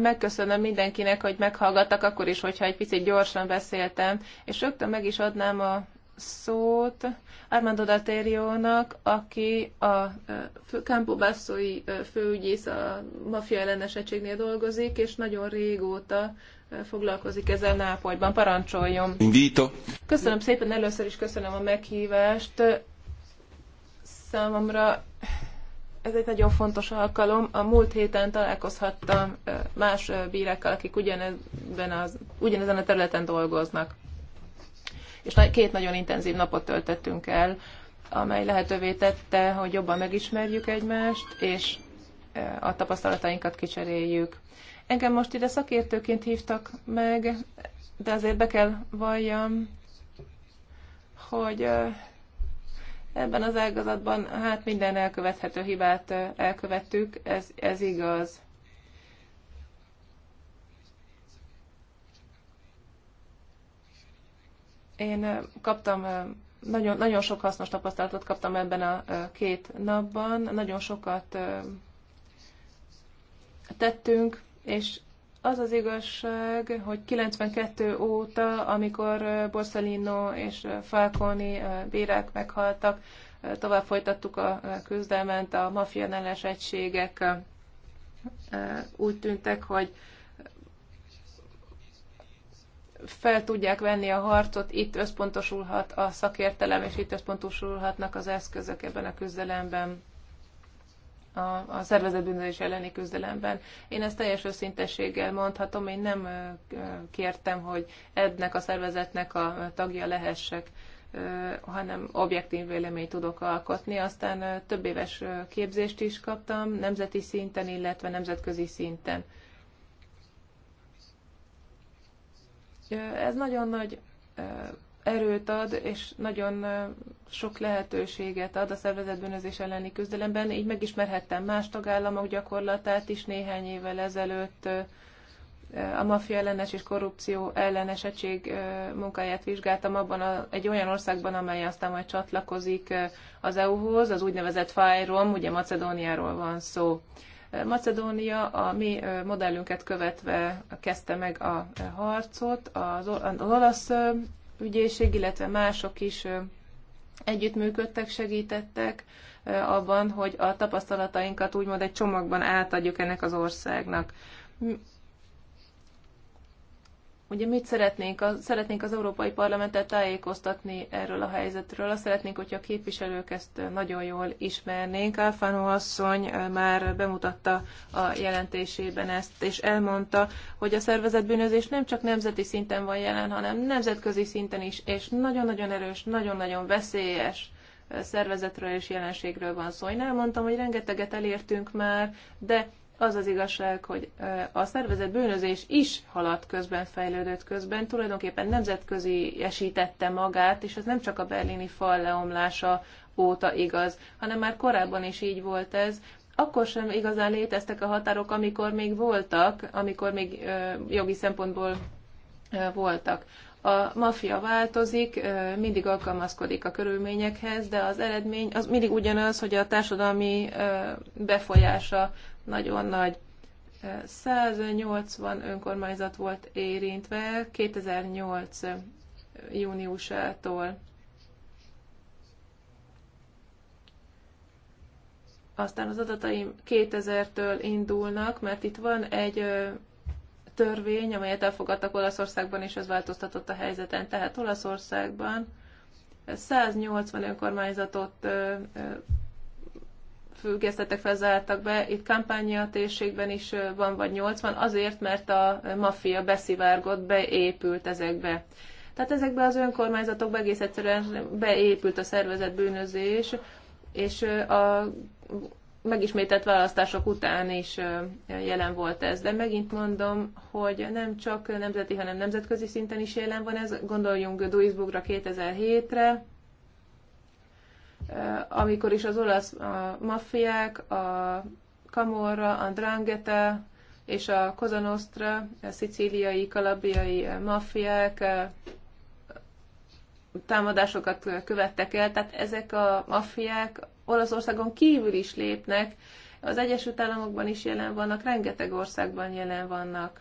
Megköszönöm mindenkinek, hogy meghallgattak, akkor is, hogyha egy picit gyorsan beszéltem, és rögtön meg is adnám a szót Armando Daterionak, aki a Campo Bassoi főügyész a mafia ellenes egységnél dolgozik, és nagyon régóta foglalkozik ezzel Nápolyban. Parancsoljon! Invito. Köszönöm szépen, először is köszönöm a meghívást. Számomra ez egy nagyon fontos alkalom. A múlt héten találkozhattam más bírákkal, akik ugyanebben az, ugyanezen a területen dolgoznak és két nagyon intenzív napot töltöttünk el, amely lehetővé tette, hogy jobban megismerjük egymást, és e, a tapasztalatainkat kicseréljük. Engem most ide szakértőként hívtak meg, de azért be kell valljam, hogy e, ebben az ágazatban hát minden elkövethető hibát e, elkövettük, ez, ez igaz. Én kaptam nagyon, nagyon sok hasznos tapasztalatot kaptam ebben a két napban, nagyon sokat tettünk, és az az igazság, hogy 92 óta, amikor Borsellino és Falconi bírák meghaltak, tovább folytattuk a küzdelmet, a mafianellenes egységek úgy tűntek, hogy fel tudják venni a harcot, itt összpontosulhat a szakértelem, és itt összpontosulhatnak az eszközök ebben a küzdelemben, a, a szervezetbűnözés elleni küzdelemben. Én ezt teljes őszintességgel mondhatom, én nem kértem, hogy ennek a szervezetnek a tagja lehessek hanem objektív véleményt tudok alkotni. Aztán több éves képzést is kaptam, nemzeti szinten, illetve nemzetközi szinten. Ez nagyon nagy erőt ad, és nagyon sok lehetőséget ad a szervezetbűnözés elleni küzdelemben. Így megismerhettem más tagállamok gyakorlatát is néhány évvel ezelőtt a mafia ellenes és korrupció ellenes egység munkáját vizsgáltam abban a, egy olyan országban, amely aztán majd csatlakozik az EU-hoz, az úgynevezett FIROM, ugye Macedóniáról van szó. Macedónia a mi modellünket követve kezdte meg a harcot, az olasz ügyészség, illetve mások is együttműködtek, segítettek abban, hogy a tapasztalatainkat úgymond egy csomagban átadjuk ennek az országnak Ugye mit szeretnénk? A, szeretnénk az Európai Parlamentet tájékoztatni erről a helyzetről. Azt szeretnénk, hogyha a képviselők ezt nagyon jól ismernénk. Alfano asszony már bemutatta a jelentésében ezt, és elmondta, hogy a szervezetbűnözés nem csak nemzeti szinten van jelen, hanem nemzetközi szinten is, és nagyon-nagyon erős, nagyon-nagyon veszélyes szervezetről és jelenségről van szó. Én elmondtam, hogy rengeteget elértünk már, de az az igazság, hogy a szervezet bűnözés is haladt közben, fejlődött közben, tulajdonképpen nemzetközi esítette magát, és ez nem csak a berlini fal leomlása óta igaz, hanem már korábban is így volt ez. Akkor sem igazán léteztek a határok, amikor még voltak, amikor még jogi szempontból voltak. A maffia változik, mindig alkalmazkodik a körülményekhez, de az eredmény az mindig ugyanaz, hogy a társadalmi befolyása nagyon nagy. 180 önkormányzat volt érintve 2008 júniusától. Aztán az adataim 2000-től indulnak, mert itt van egy törvény, amelyet elfogadtak Olaszországban, és az változtatott a helyzeten. Tehát Olaszországban 180 önkormányzatot függesztettek fel, zártak be, itt kampánya térségben is van, vagy 80, azért, mert a maffia beszivárgott, beépült ezekbe. Tehát ezekbe az önkormányzatokba egész egyszerűen beépült a szervezet bűnözés, és a megismételt választások után is jelen volt ez. De megint mondom, hogy nem csak nemzeti, hanem nemzetközi szinten is jelen van ez. Gondoljunk Duisburgra 2007-re, Eh, amikor is az olasz a maffiák, a Camorra, a Drangheta és a Cosa Nostra, a szicíliai, kalabriai eh, maffiák eh, támadásokat követtek el, tehát ezek a maffiák Olaszországon kívül is lépnek, az Egyesült Államokban is jelen vannak, rengeteg országban jelen vannak.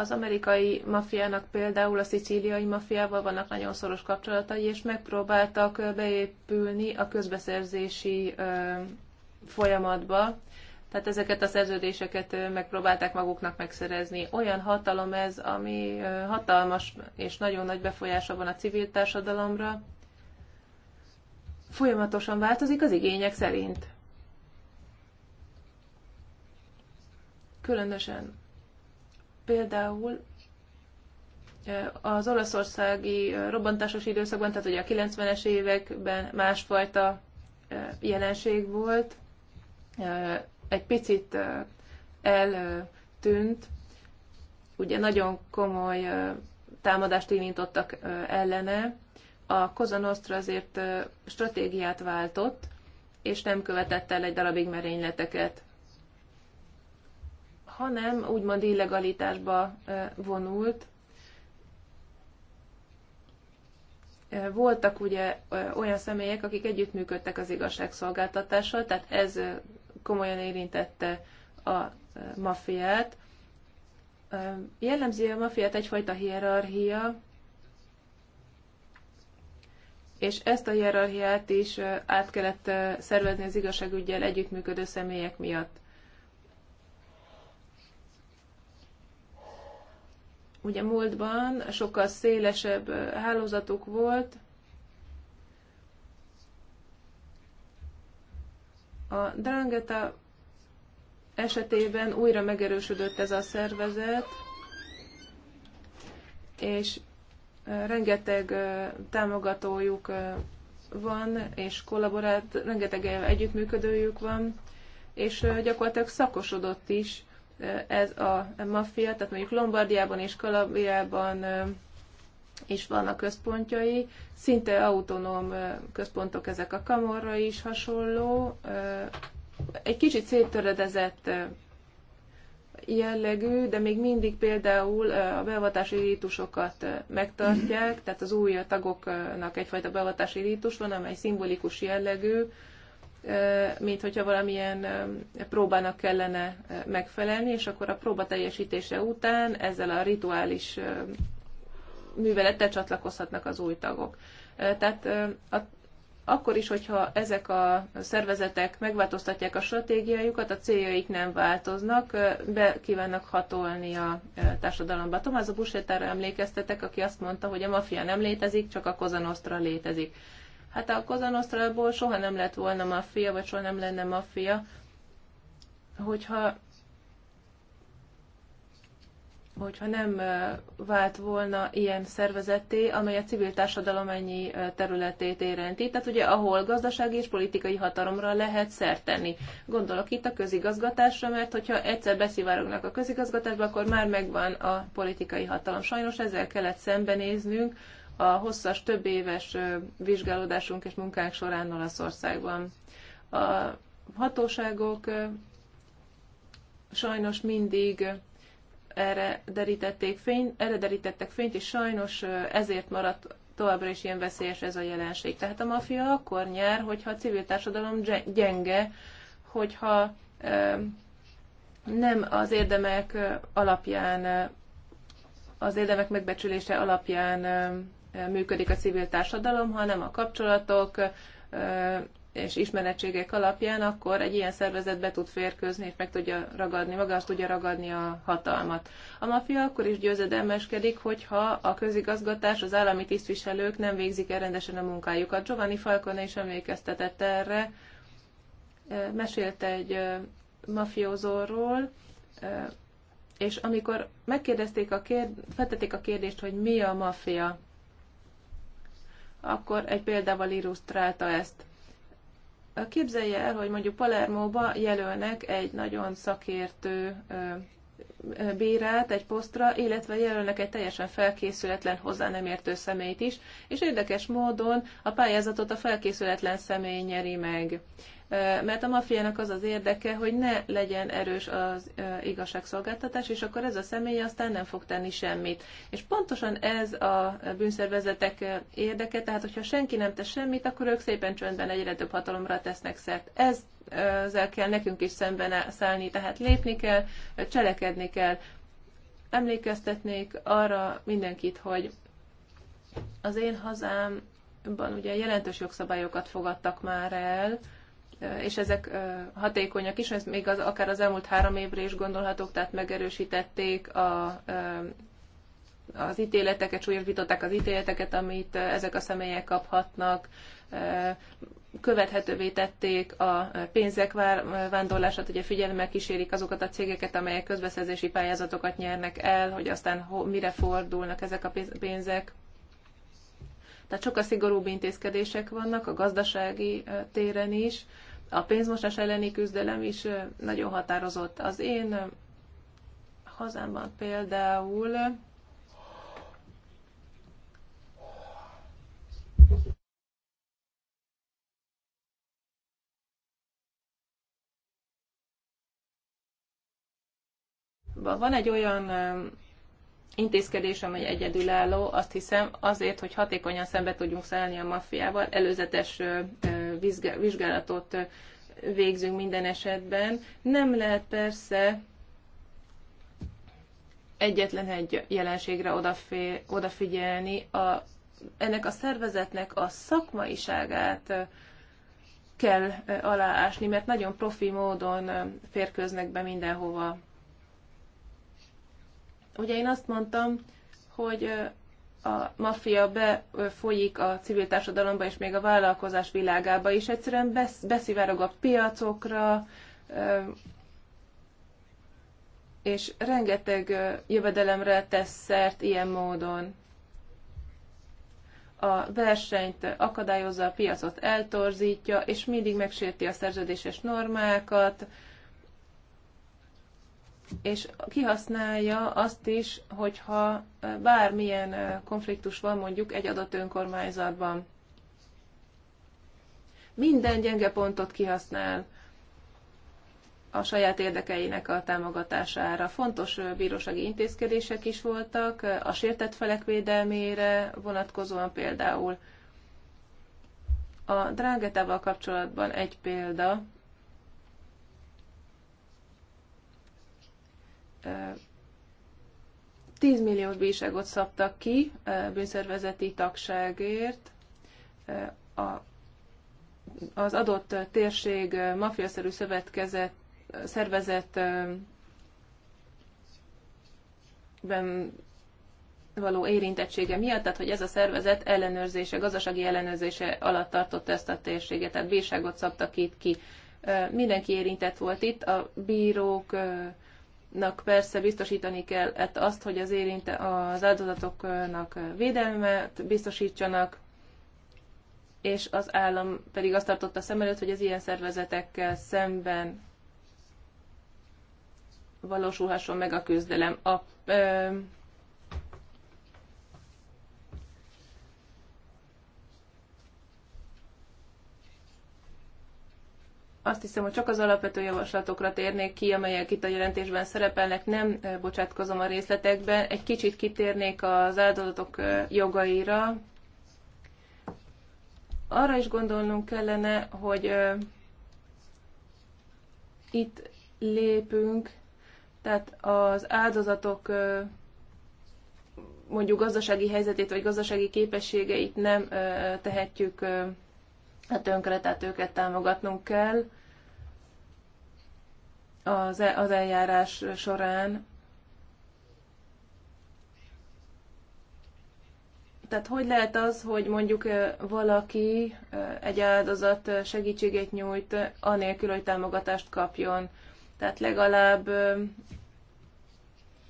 Az amerikai mafiának például a szicíliai mafiával vannak nagyon szoros kapcsolatai, és megpróbáltak beépülni a közbeszerzési folyamatba, tehát ezeket a szerződéseket megpróbálták maguknak megszerezni. Olyan hatalom ez, ami hatalmas és nagyon nagy befolyása van a civil társadalomra, folyamatosan változik az igények szerint. Különösen Például az olaszországi robbantásos időszakban, tehát ugye a 90-es években másfajta jelenség volt, egy picit eltűnt, ugye nagyon komoly támadást indítottak ellene, a Cosa Nostra azért stratégiát váltott, és nem követett el egy darabig merényleteket hanem úgymond illegalitásba vonult. Voltak ugye olyan személyek, akik együttműködtek az igazságszolgáltatással, tehát ez komolyan érintette a mafiát. Jellemzi a mafiát egyfajta hierarchia, és ezt a hierarchiát is át kellett szervezni az igazságügyel együttműködő személyek miatt. Ugye múltban sokkal szélesebb hálózatuk volt, a Drangeta esetében újra megerősödött ez a szervezet, és rengeteg támogatójuk van, és kollaborált, rengeteg együttműködőjük van, és gyakorlatilag szakosodott is ez a maffia, tehát mondjuk Lombardiában és Kalabriában is vannak központjai, szinte autonóm központok ezek a kamorra is hasonló, egy kicsit széttöredezett jellegű, de még mindig például a beavatási rítusokat megtartják, tehát az új tagoknak egyfajta beavatási rítus van, amely szimbolikus jellegű, mint hogyha valamilyen próbának kellene megfelelni, és akkor a próba teljesítése után ezzel a rituális művelettel csatlakozhatnak az új tagok. Tehát a akkor is, hogyha ezek a szervezetek megváltoztatják a stratégiájukat, a céljaik nem változnak, be kívánnak hatolni a társadalomba. Tomás a Busétára emlékeztetek, aki azt mondta, hogy a mafia nem létezik, csak a Kozanosztra létezik. Hát a Kozanosztrából soha nem lett volna maffia, vagy soha nem lenne maffia, hogyha hogyha nem vált volna ilyen szervezetté, amely a civil társadalom ennyi területét érinti, tehát ugye ahol gazdasági és politikai hatalomra lehet szert tenni. Gondolok itt a közigazgatásra, mert hogyha egyszer beszivárognak a közigazgatásba, akkor már megvan a politikai hatalom. Sajnos ezzel kellett szembenéznünk, a hosszas, több éves vizsgálódásunk és munkánk során Olaszországban. A hatóságok sajnos mindig erre derítették fényt, erre derítettek fényt, és sajnos ezért maradt továbbra is ilyen veszélyes ez a jelenség. Tehát a mafia akkor nyer, hogyha a civil társadalom gyenge, hogyha nem az érdemek alapján, az érdemek megbecsülése alapján működik a civil társadalom, hanem a kapcsolatok és ismerettségek alapján, akkor egy ilyen szervezet be tud férkőzni, és meg tudja ragadni, maga azt tudja ragadni a hatalmat. A mafia akkor is győzedelmeskedik, hogyha a közigazgatás, az állami tisztviselők nem végzik el rendesen a munkájukat. Giovanni Falcone is emlékeztetett erre, mesélte egy mafiózóról, és amikor megkérdezték a kérd... feltették a kérdést, hogy mi a mafia, akkor egy példával illusztrálta ezt. Képzelje el, hogy mondjuk Palermóba jelölnek egy nagyon szakértő bírát egy posztra, illetve jelölnek egy teljesen felkészületlen, hozzá nem értő személyt is, és érdekes módon a pályázatot a felkészületlen személy nyeri meg mert a mafiának az az érdeke, hogy ne legyen erős az igazságszolgáltatás, és akkor ez a személy aztán nem fog tenni semmit. És pontosan ez a bűnszervezetek érdeke, tehát hogyha senki nem tesz semmit, akkor ők szépen csöndben egyre több hatalomra tesznek szert. Ez ezzel kell nekünk is szemben szállni, tehát lépni kell, cselekedni kell. Emlékeztetnék arra mindenkit, hogy az én hazámban ugye jelentős jogszabályokat fogadtak már el, és ezek hatékonyak is, ez még az, akár az elmúlt három évre is gondolhatók, tehát megerősítették a, az ítéleteket, súlyosították az ítéleteket, amit ezek a személyek kaphatnak, követhetővé tették a pénzek vándorlását, ugye figyelme kísérik azokat a cégeket, amelyek közbeszerzési pályázatokat nyernek el, hogy aztán mire fordulnak ezek a pénzek. Tehát sokkal szigorúbb intézkedések vannak a gazdasági téren is, a pénzmosás elleni küzdelem is nagyon határozott. Az én hazámban például van egy olyan intézkedés, amely egyedülálló, azt hiszem, azért, hogy hatékonyan szembe tudjunk szállni a maffiával, előzetes vizsgálatot végzünk minden esetben. Nem lehet persze egyetlen egy jelenségre odafigyelni. A, ennek a szervezetnek a szakmaiságát kell aláásni, mert nagyon profi módon férkőznek be mindenhova Ugye én azt mondtam, hogy a maffia befolyik a civil társadalomba és még a vállalkozás világába is. Egyszerűen beszivárog a piacokra, és rengeteg jövedelemre tesz szert ilyen módon. A versenyt akadályozza, a piacot eltorzítja, és mindig megsérti a szerződéses normákat, és kihasználja azt is, hogyha bármilyen konfliktus van mondjuk egy adott önkormányzatban. Minden gyenge pontot kihasznál a saját érdekeinek a támogatására. Fontos bírósági intézkedések is voltak, a sértett felek védelmére vonatkozóan például. A drágetával kapcsolatban egy példa, 10 milliós bíságot szabtak ki bűnszervezeti tagságért a, az adott térség mafiaszerű szövetkezet, szervezetben való érintettsége miatt, tehát hogy ez a szervezet ellenőrzése, gazdasági ellenőrzése alatt tartott ezt a térséget, tehát bírságot szabtak itt ki. Mindenki érintett volt itt, a bírók, nak persze biztosítani kell hát azt, hogy az, érint az áldozatoknak védelmet biztosítsanak, és az állam pedig azt tartotta szem előtt, hogy az ilyen szervezetekkel szemben valósulhasson meg a küzdelem. A ö, azt hiszem, hogy csak az alapvető javaslatokra térnék ki, amelyek itt a jelentésben szerepelnek, nem bocsátkozom a részletekben. Egy kicsit kitérnék az áldozatok jogaira. Arra is gondolnunk kellene, hogy itt lépünk, tehát az áldozatok mondjuk gazdasági helyzetét vagy gazdasági képességeit nem tehetjük a tönkre, tehát őket támogatnunk kell az, e- az eljárás során. Tehát hogy lehet az, hogy mondjuk valaki egy áldozat segítségét nyújt, anélkül, hogy támogatást kapjon? Tehát legalább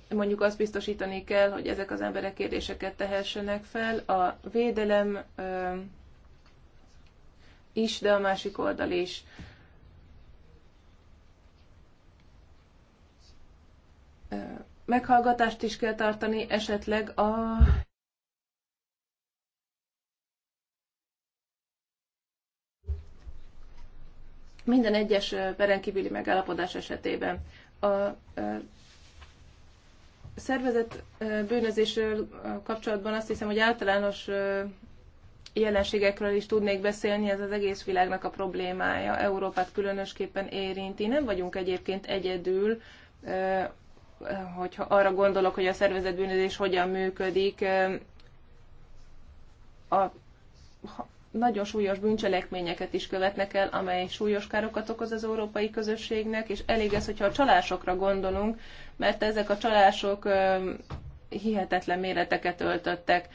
mondjuk azt biztosítani kell, hogy ezek az emberek kérdéseket tehessenek fel. A védelem is, de a másik oldal is. Meghallgatást is kell tartani, esetleg a minden egyes perenkívüli megállapodás esetében. A szervezet bűnözésről kapcsolatban azt hiszem, hogy általános jelenségekről is tudnék beszélni, ez az egész világnak a problémája, Európát különösképpen érinti. Nem vagyunk egyébként egyedül, hogyha arra gondolok, hogy a szervezetbűnözés hogyan működik, a nagyon súlyos bűncselekményeket is követnek el, amely súlyos károkat okoz az európai közösségnek, és elég ez, hogyha a csalásokra gondolunk, mert ezek a csalások hihetetlen méreteket öltöttek.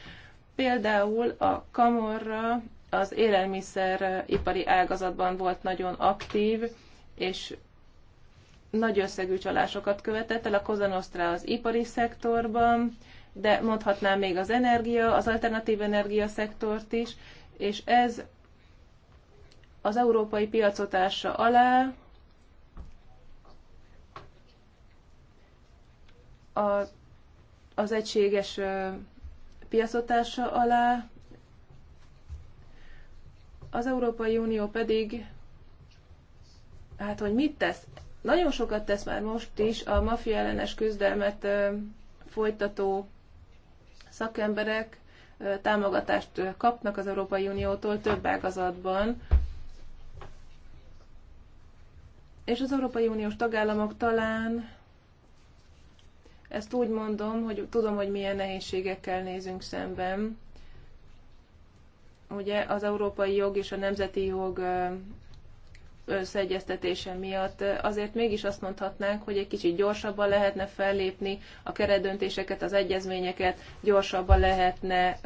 Például a kamorra az élelmiszeripari ágazatban volt nagyon aktív, és nagy összegű csalásokat követett el, a Nostra az ipari szektorban, de mondhatnám még az energia, az alternatív energia szektort is, és ez az európai piacotása alá a, az egységes piacotása alá, az Európai Unió pedig, hát hogy mit tesz? Nagyon sokat tesz már most is a mafia ellenes küzdelmet folytató szakemberek támogatást kapnak az Európai Uniótól több ágazatban, és az Európai Uniós tagállamok talán ezt úgy mondom, hogy tudom, hogy milyen nehézségekkel nézünk szemben. Ugye az európai jog és a nemzeti jog összeegyeztetése miatt azért mégis azt mondhatnánk, hogy egy kicsit gyorsabban lehetne fellépni a keredöntéseket, az egyezményeket, gyorsabban lehetne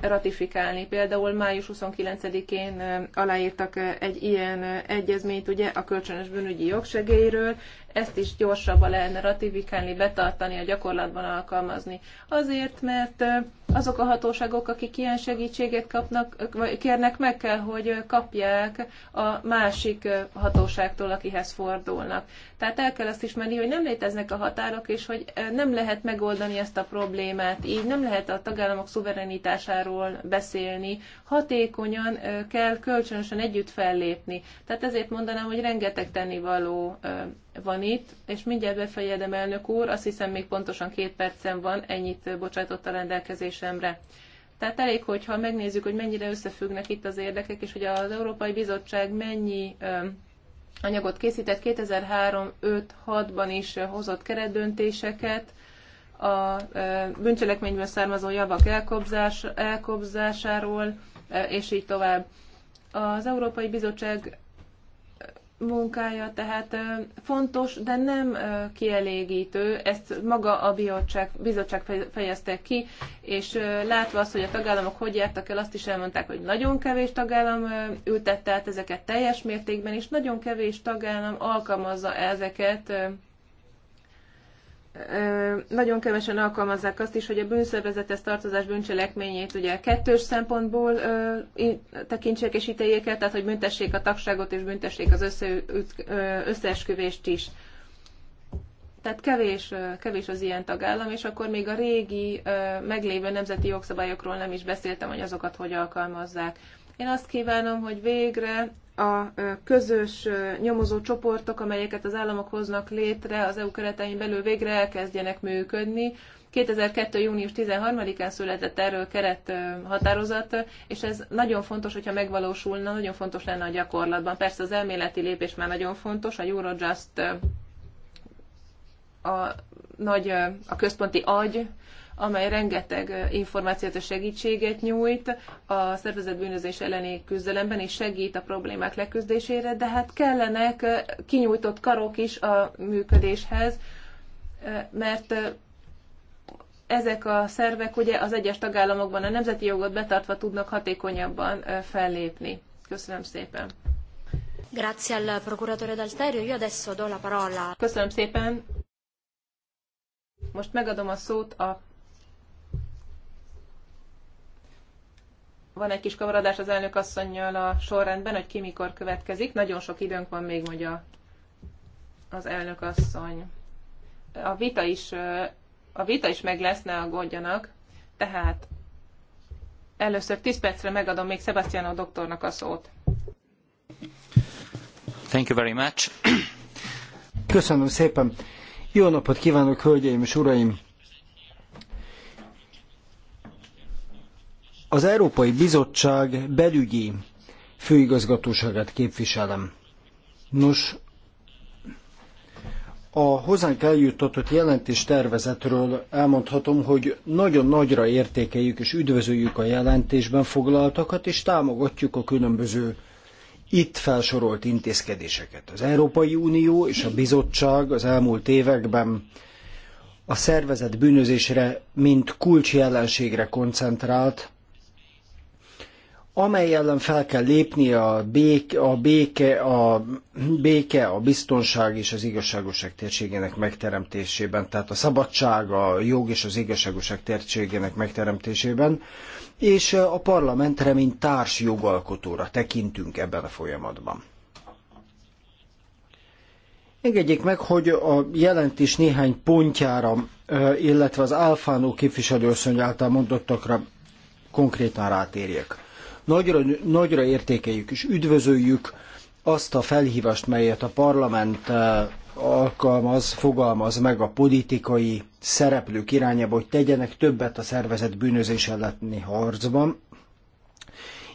ratifikálni. Például május 29-én aláírtak egy ilyen egyezményt ugye a kölcsönös bűnügyi jogsegélyről, ezt is gyorsabban lehetne ratifikálni, betartani, a gyakorlatban alkalmazni. Azért, mert azok a hatóságok, akik ilyen segítséget kapnak, vagy kérnek, meg kell, hogy kapják a másik hatóságtól, akihez fordulnak. Tehát el kell azt ismerni, hogy nem léteznek a határok, és hogy eh, nem lehet megoldani ezt a problémát. Így nem lehet a tagállamok szuverenitásáról beszélni. Hatékonyan eh, kell kölcsönösen együtt fellépni. Tehát ezért mondanám, hogy rengeteg tennivaló eh, van itt, és mindjárt befejedem, elnök úr, azt hiszem még pontosan két percem van, ennyit bocsátott a rendelkezésemre. Tehát elég, hogyha megnézzük, hogy mennyire összefüggnek itt az érdekek, és hogy az Európai Bizottság mennyi anyagot készített, 2003-5-6-ban is hozott keretdöntéseket, a bűncselekményből származó javak elkobzás, elkobzásáról, és így tovább. Az Európai Bizottság munkája tehát fontos, de nem kielégítő. Ezt maga a bizottság, bizottság fejezte ki, és látva azt, hogy a tagállamok hogy jártak el, azt is elmondták, hogy nagyon kevés tagállam ültette át ezeket teljes mértékben, és nagyon kevés tagállam alkalmazza ezeket nagyon kevesen alkalmazzák azt is, hogy a bűnszervezethez tartozás bűncselekményét ugye kettős szempontból ö, tekintsék és ítéljék el, tehát hogy büntessék a tagságot és büntessék az össze, összeesküvést is. Tehát kevés, kevés az ilyen tagállam, és akkor még a régi meglévő nemzeti jogszabályokról nem is beszéltem, hogy azokat hogy alkalmazzák. Én azt kívánom, hogy végre a közös nyomozó csoportok, amelyeket az államok hoznak létre az EU keretein belül végre elkezdjenek működni. 2002. június 13-án született erről keret határozat, és ez nagyon fontos, hogyha megvalósulna, nagyon fontos lenne a gyakorlatban. Persze az elméleti lépés már nagyon fontos, a Eurojust a nagy, a központi agy amely rengeteg információt és segítséget nyújt a szervezett bűnözés elleni küzdelemben, és segít a problémák leküzdésére, de hát kellenek kinyújtott karok is a működéshez, mert ezek a szervek ugye az egyes tagállamokban a nemzeti jogot betartva tudnak hatékonyabban fellépni. Köszönöm szépen. Grazie al procuratore D'Alterio, io adesso do la parola. Köszönöm szépen. Most megadom a szót a Van egy kis kamaradás az elnök asszonynal a sorrendben, hogy ki mikor következik. Nagyon sok időnk van még, mondja az elnök asszony. A vita is, a vita is meg lesz, ne aggódjanak. Tehát először 10 percre megadom még Sebastiano doktornak a szót. Thank you very much. Köszönöm szépen. Jó napot kívánok, hölgyeim és uraim! Az Európai Bizottság belügyi főigazgatóságát képviselem. Nos, a hozzánk eljuttatott jelentés tervezetről elmondhatom, hogy nagyon nagyra értékeljük és üdvözöljük a jelentésben foglaltakat, és támogatjuk a különböző itt felsorolt intézkedéseket. Az Európai Unió és a bizottság az elmúlt években a szervezet bűnözésre, mint kulcsjelenségre koncentrált, amely ellen fel kell lépni a béke, a béke, a, béke, a biztonság és az igazságoság térségének megteremtésében, tehát a szabadság, a jog és az igazságoság térségének megteremtésében, és a parlamentre, mint társ jogalkotóra tekintünk ebben a folyamatban. Engedjék meg, hogy a jelentés néhány pontjára, illetve az Alfánó képviselőszöny által mondottakra konkrétan rátérjek. Nagyra, nagyra értékeljük és üdvözöljük azt a felhívást, melyet a parlament eh, alkalmaz, fogalmaz meg a politikai szereplők irányába, hogy tegyenek többet a szervezet bűnözés elleni harcban,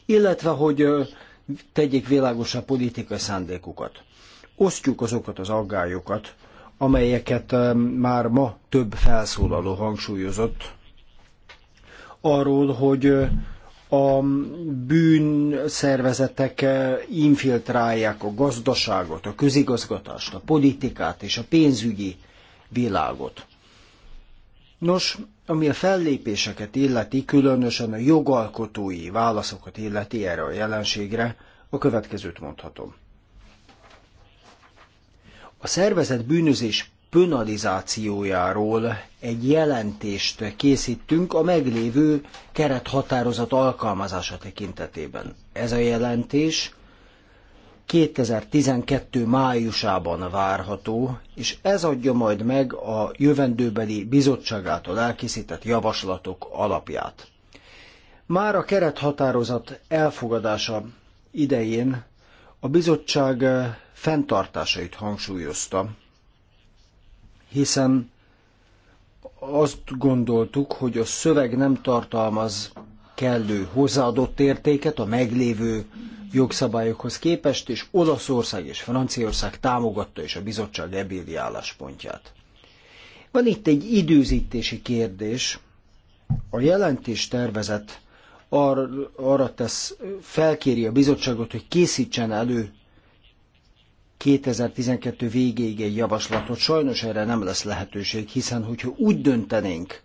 illetve hogy eh, tegyék világosá politikai szándékukat. Osztjuk azokat az aggályokat, amelyeket eh, már ma több felszólaló hangsúlyozott, arról, hogy a bűnszervezetek eh, infiltrálják a gazdaságot, a közigazgatást, a politikát és a pénzügyi világot. Nos, ami a fellépéseket illeti, különösen a jogalkotói válaszokat illeti erre a jelenségre, a következőt mondhatom. A szervezet bűnözés penalizációjáról egy jelentést készítünk a meglévő kerethatározat alkalmazása tekintetében. Ez a jelentés 2012. májusában várható, és ez adja majd meg a jövendőbeli bizottság által elkészített javaslatok alapját. Már a kerethatározat elfogadása idején a bizottság fenntartásait hangsúlyozta, hiszen azt gondoltuk, hogy a szöveg nem tartalmaz kellő hozzáadott értéket a meglévő jogszabályokhoz képest, és Olaszország és Franciaország támogatta is a bizottság ebédi álláspontját. Van itt egy időzítési kérdés. A jelentés tervezet ar- arra tesz, felkéri a bizottságot, hogy készítsen elő 2012 végéig egy javaslatot. Sajnos erre nem lesz lehetőség, hiszen hogyha úgy döntenénk,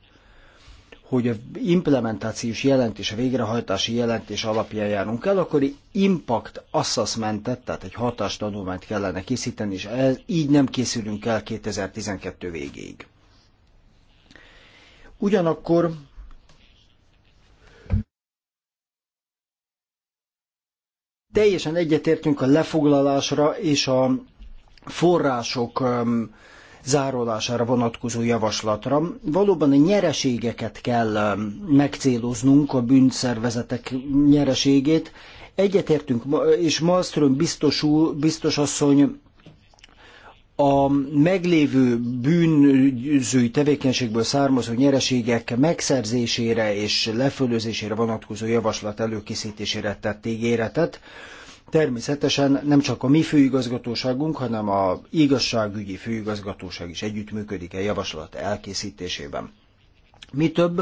hogy a implementációs jelentés, a végrehajtási jelentés alapján járunk el, akkor impact assessmentet, tehát egy hatástanulmányt kellene készíteni, és ez, így nem készülünk el 2012 végéig. Ugyanakkor Teljesen egyetértünk a lefoglalásra és a források zárolására vonatkozó javaslatra. Valóban a nyereségeket kell megcéloznunk, a bűnszervezetek nyereségét. Egyetértünk, és Malmström biztos, biztos asszony a meglévő bűnzői tevékenységből származó nyereségek megszerzésére és lefölözésére vonatkozó javaslat előkészítésére tett ígéretet. Természetesen nem csak a mi főigazgatóságunk, hanem a igazságügyi főigazgatóság is együttműködik a e javaslat elkészítésében. Mi több,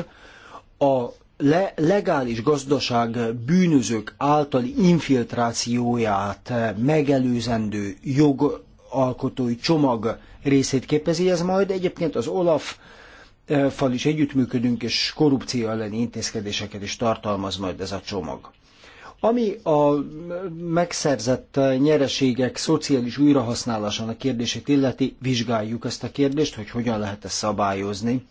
a le- legális gazdaság bűnözők általi infiltrációját megelőzendő jog alkotói csomag részét képezi ez majd. Egyébként az Olaf fal is együttműködünk, és korrupció elleni intézkedéseket is tartalmaz majd ez a csomag. Ami a megszerzett nyereségek szociális újrahasználásának kérdését illeti, vizsgáljuk ezt a kérdést, hogy hogyan lehet ezt szabályozni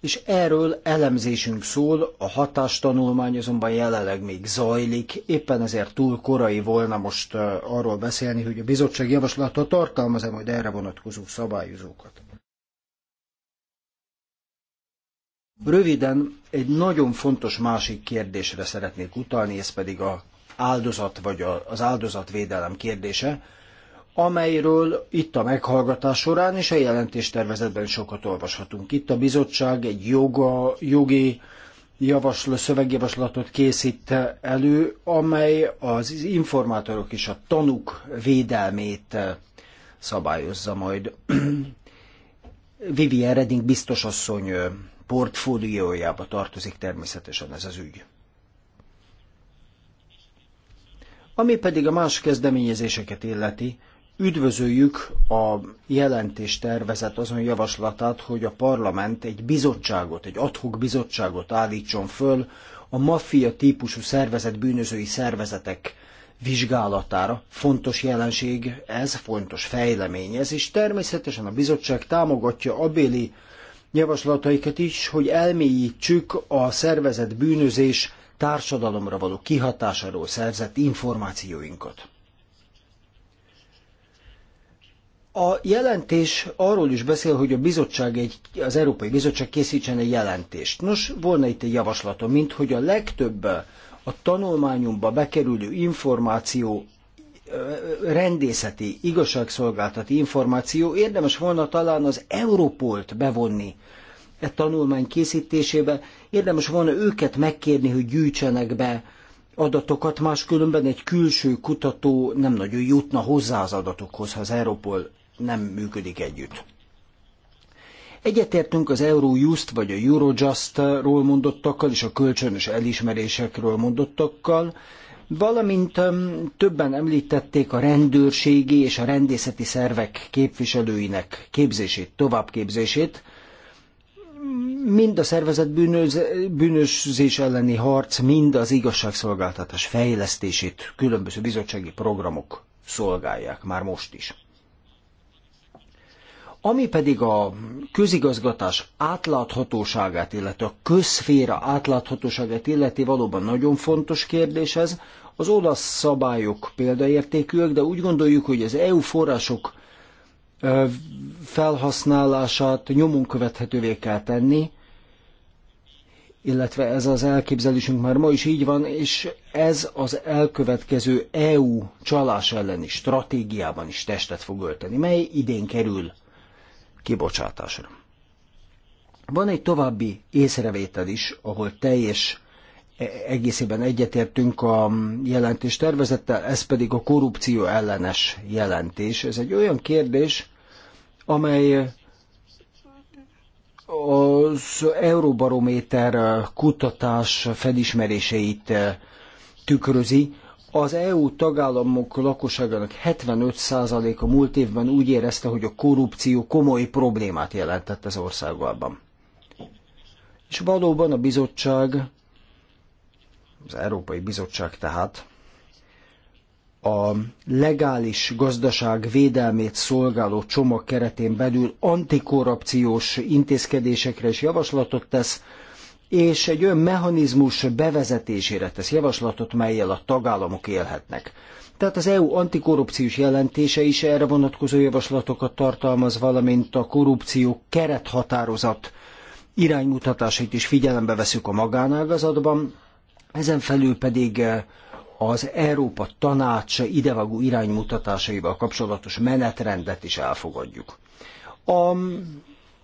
és erről elemzésünk szól, a hatástanulmány azonban jelenleg még zajlik, éppen ezért túl korai volna most arról beszélni, hogy a bizottság javaslata tartalmaz-e majd erre vonatkozó szabályozókat. Röviden egy nagyon fontos másik kérdésre szeretnék utalni, ez pedig a áldozat vagy az áldozatvédelem kérdése, amelyről itt a meghallgatás során és a jelentéstervezetben sokat olvashatunk. Itt a bizottság egy joga, jogi javasló, szövegjavaslatot készít elő, amely az informátorok és a tanuk védelmét szabályozza majd. Vivian Redding biztos asszony portfóliójába tartozik természetesen ez az ügy. Ami pedig a más kezdeményezéseket illeti, Üdvözöljük a jelentés tervezet azon javaslatát, hogy a parlament egy bizottságot, egy adhok bizottságot állítson föl a maffia típusú szervezet bűnözői szervezetek vizsgálatára. Fontos jelenség ez, fontos fejlemény ez, és természetesen a bizottság támogatja abéli javaslataikat is, hogy elmélyítsük a szervezet bűnözés társadalomra való kihatásáról szerzett információinkat. A jelentés arról is beszél, hogy a bizottság egy, az Európai Bizottság készítsen egy jelentést. Nos, volna itt egy javaslatom, mint hogy a legtöbb a tanulmányunkba bekerülő információ rendészeti, igazságszolgáltati információ, érdemes volna talán az Európolt bevonni e tanulmány készítésébe, érdemes volna őket megkérni, hogy gyűjtsenek be adatokat, máskülönben egy külső kutató nem nagyon jutna hozzá az adatokhoz, ha az Europol nem működik együtt. Egyetértünk az Eurojust vagy a Eurojust-ról mondottakkal és a kölcsönös elismerésekről mondottakkal, valamint többen említették a rendőrségi és a rendészeti szervek képviselőinek képzését, továbbképzését, mind a szervezet bűnözés elleni harc, mind az igazságszolgáltatás fejlesztését különböző bizottsági programok szolgálják már most is. Ami pedig a közigazgatás átláthatóságát, illetve a közféra átláthatóságát illeti valóban nagyon fontos kérdés ez. Az olasz szabályok példaértékűek, de úgy gondoljuk, hogy az EU források felhasználását nyomon követhetővé kell tenni, illetve ez az elképzelésünk már ma is így van, és ez az elkövetkező EU csalás elleni stratégiában is testet fog ölteni, mely idén kerül kibocsátásra. Van egy további észrevétel is, ahol teljes e, egészében egyetértünk a jelentés tervezettel, ez pedig a korrupció ellenes jelentés. Ez egy olyan kérdés, amely az Euróbarométer kutatás felismeréseit tükrözi, az EU tagállamok lakosságának 75%-a múlt évben úgy érezte, hogy a korrupció komoly problémát jelentett az országban. És valóban a bizottság, az Európai Bizottság tehát, a legális gazdaság védelmét szolgáló csomag keretén belül antikorrupciós intézkedésekre is javaslatot tesz, és egy olyan mechanizmus bevezetésére tesz javaslatot, melyel a tagállamok élhetnek. Tehát az EU antikorrupciós jelentése is erre vonatkozó javaslatokat tartalmaz, valamint a korrupció kerethatározat iránymutatásait is figyelembe veszük a magánágazatban, ezen felül pedig eh, az Európa Tanács idevágó iránymutatásaival kapcsolatos menetrendet is elfogadjuk. A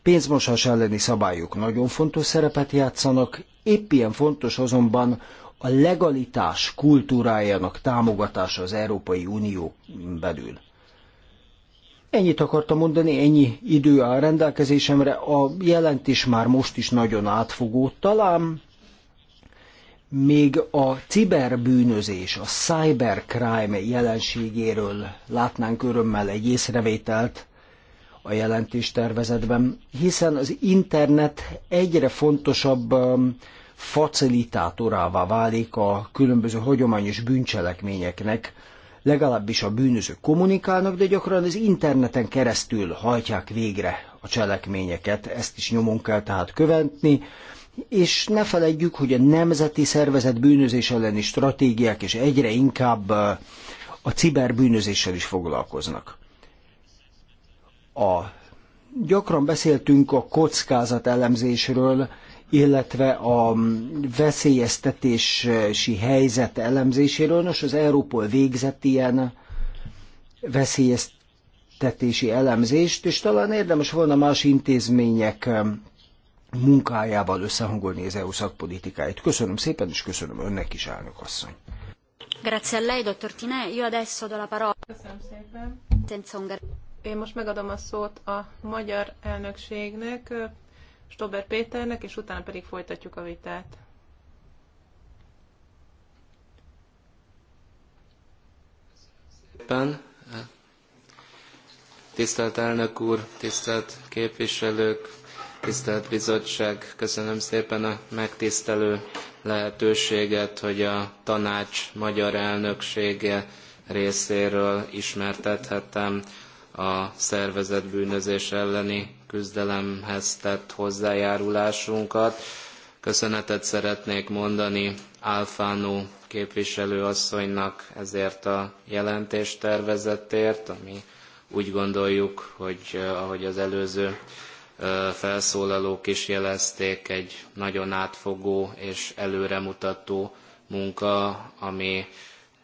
pénzmosás elleni szabályok nagyon fontos szerepet játszanak, épp ilyen fontos azonban a legalitás kultúrájának támogatása az Európai Unió belül. Ennyit akartam mondani, ennyi idő a rendelkezésemre. A jelentés már most is nagyon átfogó. Talán még a ciberbűnözés, a cybercrime jelenségéről látnánk örömmel egy észrevételt, a jelentéstervezetben, hiszen az internet egyre fontosabb um, facilitátorává válik a különböző hagyományos bűncselekményeknek, legalábbis a bűnözők kommunikálnak, de gyakran az interneten keresztül hajtják végre a cselekményeket, ezt is nyomon kell tehát követni, és ne feledjük, hogy a nemzeti szervezet bűnözés elleni stratégiák és egyre inkább uh, a ciberbűnözéssel is foglalkoznak. A, gyakran beszéltünk a kockázat elemzésről, illetve a veszélyeztetési helyzet elemzéséről. Nos, az Európol végzett ilyen veszélyeztetési elemzést, és talán érdemes volna más intézmények munkájával összehangolni az EU szakpolitikáit. Köszönöm szépen, és köszönöm önnek is, elnök asszony. Grazie a lei, dottor Tine. Io adesso do la parola. Köszönöm szépen. Én most megadom a szót a magyar elnökségnek, Stober Péternek, és utána pedig folytatjuk a vitát. Szépen. Tisztelt elnök úr, tisztelt képviselők, tisztelt bizottság, köszönöm szépen a megtisztelő lehetőséget, hogy a tanács magyar elnöksége részéről ismertethettem a szervezett bűnözés elleni küzdelemhez tett hozzájárulásunkat. Köszönetet szeretnék mondani Alfánó képviselő asszonynak ezért a jelentéstervezetért, ami úgy gondoljuk, hogy eh, ahogy az előző eh, felszólalók is jelezték, egy nagyon átfogó és előremutató munka, ami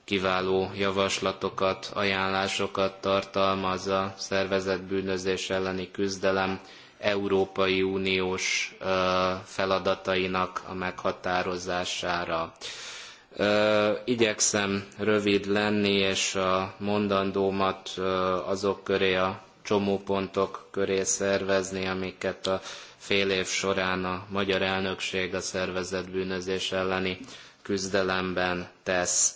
kiváló javaslatokat, ajánlásokat tartalmaz a szervezett bűnözés elleni küzdelem Európai Uniós feladatainak a meghatározására. Igyekszem rövid lenni, és a mondandómat azok köré a csomópontok köré szervezni, amiket a fél év során a magyar elnökség a szervezett bűnözés elleni küzdelemben tesz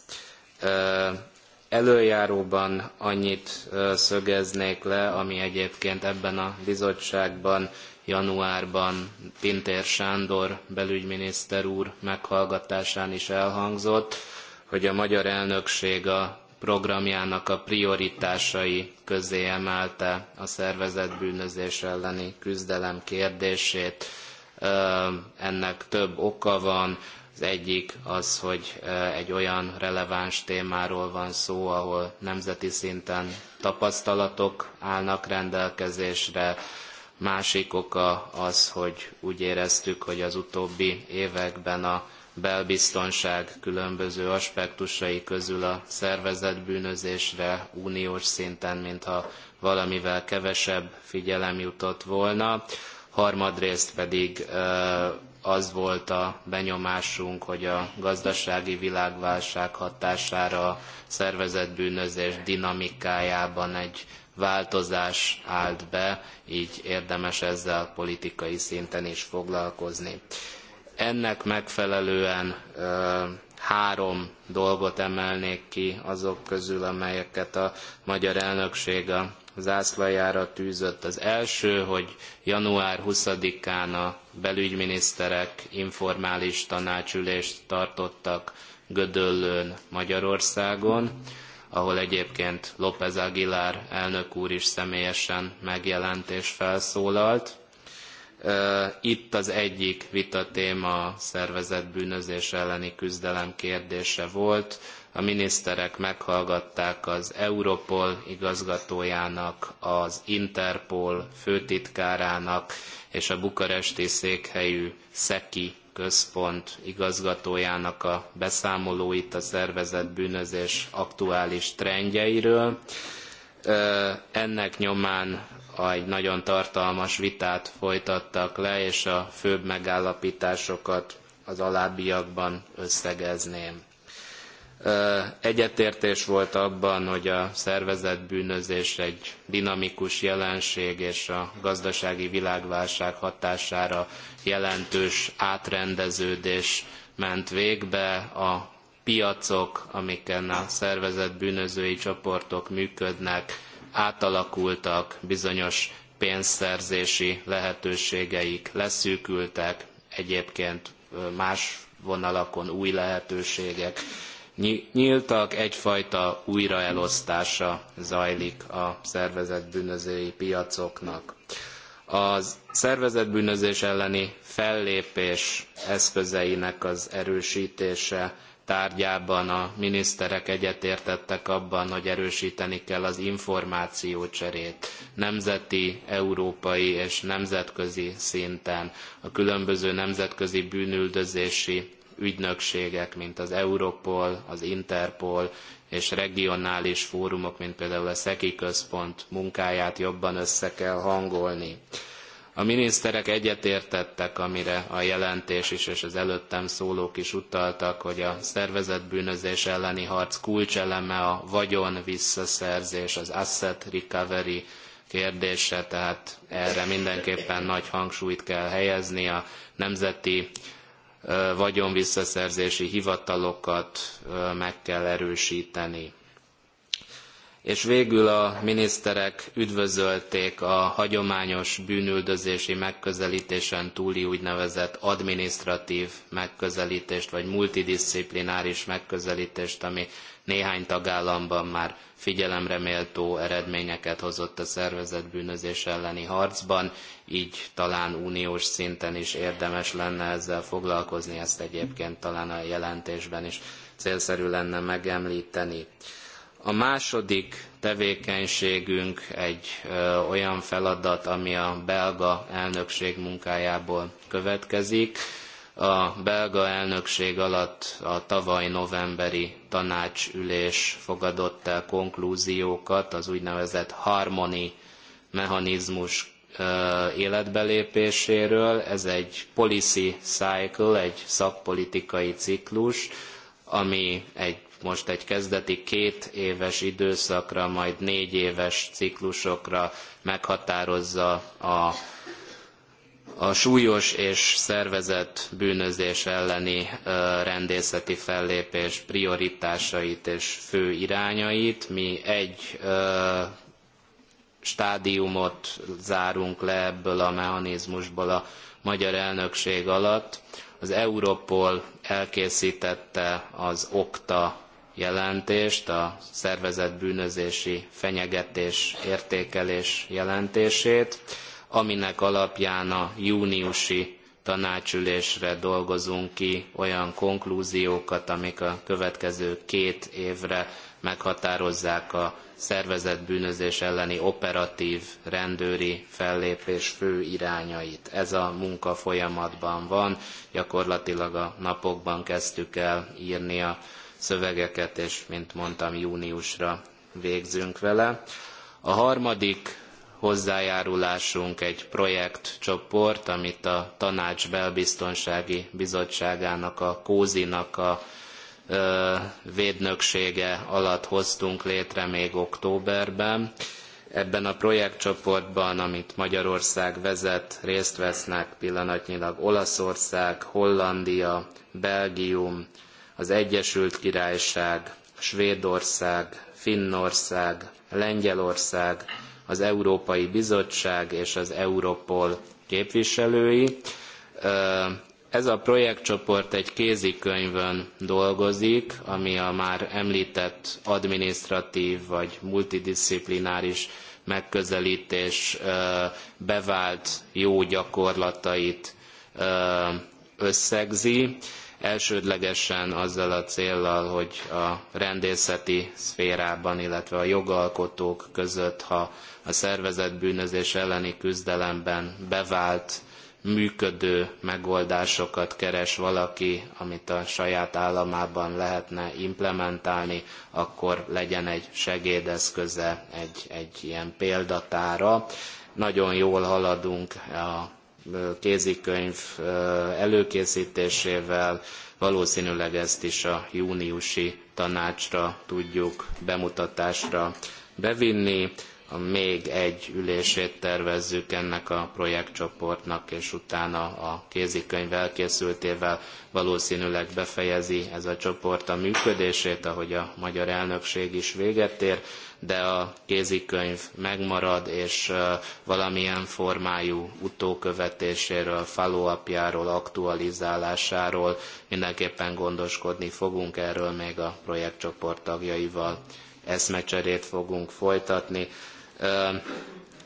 előjáróban annyit szögeznék le, ami egyébként ebben a bizottságban januárban Pintér Sándor belügyminiszter úr meghallgatásán is elhangzott, hogy a magyar elnökség a programjának a prioritásai közé emelte a szervezett bűnözés elleni küzdelem kérdését. Ennek több oka van az egyik az, hogy egy olyan releváns témáról van szó, ahol nemzeti szinten tapasztalatok állnak rendelkezésre, Másik oka az, hogy úgy éreztük, hogy az utóbbi években a belbiztonság különböző aspektusai közül a szervezetbűnözésre bűnözésre uniós szinten, mintha valamivel kevesebb figyelem jutott volna. Harmadrészt pedig az volt a benyomásunk, hogy a gazdasági világválság hatására a szervezett bűnözés dinamikájában egy változás állt be, így érdemes ezzel politikai szinten is foglalkozni. Ennek megfelelően három dolgot emelnék ki azok közül, amelyeket a magyar elnökség a zászlajára tűzött. Az első, hogy január 20-án a belügyminiszterek informális tanácsülést tartottak Gödöllőn Magyarországon, ahol egyébként López Aguilar elnök úr is személyesen megjelent és felszólalt. Itt az egyik vitatéma a szervezett bűnözés elleni küzdelem kérdése volt a miniszterek meghallgatták az Europol igazgatójának, az Interpol főtitkárának és a bukaresti székhelyű SZEKI központ igazgatójának a beszámolóit a szervezett bűnözés aktuális trendjeiről. Ennek nyomán egy nagyon tartalmas vitát folytattak le, és a főbb megállapításokat az alábbiakban összegezném. Egyetértés volt abban, hogy a szervezett bűnözés egy dinamikus jelenség, és a gazdasági világválság hatására jelentős átrendeződés ment végbe. A piacok, amiken a szervezett bűnözői csoportok működnek, átalakultak, bizonyos pénzszerzési lehetőségeik leszűkültek, egyébként más vonalakon új lehetőségek nyíltak, egyfajta újraelosztása zajlik a szervezetbűnözői piacoknak. A szervezetbűnözés elleni fellépés eszközeinek az erősítése tárgyában a miniszterek egyetértettek abban, hogy erősíteni kell az információcserét nemzeti, európai és nemzetközi szinten a különböző nemzetközi bűnüldözési ügynökségek, mint az Europol, az Interpol és regionális fórumok, mint például a SZEKI központ munkáját jobban össze kell hangolni. A miniszterek egyetértettek, amire a jelentés is és az előttem szólók is utaltak, hogy a szervezett bűnözés elleni harc kulcseleme a vagyon visszaszerzés, az asset recovery kérdése, tehát erre mindenképpen nagy hangsúlyt kell helyezni a nemzeti vagyonvisszaszerzési hivatalokat meg kell erősíteni. És végül a miniszterek üdvözölték a hagyományos bűnüldözési megközelítésen túli úgynevezett administratív megközelítést, vagy multidisziplináris megközelítést, ami néhány tagállamban már figyelemre méltó eredményeket hozott a szervezett bűnözés elleni harcban, így talán uniós szinten is érdemes lenne ezzel foglalkozni, ezt egyébként talán a jelentésben is célszerű lenne megemlíteni. A második tevékenységünk egy ö, olyan feladat, ami a belga elnökség munkájából következik a belga elnökség alatt a tavaly novemberi tanácsülés fogadott el konklúziókat az úgynevezett harmoni mechanizmus életbelépéséről. Ez egy policy cycle, egy szakpolitikai ciklus, ami egy, most egy kezdeti két éves időszakra, majd négy éves ciklusokra meghatározza a a súlyos és szervezett bűnözés elleni rendészeti fellépés prioritásait és fő irányait. Mi egy stádiumot zárunk le ebből a mechanizmusból a magyar elnökség alatt. Az Europol elkészítette az OKTA jelentést, a szervezett bűnözési fenyegetés értékelés jelentését aminek alapján a júniusi tanácsülésre dolgozunk ki olyan konklúziókat, amik a következő két évre meghatározzák a szervezett bűnözés elleni operatív rendőri fellépés fő irányait. Ez a munka folyamatban van, gyakorlatilag a napokban kezdtük el írni a szövegeket, és mint mondtam, júniusra végzünk vele. A harmadik hozzájárulásunk egy projektcsoport, amit a Tanács Belbiztonsági Bizottságának, a Kózinak a védnöksége alatt hoztunk létre még októberben. Ebben a projektcsoportban, amit Magyarország vezet, részt vesznek pillanatnyilag Olaszország, Hollandia, Belgium, az Egyesült Királyság, Svédország, Finnország, Lengyelország, az Európai Bizottság és az Europol képviselői. Ez a projektcsoport egy kézikönyvön dolgozik, ami a már említett administratív vagy multidisziplináris megközelítés bevált jó gyakorlatait összegzi, elsődlegesen azzal a céllal, hogy a rendészeti szférában, illetve a jogalkotók között, ha a szervezett bűnözés elleni küzdelemben bevált, működő megoldásokat keres valaki, amit a saját államában lehetne implementálni, akkor legyen egy segédeszköze, egy, egy ilyen példatára. Nagyon jól haladunk a kézikönyv előkészítésével, valószínűleg ezt is a júniusi tanácsra tudjuk bemutatásra bevinni még egy ülését tervezzük ennek a projektcsoportnak, és utána a kézikönyv elkészültével valószínűleg befejezi ez a csoport a működését, ahogy a magyar elnökség is véget ér, de a kézikönyv megmarad, és valamilyen formájú utókövetéséről, follow-upjáról, aktualizálásáról mindenképpen gondoskodni fogunk, erről még a projektcsoport tagjaival eszmecserét fogunk folytatni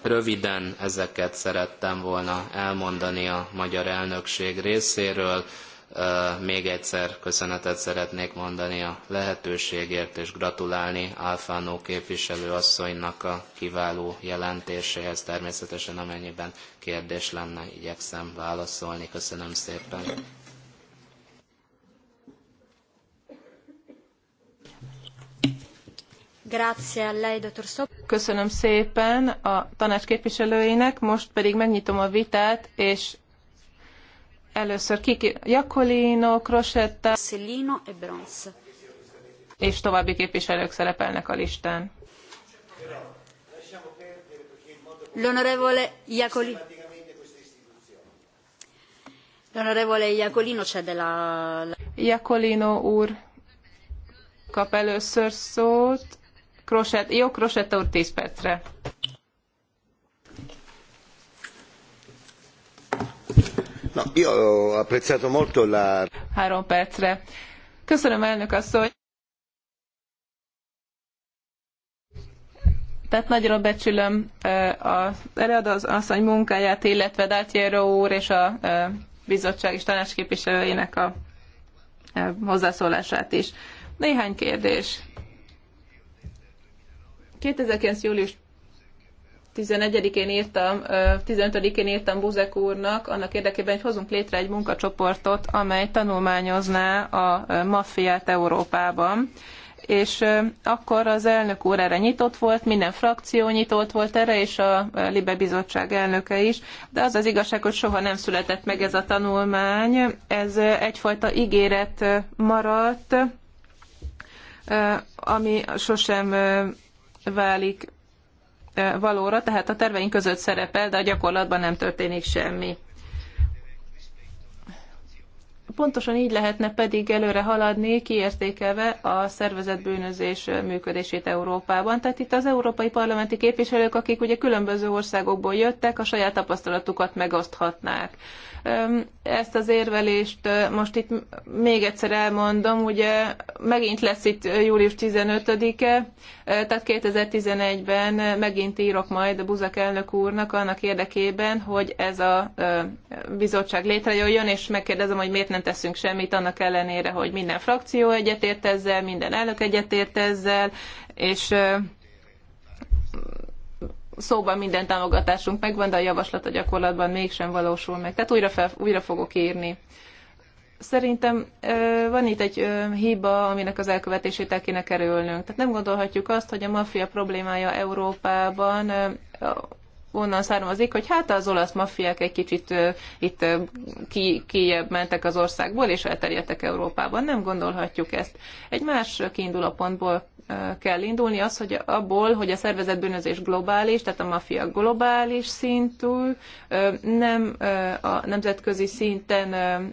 Röviden ezeket szerettem volna elmondani a magyar elnökség részéről. Még egyszer köszönetet szeretnék mondani a lehetőségért, és gratulálni Alfánó képviselő asszonynak a kiváló jelentéséhez. Természetesen amennyiben kérdés lenne, igyekszem válaszolni. Köszönöm szépen. Köszönöm szépen a tanács képviselőinek, most pedig megnyitom a vitát, és először kiki Jakolino, Crosetta, Cellino e Bronz. És további képviselők szerepelnek a listán. L'onorevole Iacolino. L'onorevole Iacolino c'è della... Iacolino úr kap először szót Kroset, jó, Kroset úr 10 percre. No, io ho apprezzato molto la... Három percre. Köszönöm, elnök asszony. Tehát nagyra becsülöm az előadó asszony munkáját, illetve Dátyéró úr és a bizottság és tanácsképviselőjének a hozzászólását is. Néhány kérdés. 2009. július 11-én írtam, 15-én írtam Buzek úrnak, annak érdekében, hogy hozunk létre egy munkacsoportot, amely tanulmányozná a maffiát Európában és akkor az elnök úr erre nyitott volt, minden frakció nyitott volt erre, és a Libe Bizottság elnöke is, de az az igazság, hogy soha nem született meg ez a tanulmány, ez egyfajta ígéret maradt, ami sosem válik e, valóra, tehát a terveink között szerepel, de a gyakorlatban nem történik semmi. Pontosan így lehetne pedig előre haladni, kiértékelve a szervezett bűnözés működését Európában. Tehát itt az európai parlamenti képviselők, akik ugye különböző országokból jöttek, a saját tapasztalatukat megoszthatnák. Ezt az érvelést most itt még egyszer elmondom, ugye megint lesz itt július 15-e, tehát 2011-ben megint írok majd a Buzak elnök úrnak annak érdekében, hogy ez a bizottság létrejöjjön, és megkérdezem, hogy miért nem teszünk semmit annak ellenére, hogy minden frakció egyetért ezzel, minden elnök egyetért ezzel, és szóban minden támogatásunk megvan, de a javaslat a gyakorlatban mégsem valósul meg. Tehát újra, fel, újra fogok írni. Szerintem van itt egy hiba, aminek az elkövetését el kéne kerülnünk. Tehát nem gondolhatjuk azt, hogy a maffia problémája Európában onnan származik, hogy hát az olasz maffiák egy kicsit itt ki, kijebb mentek az országból, és elterjedtek Európában. Nem gondolhatjuk ezt. Egy más kiinduló pontból kell indulni, az, hogy abból, hogy a szervezetbűnözés globális, tehát a maffia globális szintű, nem a nemzetközi szinten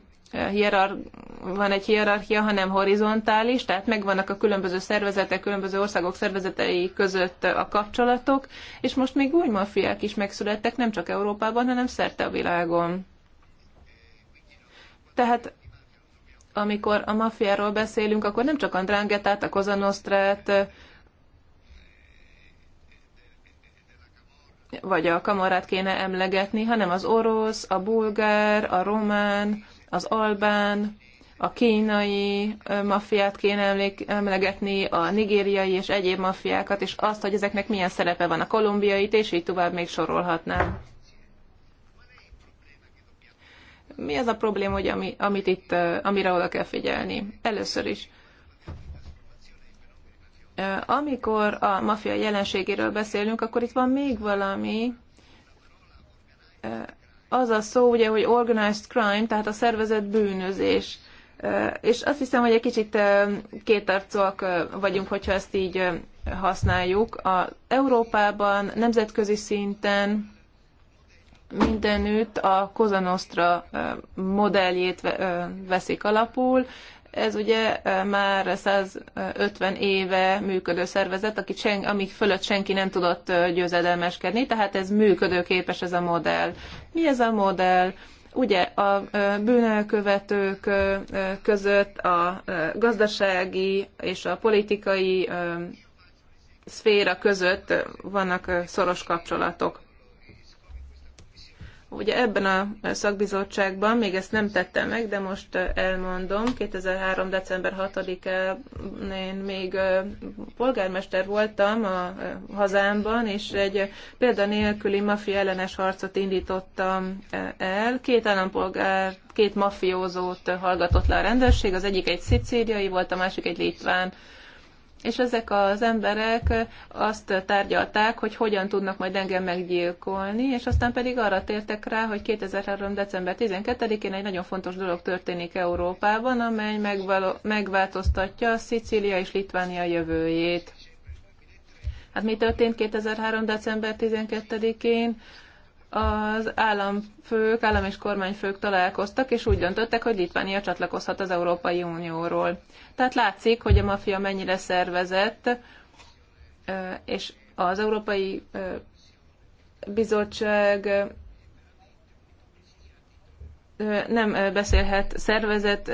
hierar- van egy hierarchia, hanem horizontális, tehát megvannak a különböző szervezetek, különböző országok szervezetei között a kapcsolatok, és most még új mafiák is megszülettek, nem csak Európában, hanem szerte a világon. Tehát amikor a maffiáról beszélünk, akkor nem csak a drángetát, a kozanosztrát, vagy a kamarát kéne emlegetni, hanem az orosz, a bulgár, a román, az albán, a kínai maffiát kéne emlegetni, a nigériai és egyéb maffiákat, és azt, hogy ezeknek milyen szerepe van a kolumbiait, és így tovább még sorolhatnám mi az a probléma, hogy ami, amit itt, amire oda kell figyelni? Először is. Amikor a mafia jelenségéről beszélünk, akkor itt van még valami, az a szó, ugye, hogy organized crime, tehát a szervezett bűnözés. És azt hiszem, hogy egy kicsit kétarcúak vagyunk, hogyha ezt így használjuk. A Európában, nemzetközi szinten mindenütt a Cosa Nostra modelljét veszik alapul. Ez ugye már 150 éve működő szervezet, aki sen, amik fölött senki nem tudott győzedelmeskedni, tehát ez működőképes ez a modell. Mi ez a modell? Ugye a bűnelkövetők között a gazdasági és a politikai szféra között vannak szoros kapcsolatok Ugye ebben a szakbizottságban, még ezt nem tettem meg, de most elmondom, 2003. december 6-án én még polgármester voltam a hazámban, és egy példanélküli mafia ellenes harcot indítottam el. Két állampolgár, két mafiózót hallgatott le a rendőrség, az egyik egy szicíliai volt, a másik egy litván és ezek az emberek azt tárgyalták, hogy hogyan tudnak majd engem meggyilkolni, és aztán pedig arra tértek rá, hogy 2003. december 12-én egy nagyon fontos dolog történik Európában, amely megvalo- megváltoztatja Szicília és Litvánia jövőjét. Hát mi történt 2003. december 12-én? az államfők, állam és kormányfők találkoztak, és úgy döntöttek, hogy Litvánia csatlakozhat az Európai Unióról. Tehát látszik, hogy a mafia mennyire szervezett, és az Európai Bizottság nem beszélhet szervezet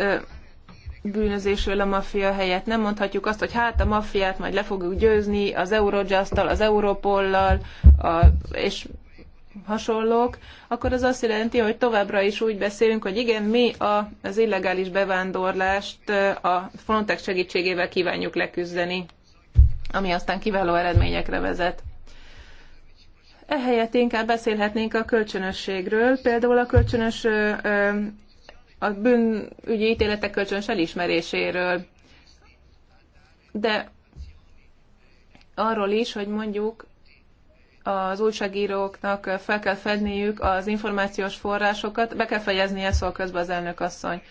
bűnözésről a maffia helyett. Nem mondhatjuk azt, hogy hát a maffiát majd le fogjuk győzni az Eurojust-tal, az Europollal, és hasonlók, akkor az azt jelenti, hogy továbbra is úgy beszélünk, hogy igen, mi a, az illegális bevándorlást a Frontex segítségével kívánjuk leküzdeni, ami aztán kiváló eredményekre vezet. Ehelyett inkább beszélhetnénk a kölcsönösségről, például a kölcsönös a bűnügyi ítéletek kölcsönös elismeréséről, de arról is, hogy mondjuk az újságíróknak fel kell fedniük az információs forrásokat, be kell fejezni, ezt szól közben az elnök asszony.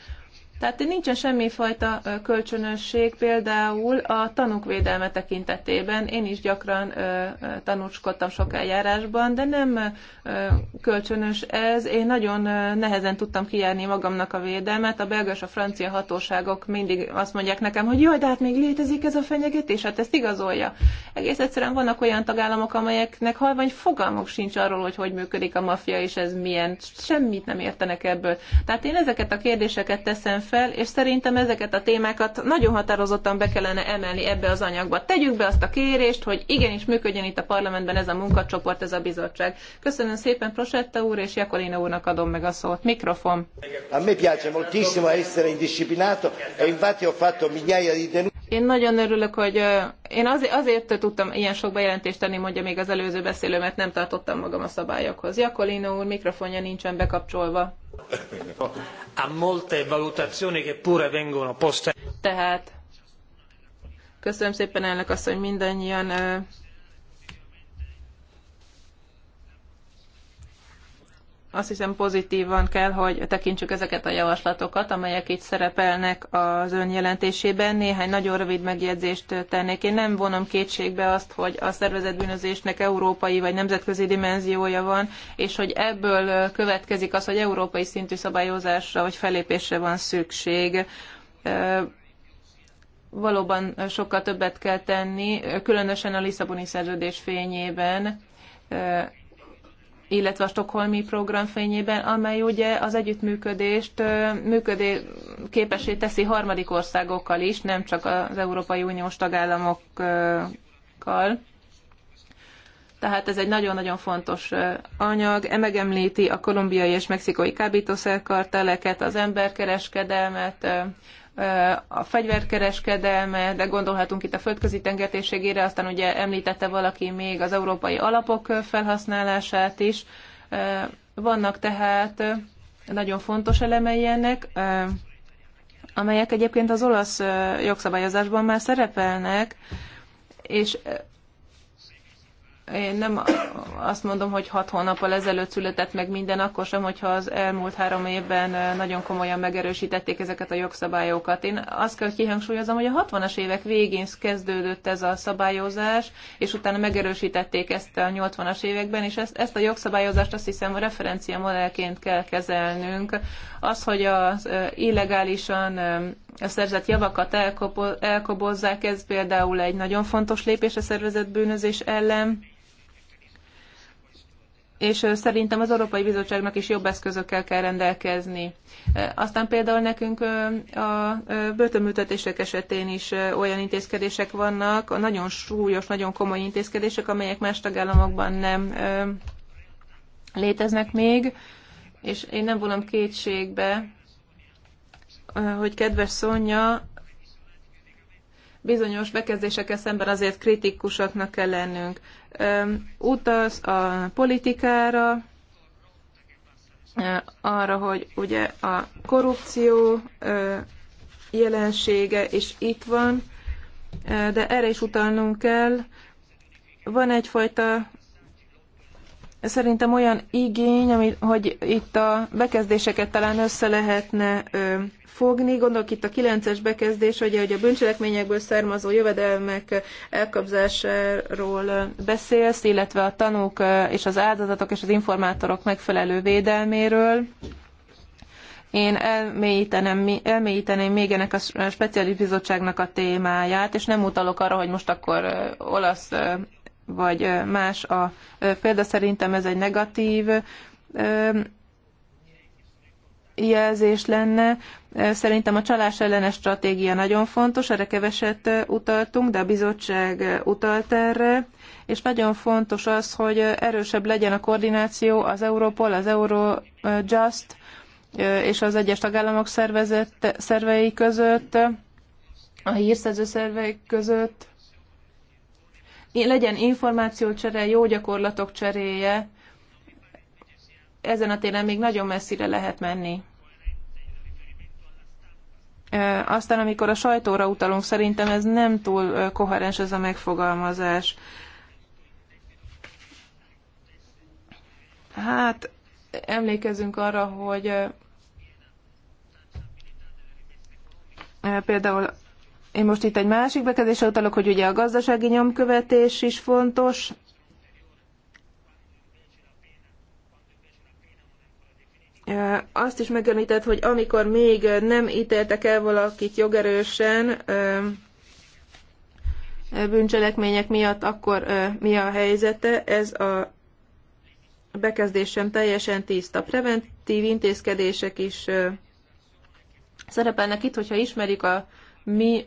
Tehát nincsen semmifajta kölcsönösség például a védelme tekintetében. Én is gyakran tanúskodtam sok eljárásban, de nem kölcsönös ez. Én nagyon nehezen tudtam kijárni magamnak a védelmet. A belga és a francia hatóságok mindig azt mondják nekem, hogy jaj, de hát még létezik ez a fenyegetés, hát ezt igazolja. Egész egyszerűen vannak olyan tagállamok, amelyeknek halvány fogalmuk sincs arról, hogy hogy működik a maffia, és ez milyen. Semmit nem értenek ebből. Tehát én ezeket a kérdéseket teszem fel, fel, és szerintem ezeket a témákat nagyon határozottan be kellene emelni ebbe az anyagba. Tegyük be azt a kérést, hogy igenis működjön itt a parlamentben ez a munkacsoport, ez a bizottság. Köszönöm szépen Prosetta úr, és Jakolina úrnak adom meg a szót. Mikrofon. A mi piace moltissimo essere indisciplinato, e infatti ho fatto migliaia di Én nagyon örülök, hogy én azért, azért tudtam ilyen sok bejelentést tenni, mondja még az előző beszélő, mert nem tartottam magam a szabályokhoz. Jakolino úr mikrofonja nincsen bekapcsolva. A molte valutazioni che pure vengono poste. Tehát köszönöm szépen elnök azt, hogy mindannyian azt hiszem pozitívan kell, hogy tekintsük ezeket a javaslatokat, amelyek itt szerepelnek az önjelentésében. Néhány nagyon rövid megjegyzést tennék. Én nem vonom kétségbe azt, hogy a szervezetbűnözésnek európai vagy nemzetközi dimenziója van, és hogy ebből következik az, hogy európai szintű szabályozásra vagy fellépésre van szükség valóban sokkal többet kell tenni, különösen a Lisszaboni szerződés fényében, illetve a stokholmi program fényében, amely ugye az együttműködést működé, képessé teszi harmadik országokkal is, nem csak az Európai Uniós tagállamokkal. Tehát ez egy nagyon-nagyon fontos anyag. E megemlíti a kolumbiai és mexikói kábítószerkarteleket, az emberkereskedelmet, a fegyverkereskedelme, de gondolhatunk itt a földközi tengertérségére, aztán ugye említette valaki még az európai alapok felhasználását is. Vannak tehát nagyon fontos elemei ennek, amelyek egyébként az olasz jogszabályozásban már szerepelnek, és én nem azt mondom, hogy hat hónappal ezelőtt született meg minden, akkor sem, hogyha az elmúlt három évben nagyon komolyan megerősítették ezeket a jogszabályokat. Én azt kell, hogy kihangsúlyozom, hogy a 60-as évek végén kezdődött ez a szabályozás, és utána megerősítették ezt a 80-as években, és ezt, ezt a jogszabályozást azt hiszem a referencia modellként kell kezelnünk. Az, hogy az illegálisan a szerzett javakat elkobozzák, ez például egy nagyon fontos lépés a szervezett bűnözés ellen és szerintem az Európai Bizottságnak is jobb eszközökkel kell rendelkezni. Aztán például nekünk a börtönműtetések esetén is olyan intézkedések vannak, a nagyon súlyos, nagyon komoly intézkedések, amelyek más tagállamokban nem léteznek még, és én nem volom kétségbe, hogy kedves Szonya, bizonyos bekezdésekkel szemben azért kritikusaknak kell lennünk utaz a politikára, arra, hogy ugye a korrupció jelensége is itt van, de erre is utalnunk kell. Van egyfajta szerintem olyan igény, ami, hogy itt a bekezdéseket talán össze lehetne fogni. Gondolok itt a kilences bekezdés, ugye, hogy a bűncselekményekből származó jövedelmek elkapzásáról beszélsz, illetve a tanúk és az áldozatok és az informátorok megfelelő védelméről. Én elmélyíteném, elmélyíteném még ennek a speciális bizottságnak a témáját, és nem utalok arra, hogy most akkor olasz vagy más a példa. Szerintem ez egy negatív jelzés lenne. Szerintem a csalás ellenes stratégia nagyon fontos, erre keveset utaltunk, de a bizottság utalt erre, és nagyon fontos az, hogy erősebb legyen a koordináció az Europol, az Eurojust és az egyes tagállamok szervezet, szervei között, a hírszerző szervei között. Legyen információcsere, jó gyakorlatok cseréje, ezen a téren még nagyon messzire lehet menni. Aztán, amikor a sajtóra utalunk, szerintem ez nem túl koherens ez a megfogalmazás. Hát, emlékezünk arra, hogy például én most itt egy másik bekezdésre utalok, hogy ugye a gazdasági nyomkövetés is fontos, azt is megemlített, hogy amikor még nem ítéltek el valakit jogerősen bűncselekmények miatt, akkor mi a helyzete? Ez a bekezdésem teljesen tiszta. Preventív intézkedések is szerepelnek itt, hogyha ismerik a mi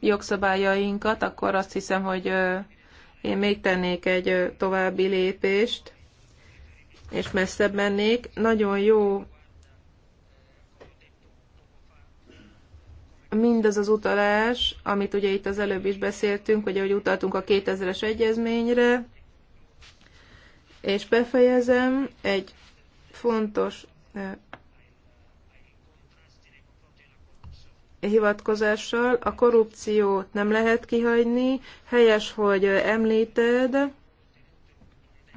jogszabályainkat, akkor azt hiszem, hogy én még tennék egy további lépést és messzebb mennék. Nagyon jó mindaz az utalás, amit ugye itt az előbb is beszéltünk, ugye, hogy utaltunk a 2000-es egyezményre, és befejezem egy fontos eh, hivatkozással. A korrupciót nem lehet kihagyni, helyes, hogy eh, említed,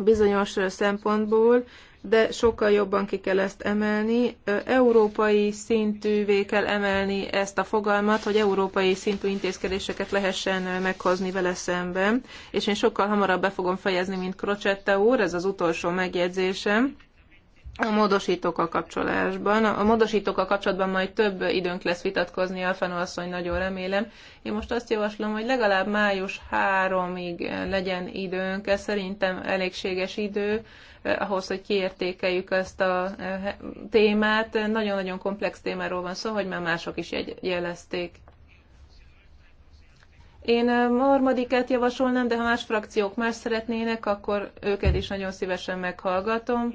bizonyos szempontból, de sokkal jobban ki kell ezt emelni. Európai szintűvé kell emelni ezt a fogalmat, hogy európai szintű intézkedéseket lehessen meghozni vele szemben, és én sokkal hamarabb be fogom fejezni, mint Krocsette úr, ez az utolsó megjegyzésem a módosítókkal kapcsolásban. A módosítókkal kapcsolatban majd több időnk lesz vitatkozni, Alfano asszony, nagyon remélem. Én most azt javaslom, hogy legalább május 3-ig legyen időnk, ez szerintem elégséges idő eh, ahhoz, hogy kiértékeljük ezt a eh, témát. Nagyon-nagyon komplex témáról van szó, hogy már mások is jelezték. Én eh, harmadikát javasolnám, de ha más frakciók más szeretnének, akkor őket is nagyon szívesen meghallgatom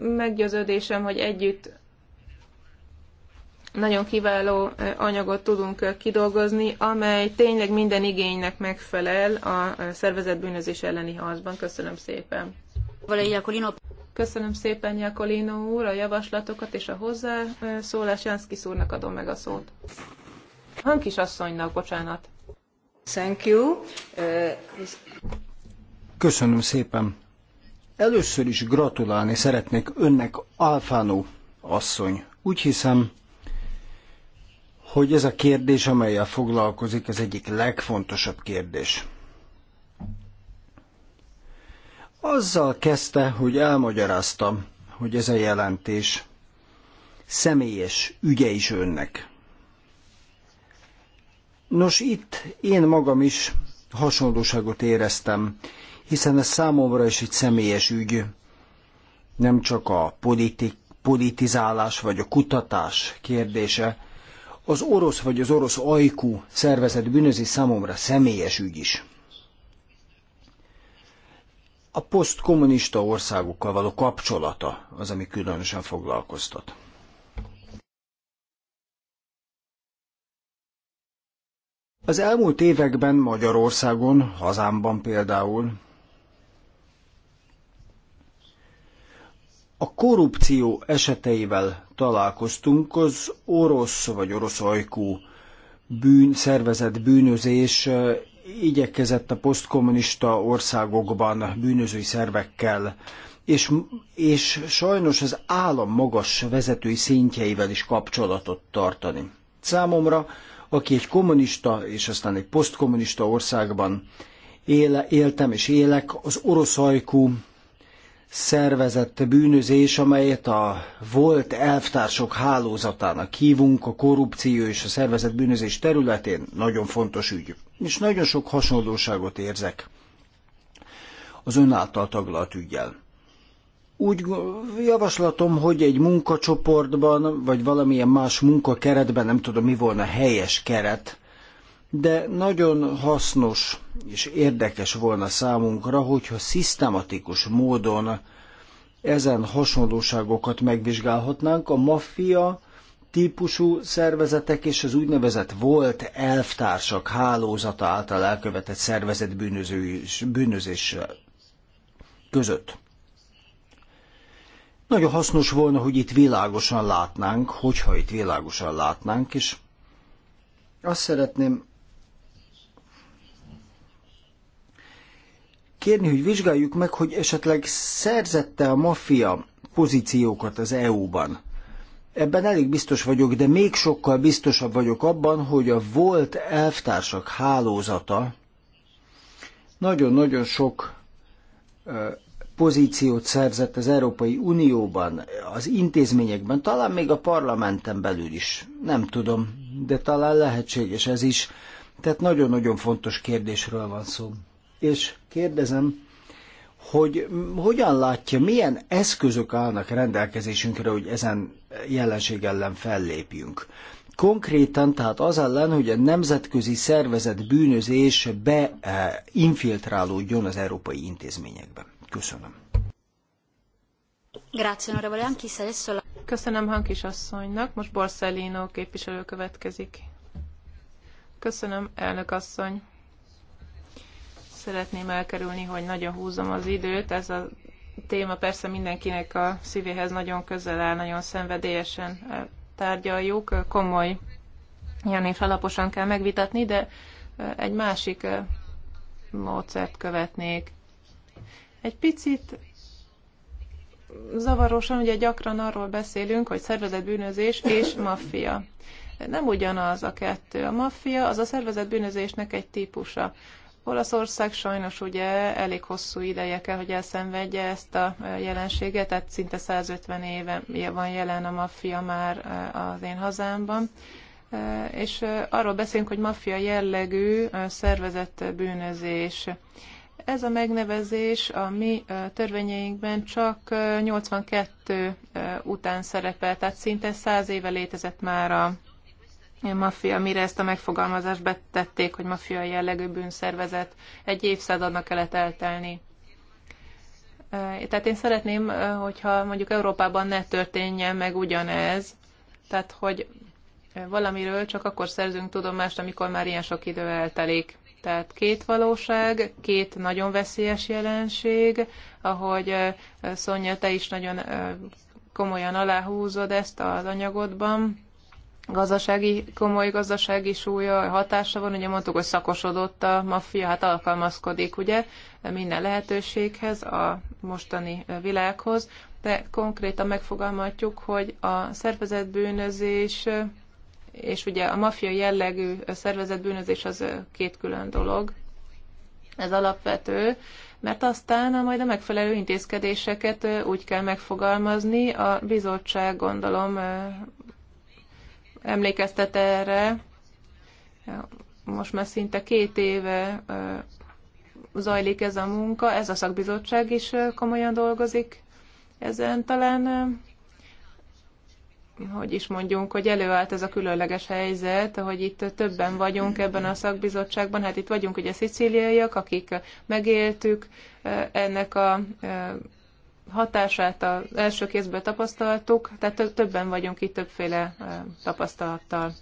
meggyőződésem, hogy együtt nagyon kiváló anyagot tudunk kidolgozni, amely tényleg minden igénynek megfelel a szervezett bűnözés elleni harcban. Köszönöm szépen. Köszönöm szépen, Jakolino úr, a javaslatokat és a hozzászólás. Jánszki szúrnak adom meg a szót. Hankis asszonynak, bocsánat. Thank you. Uh, Köszönöm szépen. Először is gratulálni szeretnék önnek, Alfánó asszony. Úgy hiszem, hogy ez a kérdés, amelyel foglalkozik, az egyik legfontosabb kérdés. Azzal kezdte, hogy elmagyaráztam, hogy ez a jelentés személyes ügye is önnek. Nos, itt én magam is hasonlóságot éreztem hiszen ez számomra is egy személyes ügy, nem csak a politik, politizálás vagy a kutatás kérdése. Az orosz vagy az orosz ajkú szervezet bűnözi számomra személyes ügy is. A posztkommunista országokkal való kapcsolata az, ami különösen foglalkoztat. Az elmúlt években Magyarországon, hazámban például, a korrupció eseteivel találkoztunk, az orosz vagy orosz ajkú bűn, szervezett bűnözés eh, igyekezett a posztkommunista országokban bűnözői szervekkel, és, és sajnos az állam magas vezetői szintjeivel is kapcsolatot tartani. Számomra, aki egy kommunista és aztán egy posztkommunista országban éle, éltem és élek, az orosz ajkú szervezett bűnözés, amelyet a volt elvtársok hálózatának hívunk a korrupció és a szervezett bűnözés területén, nagyon fontos ügy. És nagyon sok hasonlóságot érzek az ön által taglalt ügyel. Úgy javaslatom, hogy egy munkacsoportban, vagy valamilyen más munkakeretben, nem tudom mi volna helyes keret, de nagyon hasznos és érdekes volna számunkra, hogyha szisztematikus módon ezen hasonlóságokat megvizsgálhatnánk. A maffia típusú szervezetek és az úgynevezett volt elvtársak hálózata által elkövetett szervezett bűnözés, bűnözés között. Nagyon hasznos volna, hogy itt világosan látnánk, hogyha itt világosan látnánk, és azt szeretném kérni, hogy vizsgáljuk meg, hogy esetleg szerzette a maffia pozíciókat az EU-ban. Ebben elég biztos vagyok, de még sokkal biztosabb vagyok abban, hogy a volt elvtársak hálózata nagyon-nagyon sok pozíciót szerzett az Európai Unióban, az intézményekben, talán még a parlamenten belül is. Nem tudom, de talán lehetséges ez is. Tehát nagyon-nagyon fontos kérdésről van szó és kérdezem, hogy hogyan látja, milyen eszközök állnak rendelkezésünkre, hogy ezen jelenség ellen fellépjünk. Konkrétan tehát az ellen, hogy a nemzetközi szervezet bűnözés beinfiltrálódjon az európai intézményekbe. Köszönöm. Köszönöm Hankis asszonynak. Most Borsellino képviselő következik. Köszönöm, elnök asszony szeretném elkerülni, hogy nagyon húzom az időt. Ez a téma persze mindenkinek a szívéhez nagyon közel áll, nagyon szenvedélyesen tárgyaljuk. Komoly ilyen és alaposan kell megvitatni, de egy másik módszert követnék. Egy picit zavarosan, ugye gyakran arról beszélünk, hogy szervezetbűnözés és maffia. Nem ugyanaz a kettő. A maffia az a szervezetbűnözésnek egy típusa. Olaszország sajnos ugye elég hosszú ideje kell, hogy elszenvedje ezt a e, jelenséget, tehát szinte 150 éve van jelen a maffia már e, az én hazámban. E, és arról beszélünk, hogy maffia jellegű szervezett bűnözés. Ez a megnevezés a mi törvényeinkben csak 82 után szerepel, tehát szinte 100 éve létezett már a maffia, mire ezt a megfogalmazást betették, hogy maffia jellegű bűnszervezet, egy évszázadnak kellett eltelni. Tehát én szeretném, hogyha mondjuk Európában ne történjen meg ugyanez, tehát hogy valamiről csak akkor szerzünk tudomást, amikor már ilyen sok idő eltelik. Tehát két valóság, két nagyon veszélyes jelenség, ahogy Szonya, te is nagyon komolyan aláhúzod ezt az anyagodban, gazdasági, komoly gazdasági súlya, hatása van, ugye mondtuk, hogy szakosodott a maffia, hát alkalmazkodik ugye minden lehetőséghez, a mostani világhoz, de konkrétan megfogalmatjuk, hogy a szervezetbűnözés és ugye a maffia jellegű szervezetbűnözés az két külön dolog, ez alapvető, mert aztán a majd a megfelelő intézkedéseket úgy kell megfogalmazni. A bizottság gondolom emlékeztet erre. Most már szinte két éve zajlik ez a munka, ez a szakbizottság is komolyan dolgozik ezen. Talán, hogy is mondjunk, hogy előállt ez a különleges helyzet, hogy itt többen vagyunk ebben a szakbizottságban. Hát itt vagyunk ugye szicíliaiak, akik megéltük ennek a hatását az első kézből tapasztaltuk, tehát többen vagyunk itt többféle tapasztalattal.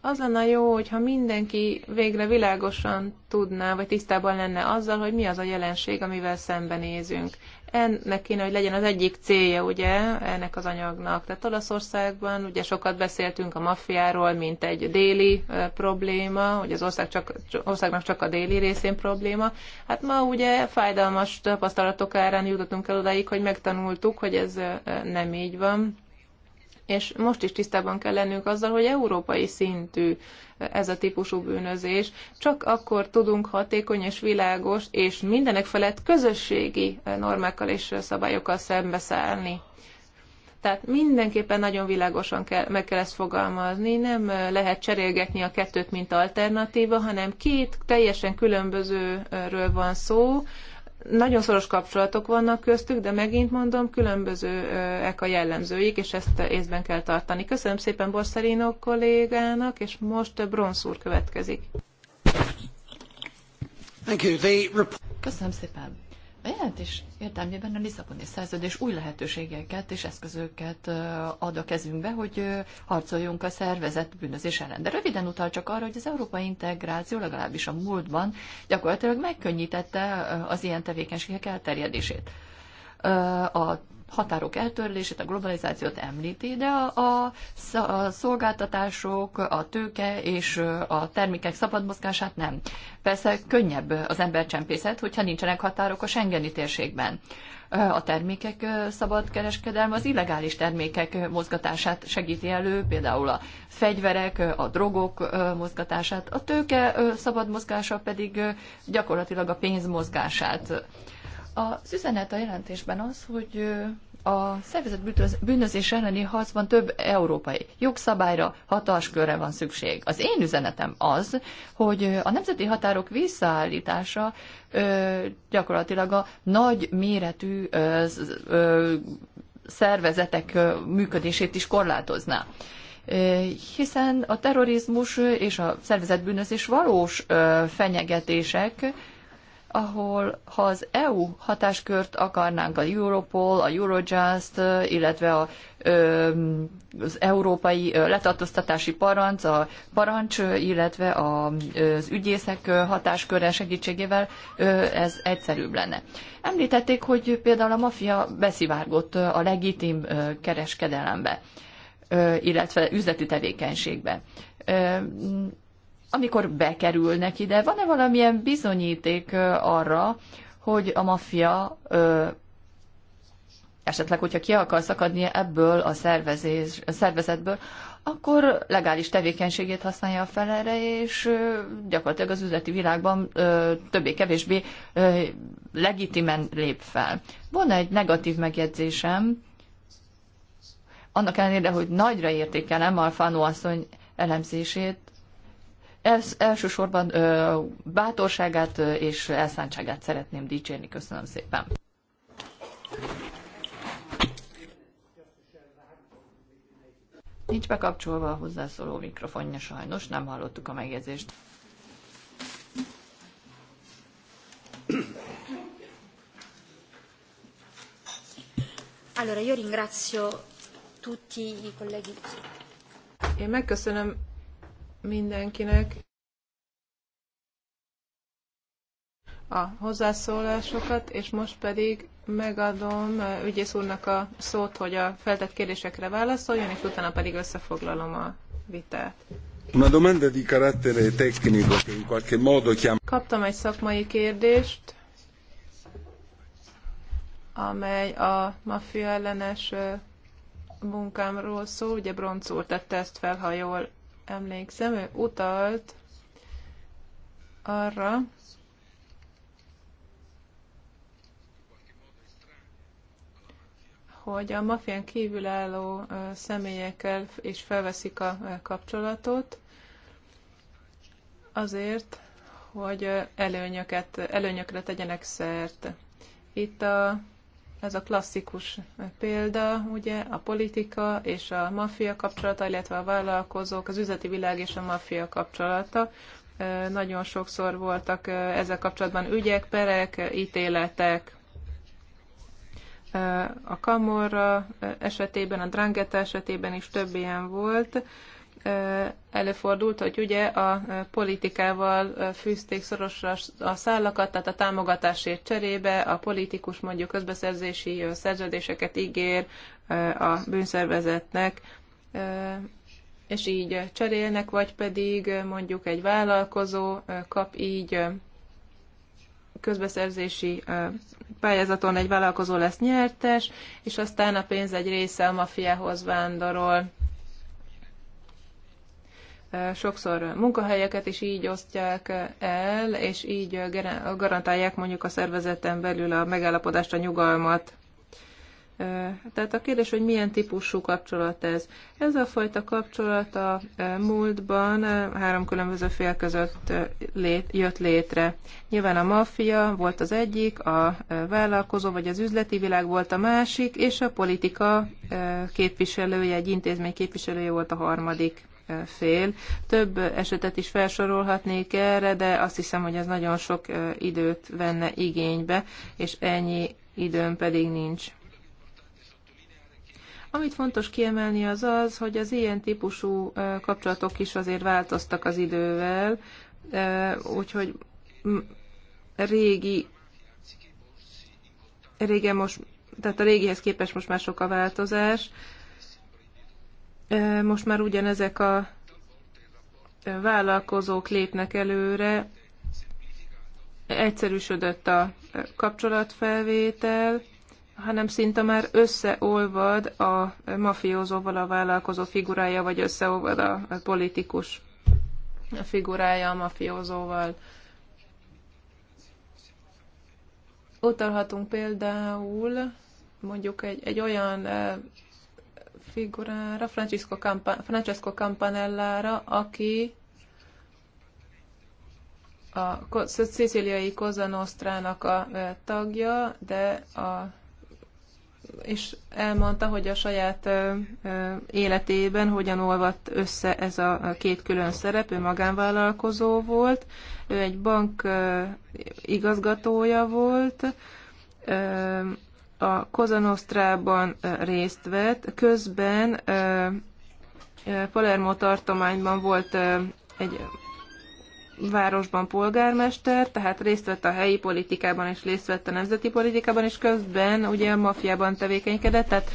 Az lenne jó, hogyha mindenki végre világosan tudná, vagy tisztában lenne azzal, hogy mi az a jelenség, amivel szembenézünk ennek kéne, hogy legyen az egyik célja, ugye, ennek az anyagnak. Tehát Olaszországban ugye sokat beszéltünk a maffiáról, mint egy déli ö, probléma, hogy az ország csak, országnak csak a déli részén probléma. Hát ma ugye fájdalmas tapasztalatok árán jutottunk el odáig, hogy megtanultuk, hogy ez ö, nem így van és most is tisztában kell lennünk azzal, hogy európai szintű eh, ez a típusú bűnözés. Csak akkor tudunk hatékony és világos, és mindenek felett közösségi eh, normákkal és eh, szabályokkal szembeszállni. Tehát mindenképpen nagyon világosan kell, meg kell ezt fogalmazni, nem lehet cserélgetni a kettőt, mint alternatíva, hanem két teljesen különbözőről van szó, nagyon szoros kapcsolatok vannak köztük, de megint mondom, különbözőek a jellemzőik, és ezt észben kell tartani. Köszönöm szépen Borszerino kollégának, és most Bronsz úr következik. Köszönöm szépen is értelmében a Lisszaboni szerződés új lehetőségeket és eszközöket ad a kezünkbe, hogy harcoljunk a szervezet bűnözés ellen. De röviden utal csak arra, hogy az európai integráció legalábbis a múltban gyakorlatilag megkönnyítette az ilyen tevékenységek elterjedését. A határok eltörlését, a globalizációt említi, de a, a szolgáltatások, a tőke és a termékek szabad mozgását nem. Persze könnyebb az embercsempészet, hogyha nincsenek határok a Schengeni térségben a termékek szabad kereskedelme az illegális termékek mozgatását segíti elő, például a fegyverek, a drogok mozgatását, a tőke szabad mozgása pedig gyakorlatilag a pénz mozgását. Az üzenet a jelentésben az, hogy a szervezet bűnözés elleni harcban több európai jogszabályra, hatáskörre van szükség. Az én üzenetem az, hogy a nemzeti határok visszaállítása gyakorlatilag a nagy méretű szervezetek működését is korlátozná hiszen a terrorizmus és a szervezetbűnözés valós fenyegetések, ahol ha az EU hatáskört akarnánk, a Europol, a Eurojust, illetve a, az európai letartóztatási parancs, a parancs, illetve az ügyészek hatásköre segítségével ez egyszerűbb lenne. Említették, hogy például a mafia beszivárgott a legitim kereskedelembe, illetve üzleti tevékenységbe amikor bekerülnek ide, van-e valamilyen bizonyíték arra, hogy a maffia esetleg, hogyha ki akar szakadni ebből a, szervezés, a szervezetből, akkor legális tevékenységét használja fel erre, és gyakorlatilag az üzleti világban többé-kevésbé legitimen lép fel. Van egy negatív megjegyzésem, annak ellenére, hogy nagyra értékelem Alfano asszony elemzését, ez elsősorban ö, bátorságát és elszántságát szeretném dicsérni. Köszönöm szépen. Nincs bekapcsolva a hozzászóló mikrofonja sajnos, nem hallottuk a megjegyzést. Allora, io ringrazio tutti i colleghi. Én megköszönöm mindenkinek a hozzászólásokat, és most pedig megadom eh, ügyész úrnak a szót, hogy a feltett kérdésekre válaszoljon, és utána pedig összefoglalom a vitát. Una domanda di carattere tecnico che in qualche modo chiama... Kaptam egy szakmai kérdést, amely a maffia ellenes eh, munkámról szól, ugye Bronc úr tette ezt fel, ha jól emlékszem, ő utalt arra, hogy a mafián kívülálló személyekkel is felveszik a kapcsolatot, azért, hogy előnyöket, előnyökre tegyenek szert. Itt a ez a klasszikus példa, ugye, a politika és a maffia kapcsolata, illetve a vállalkozók, az üzleti világ és a maffia kapcsolata. Nagyon sokszor voltak ezzel kapcsolatban ügyek, perek, ítéletek. A Kamorra esetében, a Drangeta esetében is több ilyen volt előfordult, hogy ugye a politikával fűzték szorosra a szállakat, tehát a támogatásért cserébe a politikus mondjuk közbeszerzési szerződéseket ígér a bűnszervezetnek, és így cserélnek, vagy pedig mondjuk egy vállalkozó kap így közbeszerzési pályázaton egy vállalkozó lesz nyertes, és aztán a pénz egy része a mafiához vándorol sokszor munkahelyeket is így osztják el, és így garantálják mondjuk a szervezeten belül a megállapodást, a nyugalmat. Tehát a kérdés, hogy milyen típusú kapcsolat ez. Ez a fajta kapcsolat a múltban három különböző fél között lét, jött létre. Nyilván a maffia volt az egyik, a vállalkozó vagy az üzleti világ volt a másik, és a politika képviselője, egy intézmény képviselője volt a harmadik fél. Több esetet is felsorolhatnék erre, de azt hiszem, hogy ez nagyon sok időt venne igénybe, és ennyi időm pedig nincs. Amit fontos kiemelni az az, hogy az ilyen típusú kapcsolatok is azért változtak az idővel, úgyhogy régi, régen most, tehát a régihez képest most már sok a változás, most már ugyanezek a vállalkozók lépnek előre, egyszerűsödött a kapcsolatfelvétel, hanem szinte már összeolvad a mafiózóval a vállalkozó figurája, vagy összeolvad a politikus figurája a mafiózóval. Utalhatunk például mondjuk egy, egy olyan figurára, Francesco, Campa- Francesco Campanellára, aki a szicíliai Cosa Nostrának a tagja, de a, és elmondta, hogy a saját életében hogyan olvadt össze ez a két külön szerep. Ő magánvállalkozó volt, ő egy bank igazgatója volt, a Kozanosztrában részt vett, közben Palermo tartományban volt egy városban polgármester, tehát részt vett a helyi politikában és részt vett a nemzeti politikában, és közben ugye a mafiában tevékenykedett, tehát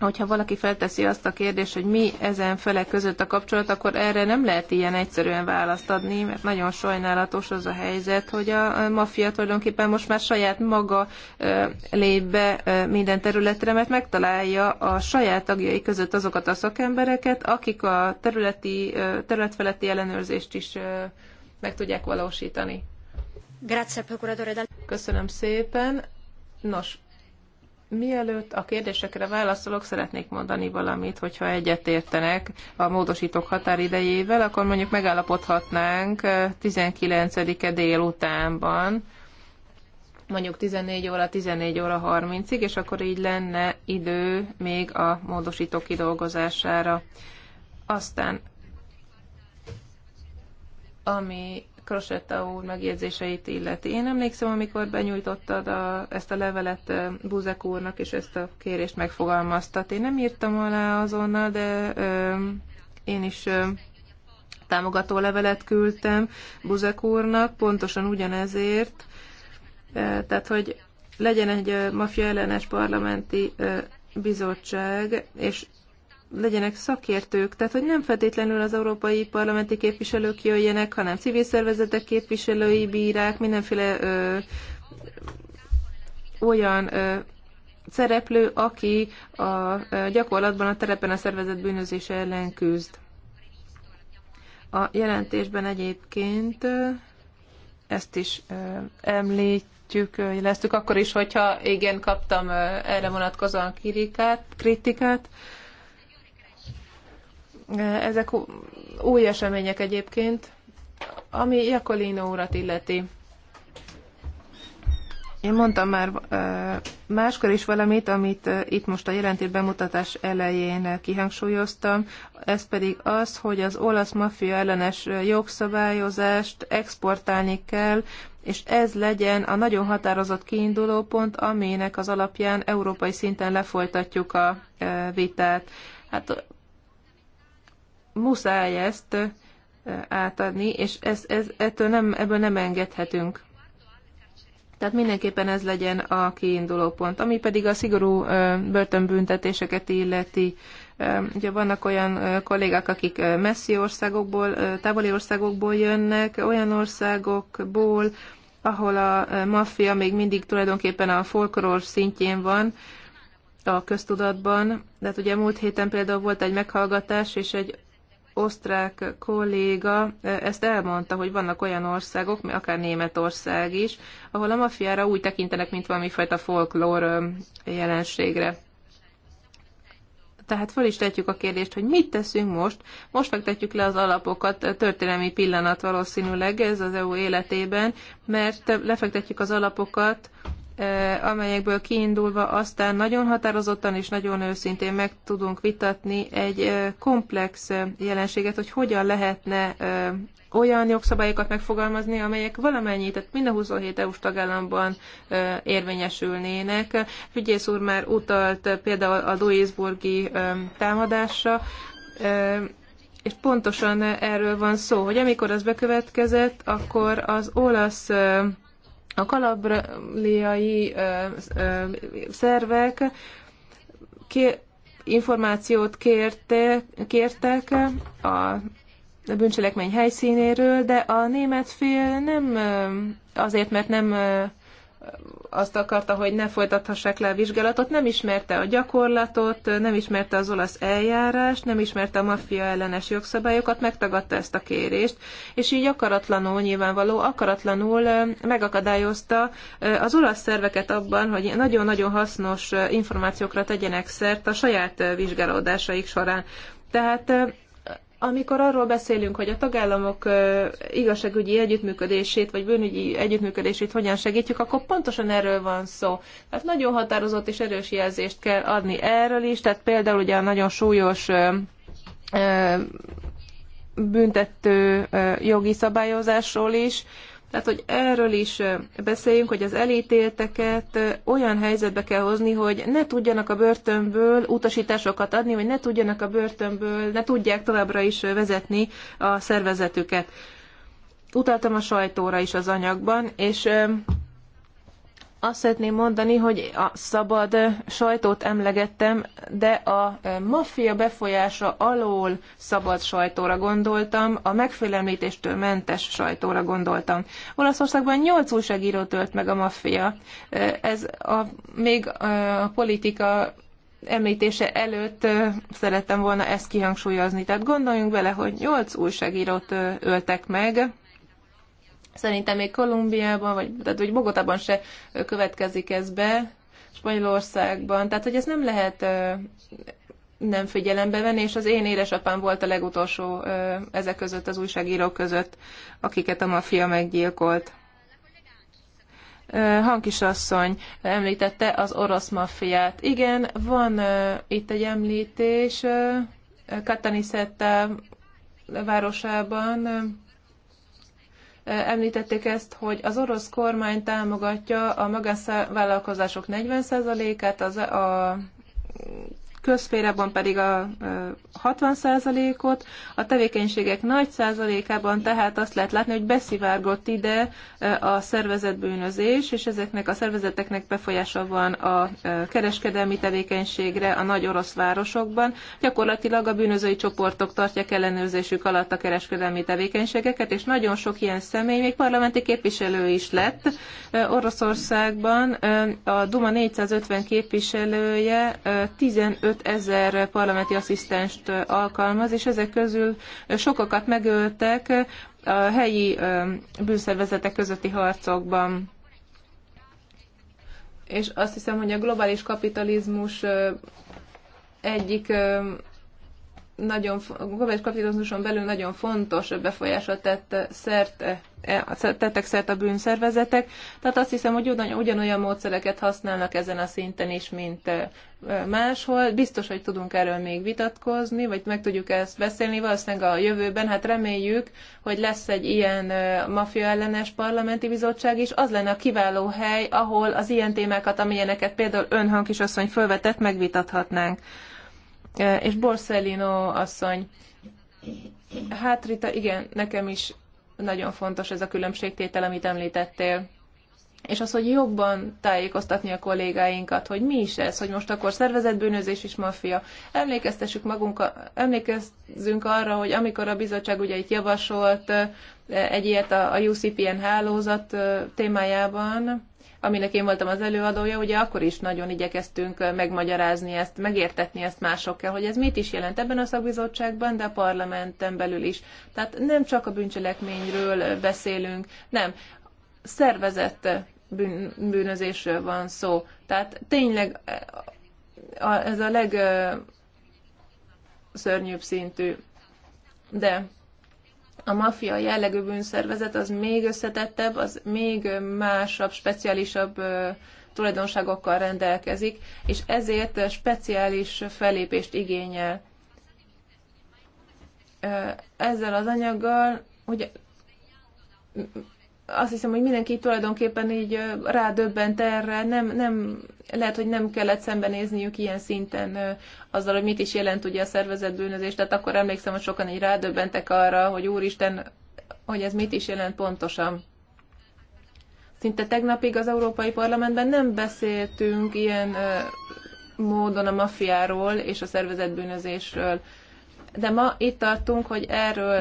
hogyha valaki felteszi azt a kérdést, hogy mi ezen felek között a kapcsolat, akkor erre nem lehet ilyen egyszerűen választ adni, mert nagyon sajnálatos az a helyzet, hogy a maffia tulajdonképpen most már saját maga lép be minden területre, mert megtalálja a saját tagjai között azokat a szakembereket, akik a területi, területfeletti ellenőrzést is meg tudják valósítani. procuratore. Köszönöm szépen. Nos, Mielőtt a kérdésekre válaszolok, szeretnék mondani valamit, hogyha egyetértenek a módosítók határidejével, akkor mondjuk megállapodhatnánk 19-e eh, délutánban, mondjuk 14 óra, 14 óra 30-ig, és akkor így lenne idő még a módosítók kidolgozására. Aztán, ami Krosetta úr megjegyzéseit illeti. Én emlékszem, amikor benyújtottad a, ezt a levelet Buzek úrnak, és ezt a kérést megfogalmaztat. Én nem írtam alá azonnal, de ö, én is ö, támogató levelet küldtem Buzek úrnak, pontosan ugyanezért. E, tehát, hogy legyen egy mafia ellenes parlamenti ö, bizottság, és legyenek szakértők, tehát hogy nem feltétlenül az európai parlamenti képviselők jöjjenek, hanem civil szervezetek képviselői, bírák, mindenféle ö, olyan ö, szereplő, aki a, ö, gyakorlatban a terepen a szervezet bűnözése ellen küzd. A jelentésben egyébként ö, ezt is ö, említ, említjük, jeleztük akkor is, hogyha igen, kaptam erre vonatkozóan kritikát, kritikát ezek új események egyébként, ami Jakolino urat illeti. Én mondtam már máskor is valamit, amit itt most a jelentés bemutatás elején kihangsúlyoztam, ez pedig az, hogy az olasz maffia ellenes jogszabályozást exportálni kell, és ez legyen a nagyon határozott kiindulópont, aminek az alapján európai szinten lefolytatjuk a vitát. Hát muszáj ezt átadni, és ez, ez, ettől nem, ebből nem engedhetünk. Tehát mindenképpen ez legyen a kiinduló pont. Ami pedig a szigorú börtönbüntetéseket illeti, Ugye vannak olyan kollégák, akik messzi országokból, távoli országokból jönnek, olyan országokból, ahol a maffia még mindig tulajdonképpen a folkoros szintjén van, a köztudatban. De hát ugye múlt héten például volt egy meghallgatás, és egy osztrák kolléga e, ezt elmondta, hogy vannak olyan országok, mi akár Németország is, ahol a mafiára úgy tekintenek, mint valamifajta folklór jelenségre. Tehát fel is tetjük a kérdést, hogy mit teszünk most. Most megtetjük le az alapokat, e, történelmi pillanat valószínűleg ez az EU életében, mert lefektetjük az alapokat amelyekből kiindulva aztán nagyon határozottan és nagyon őszintén meg tudunk vitatni egy komplex jelenséget, hogy hogyan lehetne olyan jogszabályokat megfogalmazni, amelyek valamennyi, tehát mind a 27 EU-s tagállamban érvényesülnének. Ügyész úr már utalt például a Duisburgi támadásra, és pontosan erről van szó, hogy amikor az bekövetkezett, akkor az olasz a kalabriai szervek ké információt kérte, kértek a bűncselekmény helyszínéről, de a német fél nem azért, mert nem azt akarta, hogy ne folytathassák le a vizsgálatot, nem ismerte a gyakorlatot, nem ismerte az olasz eljárást, nem ismerte a maffia ellenes jogszabályokat, megtagadta ezt a kérést, és így akaratlanul, nyilvánvaló, akaratlanul megakadályozta az olasz szerveket abban, hogy nagyon-nagyon hasznos információkra tegyenek szert a saját vizsgálódásaik során. Tehát amikor arról beszélünk, hogy a tagállamok igazságügyi együttműködését, vagy bűnügyi együttműködését hogyan segítjük, akkor pontosan erről van szó. Tehát nagyon határozott és erős jelzést kell adni erről is, tehát például ugye a nagyon súlyos büntető jogi szabályozásról is, tehát, hogy erről is beszéljünk, hogy az elítélteket olyan helyzetbe kell hozni, hogy ne tudjanak a börtönből utasításokat adni, vagy ne tudjanak a börtönből, ne tudják továbbra is vezetni a szervezetüket. Utaltam a sajtóra is az anyagban, és azt szeretném mondani, hogy a szabad sajtót emlegettem, de a maffia befolyása alól szabad sajtóra gondoltam, a megfélemlítéstől mentes sajtóra gondoltam. Olaszországban nyolc újságíró tölt meg a maffia. Ez a, még a politika említése előtt szerettem volna ezt kihangsúlyozni. Tehát gondoljunk bele, hogy nyolc újságírót öltek meg, Szerintem még Kolumbiában, vagy, tehát, hogy Bogotában se következik ez be, Spanyolországban. Tehát, hogy ez nem lehet nem figyelembe venni, és az én édesapám volt a legutolsó ezek között, az újságírók között, akiket a mafia meggyilkolt. Hankisasszony említette az orosz maffiát. Igen, van itt egy említés Katanisetta városában említették ezt, hogy az orosz kormány támogatja a magánvállalkozások 40%-át, az a közférában pedig a 60%-ot, a tevékenységek nagy százalékában tehát azt lehet látni, hogy beszivárgott ide a szervezetbűnözés, és ezeknek a szervezeteknek befolyása van a kereskedelmi tevékenységre a nagy orosz városokban. Gyakorlatilag a bűnözői csoportok tartják ellenőrzésük alatt a kereskedelmi tevékenységeket, és nagyon sok ilyen személy, még parlamenti képviselő is lett Oroszországban. A Duma 450 képviselője 15 5000 parlamenti asszisztenst alkalmaz, és ezek közül sokakat megöltek a helyi bűnszervezetek közötti harcokban. És azt hiszem, hogy a globális kapitalizmus egyik nagyon, globális kapitalizmuson belül nagyon fontos befolyásra tett szerte, e, tettek szert a bűnszervezetek, tehát azt hiszem, hogy ugyanolyan módszereket használnak ezen a szinten is, mint e, e, máshol. Biztos, hogy tudunk erről még vitatkozni, vagy meg tudjuk ezt beszélni valószínűleg a jövőben. Hát reméljük, hogy lesz egy ilyen mafia ellenes parlamenti bizottság is. Az lenne a kiváló hely, ahol az ilyen témákat, amilyeneket például önhang kisasszony fölvetett, megvitathatnánk. És Borsellino asszony, hát Rita, igen, nekem is nagyon fontos ez a különbségtétel, amit említettél. És az, hogy jobban tájékoztatni a kollégáinkat, hogy mi is ez, hogy most akkor szervezetbűnözés és maffia. Emlékeztessük magunkat, emlékezzünk arra, hogy amikor a bizottság ugye itt javasolt egy ilyet a UCPN hálózat témájában, aminek én voltam az előadója, ugye akkor is nagyon igyekeztünk megmagyarázni ezt, megértetni ezt másokkal, hogy ez mit is jelent ebben a szakbizottságban, de a parlamenten belül is. Tehát nem csak a bűncselekményről beszélünk, nem. Szervezett bűn, bűnözésről van szó. Tehát tényleg ez a legszörnyűbb szintű. De a maffia jellegű bűnszervezet az még összetettebb, az még másabb, speciálisabb tulajdonságokkal rendelkezik, és ezért speciális felépést igényel. Ezzel az anyaggal, ugye azt hiszem, hogy mindenki tulajdonképpen így rádöbbent erre, nem, nem lehet, hogy nem kellett szembenézniük ilyen szinten azzal, hogy mit is jelent ugye a szervezett bűnözés, tehát akkor emlékszem, hogy sokan így rádöbbentek arra, hogy úristen, hogy ez mit is jelent pontosan. Szinte tegnapig az Európai Parlamentben nem beszéltünk ilyen módon a mafiáról és a szervezett bűnözésről. De ma itt tartunk, hogy erről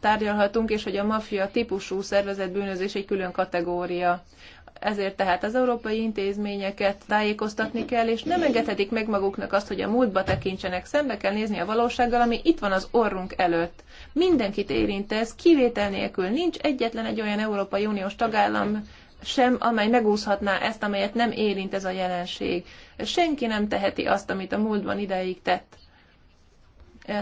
tárgyalhatunk, és hogy a maffia típusú szervezett bűnözés egy külön kategória. Ezért tehát az európai intézményeket tájékoztatni kell, és nem engedhetik meg maguknak azt, hogy a múltba tekintsenek, szembe kell nézni a valósággal, ami itt van az orrunk előtt. Mindenkit érint ez, kivétel nélkül nincs egyetlen egy olyan Európai Uniós tagállam, sem, amely megúszhatná ezt, amelyet nem érint ez a jelenség. Senki nem teheti azt, amit a múltban ideig tett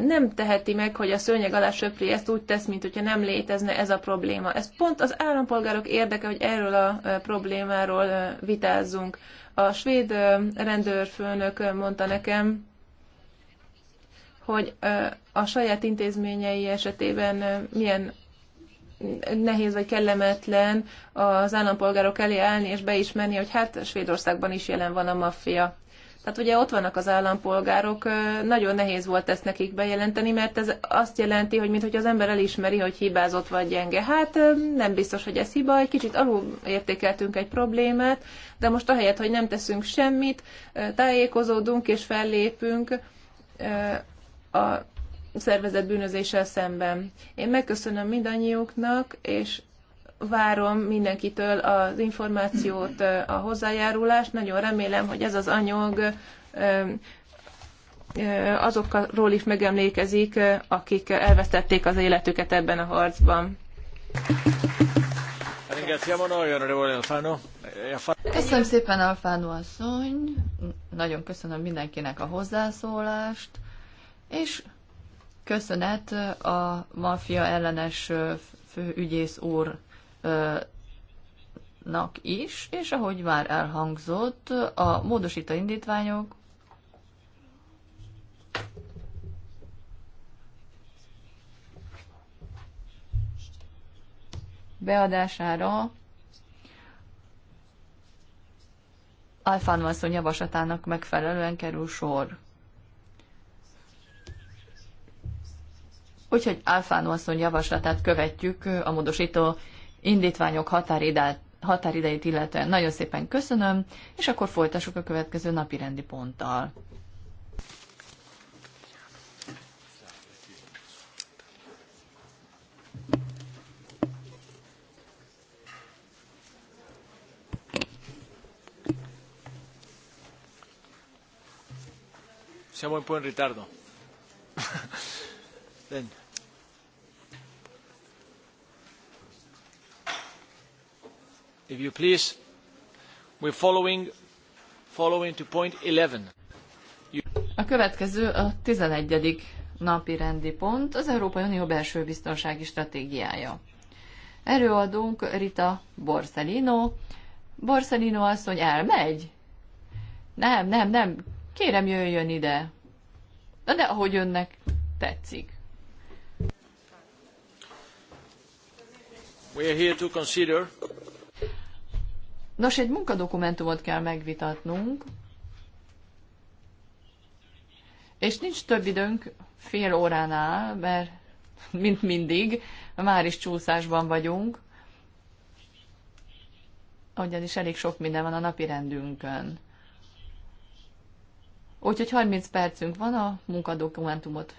nem teheti meg, hogy a szőnyeg alá söpri, ezt úgy tesz, mint hogyha nem létezne ez a probléma. Ez pont az állampolgárok érdeke, hogy erről a problémáról vitázzunk. A svéd rendőrfőnök mondta nekem, hogy a saját intézményei esetében milyen nehéz vagy kellemetlen az állampolgárok elé állni és beismerni, hogy hát Svédországban is jelen van a maffia. Hát ugye ott vannak az állampolgárok, nagyon nehéz volt ezt nekik bejelenteni, mert ez azt jelenti, hogy mintha az ember elismeri, hogy hibázott vagy gyenge. Hát nem biztos, hogy ez hiba, egy kicsit alul értékeltünk egy problémát, de most ahelyett, hogy nem teszünk semmit, tájékozódunk és fellépünk a szervezet bűnözéssel szemben. Én megköszönöm mindannyiuknak, és várom mindenkitől az információt, a hozzájárulást. Nagyon remélem, hogy ez az anyag azokról is megemlékezik, akik elvesztették az életüket ebben a harcban. Köszönöm szépen, Alfánó asszony! Nagyon köszönöm mindenkinek a hozzászólást, és köszönet a maffia ellenes főügyész úr nak is, és ahogy már elhangzott, a módosító indítványok beadására Alfán Masszony javaslatának megfelelően kerül sor. Úgyhogy Alfán Masszony javaslatát követjük a módosító indítványok határidát, határideit illetően. Nagyon szépen köszönöm, és akkor folytassuk a következő napi rendi ponttal. Siamo un po' in ritardo. Bene. If you please, we're following, following to point 11. You... A következő a 11. napi rendi pont, az Európai Unió belső biztonsági stratégiája. Erőadónk Rita Borsellino. Borsellino asszony elmegy? Nem, nem, nem. Kérem, jöjjön ide. Na de ahogy önnek tetszik. We are here to consider Nos, egy munkadokumentumot kell megvitatnunk, és nincs több időnk fél óránál, mert mint mindig, már is csúszásban vagyunk, ugyanis elég sok minden van a napi rendünkön. Úgyhogy 30 percünk van a munkadokumentumot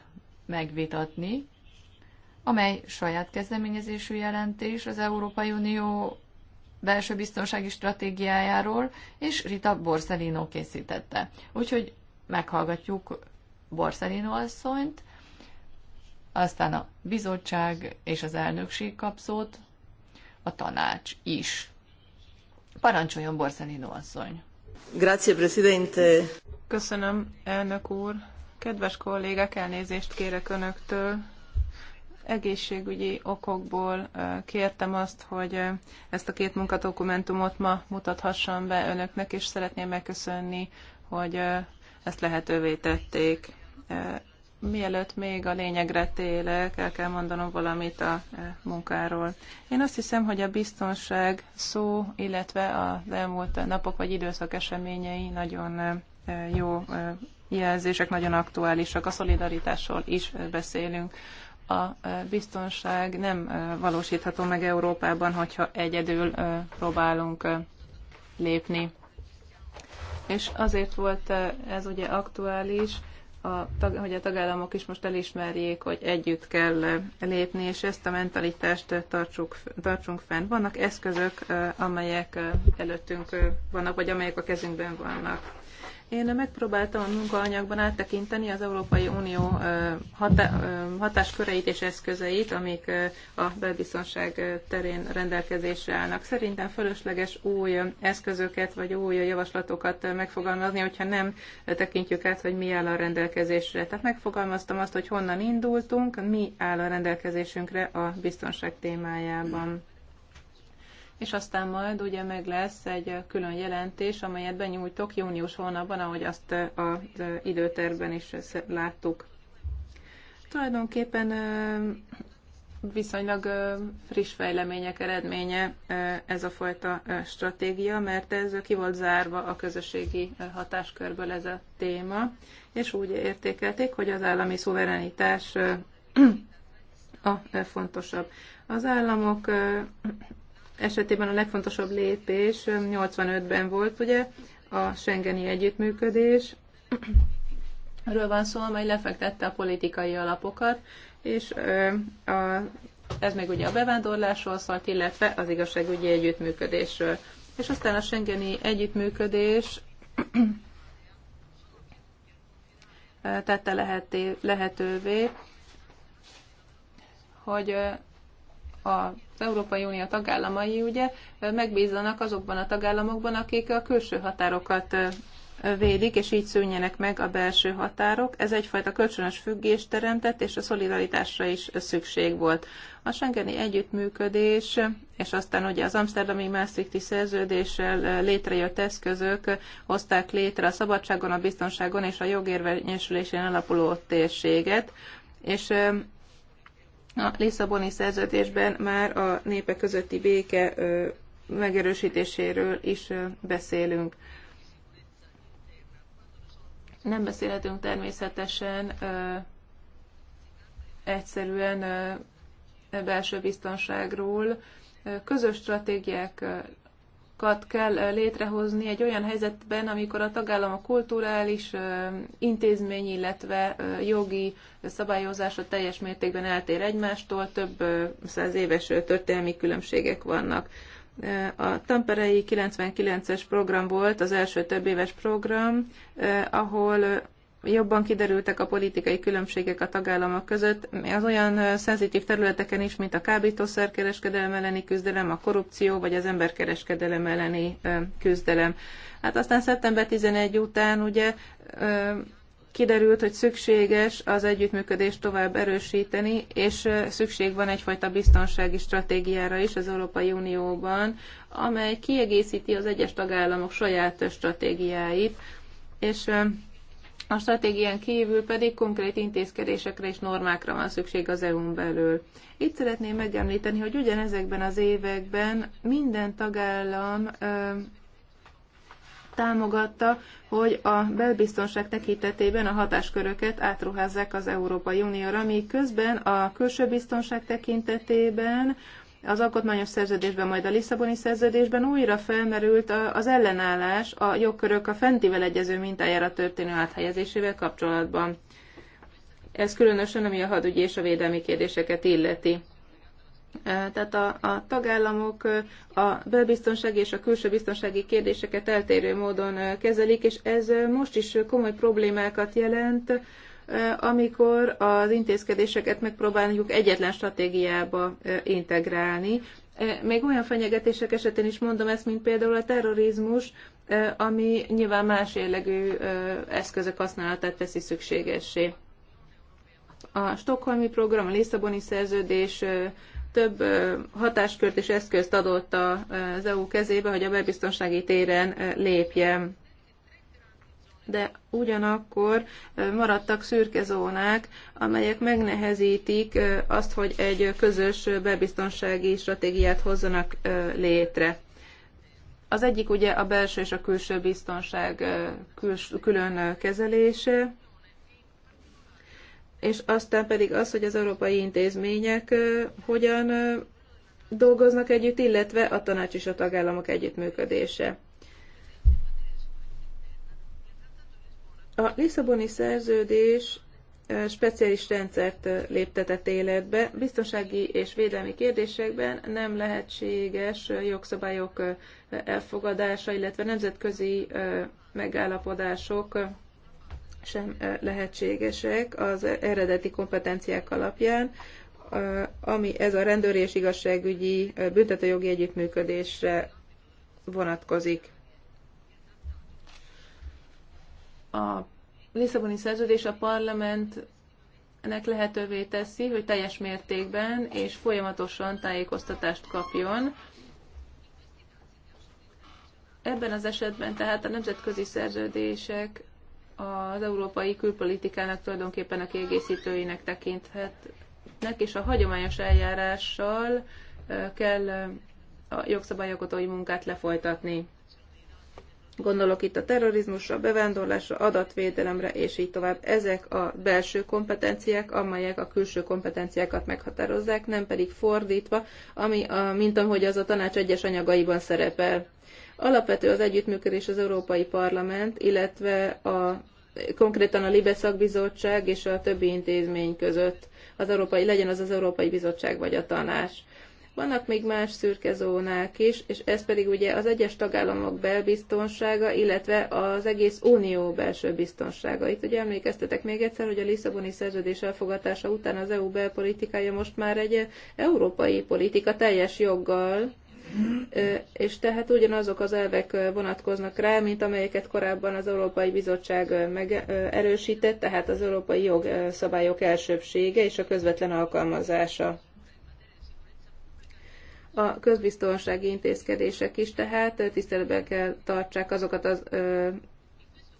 megvitatni, amely saját kezdeményezésű jelentés az Európai Unió belső biztonsági stratégiájáról, és Rita Borsellino készítette. Úgyhogy meghallgatjuk Borsellino asszonyt, aztán a bizottság és az elnökség kapszót, a tanács is. Parancsoljon Borsellino asszony! Grazie, Presidente! Köszönöm, elnök úr! Kedves kollégák, elnézést kérek önöktől, egészségügyi okokból kértem azt, hogy ezt a két munkadokumentumot ma mutathassam be önöknek, és szeretném megköszönni, hogy ezt lehetővé tették. Mielőtt még a lényegre télek, el kell mondanom valamit a munkáról. Én azt hiszem, hogy a biztonság szó, illetve az elmúlt napok vagy időszak eseményei nagyon jó jelzések, nagyon aktuálisak. A szolidaritásról is beszélünk a biztonság nem valósítható meg Európában, hogyha egyedül próbálunk lépni. És azért volt ez ugye aktuális, a, hogy a tagállamok is most elismerjék, hogy együtt kell lépni, és ezt a mentalitást tartsuk, tartsunk fenn. Vannak eszközök, amelyek előttünk vannak, vagy amelyek a kezünkben vannak. Én megpróbáltam a munkaanyagban áttekinteni az Európai Unió hatásköreit és eszközeit, amik a belbiztonság terén rendelkezésre állnak. Szerintem fölösleges új eszközöket vagy új javaslatokat megfogalmazni, hogyha nem tekintjük át, hogy mi áll a rendelkezésre. Tehát megfogalmaztam azt, hogy honnan indultunk, mi áll a rendelkezésünkre a biztonság témájában és aztán majd ugye meg lesz egy külön jelentés, amelyet benyújtok június hónapban, ahogy azt eh, az eh, időterben is láttuk. Tulajdonképpen eh, viszonylag friss fejlemények eredménye ez a fajta stratégia, mert ez ki volt zárva a közösségi hatáskörből ez a téma, és úgy értékelték, hogy az állami szuverenitás a fontosabb. Az államok esetében a legfontosabb lépés 85-ben volt, ugye, a Schengeni együttműködés. Erről van szó, amely lefektette a politikai alapokat, és a, ez még ugye a bevándorlásról szólt, illetve az igazságügyi együttműködésről. És aztán a Schengeni együttműködés tette leheté, lehetővé, hogy az Európai Unió tagállamai ugye megbízanak azokban a tagállamokban, akik a külső határokat védik, és így szűnjenek meg a belső határok. Ez egyfajta kölcsönös függést teremtett, és a szolidaritásra is szükség volt. A Schengeni együttműködés, és aztán ugye az Amsterdami Maastrichti szerződéssel létrejött eszközök hozták létre a szabadságon, a biztonságon és a jogérvényesülésén alapuló térséget, és a Lisszaboni szerződésben már a népek közötti béke megerősítéséről is beszélünk. Nem beszélhetünk természetesen egyszerűen belső biztonságról. Közös stratégiák kultúrákat kell létrehozni egy olyan helyzetben, amikor a a kulturális, intézmény, illetve jogi szabályozása teljes mértékben eltér egymástól, több száz éves történelmi különbségek vannak. A Tamperei 99-es program volt az első több éves program, ahol jobban kiderültek a politikai különbségek a tagállamok között, az olyan szenzitív területeken is, mint a kábítószerkereskedelem elleni küzdelem, a korrupció vagy az emberkereskedelem elleni küzdelem. Hát aztán szeptember 11 után ugye kiderült, hogy szükséges az együttműködést tovább erősíteni, és szükség van egyfajta biztonsági stratégiára is az Európai Unióban, amely kiegészíti az egyes tagállamok saját stratégiáit, és a stratégián kívül pedig konkrét intézkedésekre és normákra van szükség az EU-n belül. Itt szeretném megemlíteni, hogy ugyanezekben az években minden tagállam ö, támogatta, hogy a belbiztonság tekintetében a hatásköröket átruházzák az Európai Unióra, míg közben a külső biztonság tekintetében az alkotmányos szerződésben, majd a Lisszaboni szerződésben újra felmerült az ellenállás a jogkörök a fentivel egyező mintájára történő áthelyezésével kapcsolatban. Ez különösen, ami a hadügyi és a védelmi kérdéseket illeti. Tehát a, a tagállamok a belbiztonsági és a külső biztonsági kérdéseket eltérő módon kezelik, és ez most is komoly problémákat jelent amikor az intézkedéseket megpróbáljuk egyetlen stratégiába integrálni. Még olyan fenyegetések esetén is mondom ezt, mint például a terrorizmus, ami nyilván más jellegű eszközök használatát teszi szükségessé. A Stockholmi program, a Lisszaboni szerződés több hatáskört és eszközt adott az EU kezébe, hogy a belbiztonsági téren lépjen de ugyanakkor maradtak szürke zónák, amelyek megnehezítik azt, hogy egy közös bebiztonsági stratégiát hozzanak létre. Az egyik ugye a belső és a külső biztonság külön kezelése, és aztán pedig az, hogy az európai intézmények hogyan dolgoznak együtt, illetve a tanács és a tagállamok együttműködése. A Lisszaboni szerződés speciális rendszert léptetett életbe. Biztonsági és védelmi kérdésekben nem lehetséges jogszabályok elfogadása, illetve nemzetközi megállapodások sem lehetségesek az eredeti kompetenciák alapján, ami ez a rendőri és igazságügyi büntetőjogi együttműködésre vonatkozik. A Lisszaboni szerződés a parlamentnek lehetővé teszi, hogy teljes mértékben és folyamatosan tájékoztatást kapjon. Ebben az esetben tehát a nemzetközi szerződések az európai külpolitikának tulajdonképpen a kiegészítőinek tekinthetnek, és a hagyományos eljárással kell a jogszabályalkotói munkát lefolytatni. Gondolok itt a terrorizmusra, bevándorlásra, adatvédelemre, és így tovább. Ezek a belső kompetenciák, amelyek a külső kompetenciákat meghatározzák, nem pedig fordítva, ami a, mint ahogy az a tanács egyes anyagaiban szerepel. Alapvető az együttműködés az Európai Parlament, illetve a, konkrétan a Libe szakbizottság és a többi intézmény között. Az európai, legyen az az Európai Bizottság vagy a tanács vannak még más szürke zónák is, és ez pedig ugye az egyes tagállamok belbiztonsága, illetve az egész unió belső biztonsága. Itt ugye emlékeztetek még egyszer, hogy a Lisszaboni szerződés elfogadása után az EU belpolitikája most már egy európai politika teljes joggal, és tehát ugyanazok az elvek vonatkoznak rá, mint amelyeket korábban az Európai Bizottság megerősített, tehát az európai jogszabályok elsőbsége és a közvetlen alkalmazása a közbiztonsági intézkedések is, tehát tiszteletben kell tartsák azokat az ö,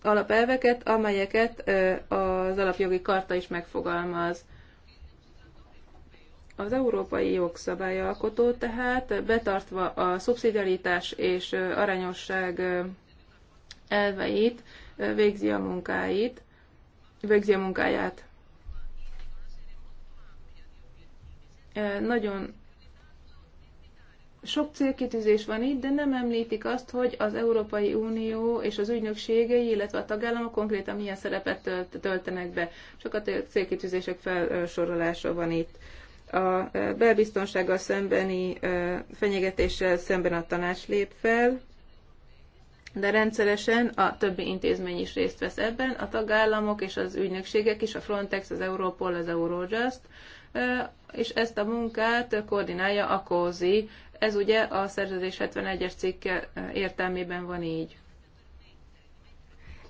alapelveket, amelyeket ö, az alapjogi karta is megfogalmaz. Az európai jogszabályalkotó tehát betartva a szubszidiaritás és arányosság elveit végzi a munkáit, végzi a munkáját. Nagyon sok célkitűzés van itt, de nem említik azt, hogy az Európai Unió és az ügynökségei, illetve a tagállamok konkrétan milyen szerepet töltenek be. Csak a célkitűzések felsorolása van itt a e, belbiztonsággal szembeni e, fenyegetéssel szemben a tanács lép fel, de rendszeresen a többi intézmény is részt vesz ebben, a tagállamok és az ügynökségek is, a Frontex, az Europol, az Eurojust, e, és ezt a munkát koordinálja a COSI ez ugye a szerződés 71-es cikke e, értelmében van így.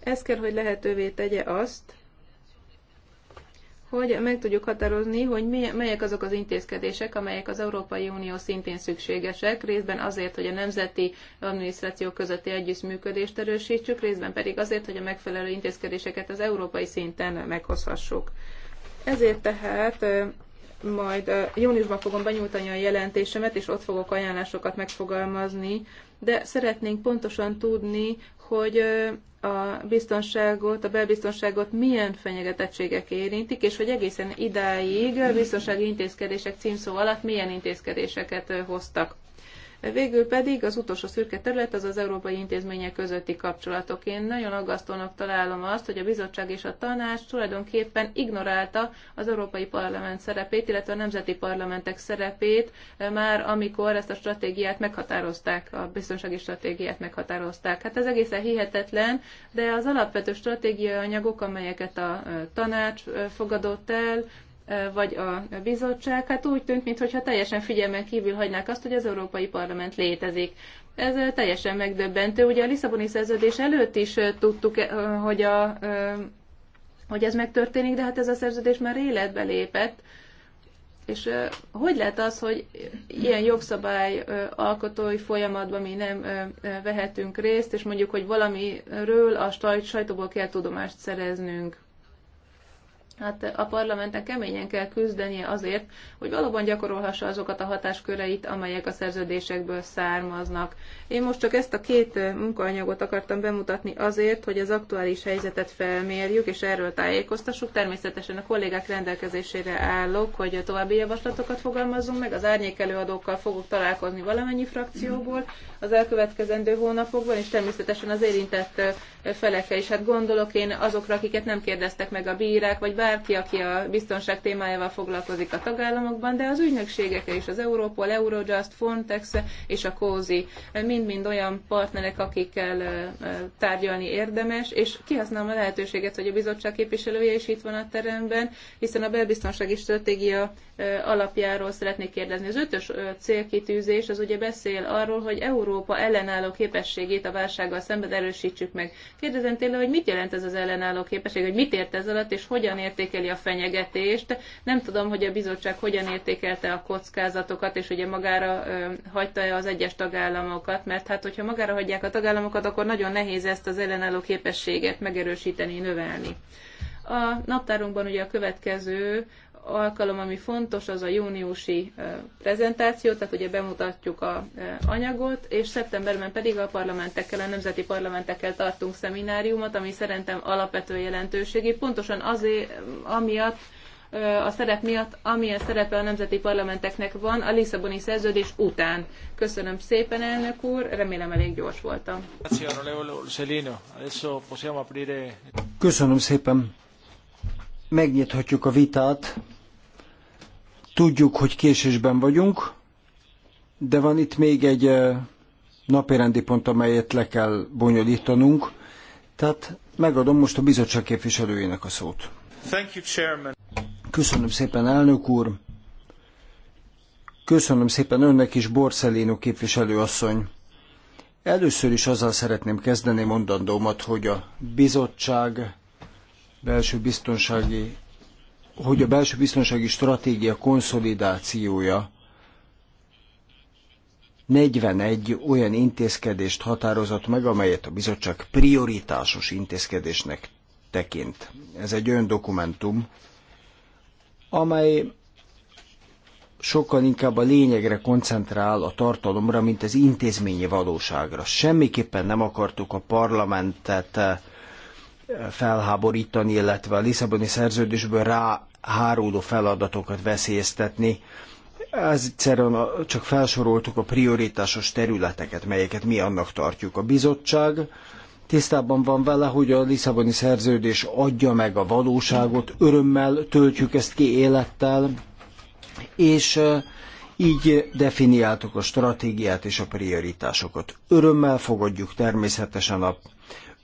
Ez kell, hogy lehetővé tegye azt, hogy meg tudjuk határozni, hogy melyek azok az intézkedések, amelyek az Európai Unió szintén szükségesek, részben azért, hogy a nemzeti adminisztrációk közötti együttműködést erősítsük, részben pedig azért, hogy a megfelelő intézkedéseket az európai szinten meghozhassuk. Ezért tehát e, majd júniusban fogom benyújtani a jelentésemet, és ott fogok ajánlásokat megfogalmazni, de szeretnénk pontosan tudni, hogy a biztonságot, a belbiztonságot milyen fenyegetettségek érintik, és hogy egészen idáig biztonsági intézkedések címszó alatt milyen intézkedéseket hoztak. Végül pedig az utolsó szürke terület az az európai intézmények közötti kapcsolatok. Én nagyon aggasztónak találom azt, hogy a bizottság és a tanács tulajdonképpen ignorálta az Európai Parlament szerepét, illetve a nemzeti parlamentek szerepét eh, már, amikor ezt a stratégiát meghatározták, a biztonsági stratégiát meghatározták. Hát ez egészen hihetetlen, de az alapvető stratégiai anyagok, amelyeket a eh, tanács eh, fogadott el, vagy a bizottság, hát úgy tűnt, mintha teljesen figyelmen kívül hagynák azt, hogy az Európai Parlament létezik. Ez teljesen megdöbbentő. Ugye a Lisszaboni szerződés előtt is tudtuk, hogy, a, hogy ez megtörténik, de hát ez a szerződés már életbe lépett. És hogy lehet az, hogy ilyen jogszabály alkotói folyamatban mi nem vehetünk részt, és mondjuk, hogy valamiről a sajtóból kell tudomást szereznünk? Hát a parlamenten keményen kell küzdenie azért, hogy valóban gyakorolhassa azokat a hatásköreit, amelyek a szerződésekből származnak. Én most csak ezt a két munkaanyagot akartam bemutatni azért, hogy az aktuális helyzetet felmérjük, és erről tájékoztassuk. Természetesen a kollégák rendelkezésére állok, hogy további javaslatokat fogalmazzunk meg. Az árnyékelőadókkal fogok találkozni valamennyi frakcióból az elkövetkezendő hónapokban, és természetesen az érintett felekkel is. Hát gondolok én azokra, akiket nem kérdeztek meg a bírák, vagy bár Monti, aki a biztonság témájával foglalkozik a tagállamokban, de az ügynökségek is, az Europol, Eurojust, Frontex és a COSI, mind-mind olyan partnerek, akikkel tárgyalni érdemes, és kihasználom a lehetőséget, hogy a bizottság képviselője is itt van a teremben, hiszen a belbiztonsági stratégia alapjáról szeretnék kérdezni. Az ötös célkitűzés az ugye beszél arról, hogy Európa ellenálló képességét a válsággal szemben erősítsük meg. Kérdezem tényleg, hogy mit jelent ez az ellenálló képesség, hogy mit ért ez alatt, és hogyan ért értékeli a fenyegetést. Nem tudom, hogy a bizottság hogyan értékelte a kockázatokat, és ugye magára hagyta-e az egyes tagállamokat, mert hát, hogyha magára hagyják a tagállamokat, akkor nagyon nehéz ezt az ellenálló képességet megerősíteni, növelni. A naptárunkban ugye a következő alkalom, ami fontos, az a júniusi prezentáció, tehát ugye bemutatjuk a anyagot, és szeptemberben pedig a parlamentekkel, a nemzeti parlamentekkel tartunk szemináriumot, ami szerintem alapvető jelentőségi, pontosan azért, amiatt, a szerep miatt, amilyen szerepe a nemzeti parlamenteknek van a Lisszaboni szerződés után. Köszönöm szépen, elnök úr, remélem elég gyors voltam. Köszönöm szépen. Megnyithatjuk a vitát. Tudjuk, hogy késésben vagyunk, de van itt még egy napirendi pont, amelyet le kell bonyolítanunk. Tehát megadom most a bizottság képviselőjének a szót. You, Köszönöm szépen, elnök úr. Köszönöm szépen önnek is, Borszelino képviselő asszony. Először is azzal szeretném kezdeni mondandómat, hogy a bizottság belső biztonsági hogy a belső biztonsági stratégia konszolidációja 41 olyan intézkedést határozott meg, amelyet a bizottság prioritásos intézkedésnek tekint. Ez egy olyan dokumentum, amely sokkal inkább a lényegre koncentrál a tartalomra, mint az intézményi valóságra. Semmiképpen nem akartuk a parlamentet eh, felháborítani, illetve a Lisszaboni szerződésből rá feladatokat veszélyeztetni. Ez egyszerűen csak felsoroltuk a prioritásos területeket, melyeket mi annak tartjuk. A bizottság tisztában van vele, hogy a Lisszaboni szerződés adja meg a valóságot, örömmel töltjük ezt ki élettel, és így definiáltuk a stratégiát és a prioritásokat. Örömmel fogadjuk természetesen a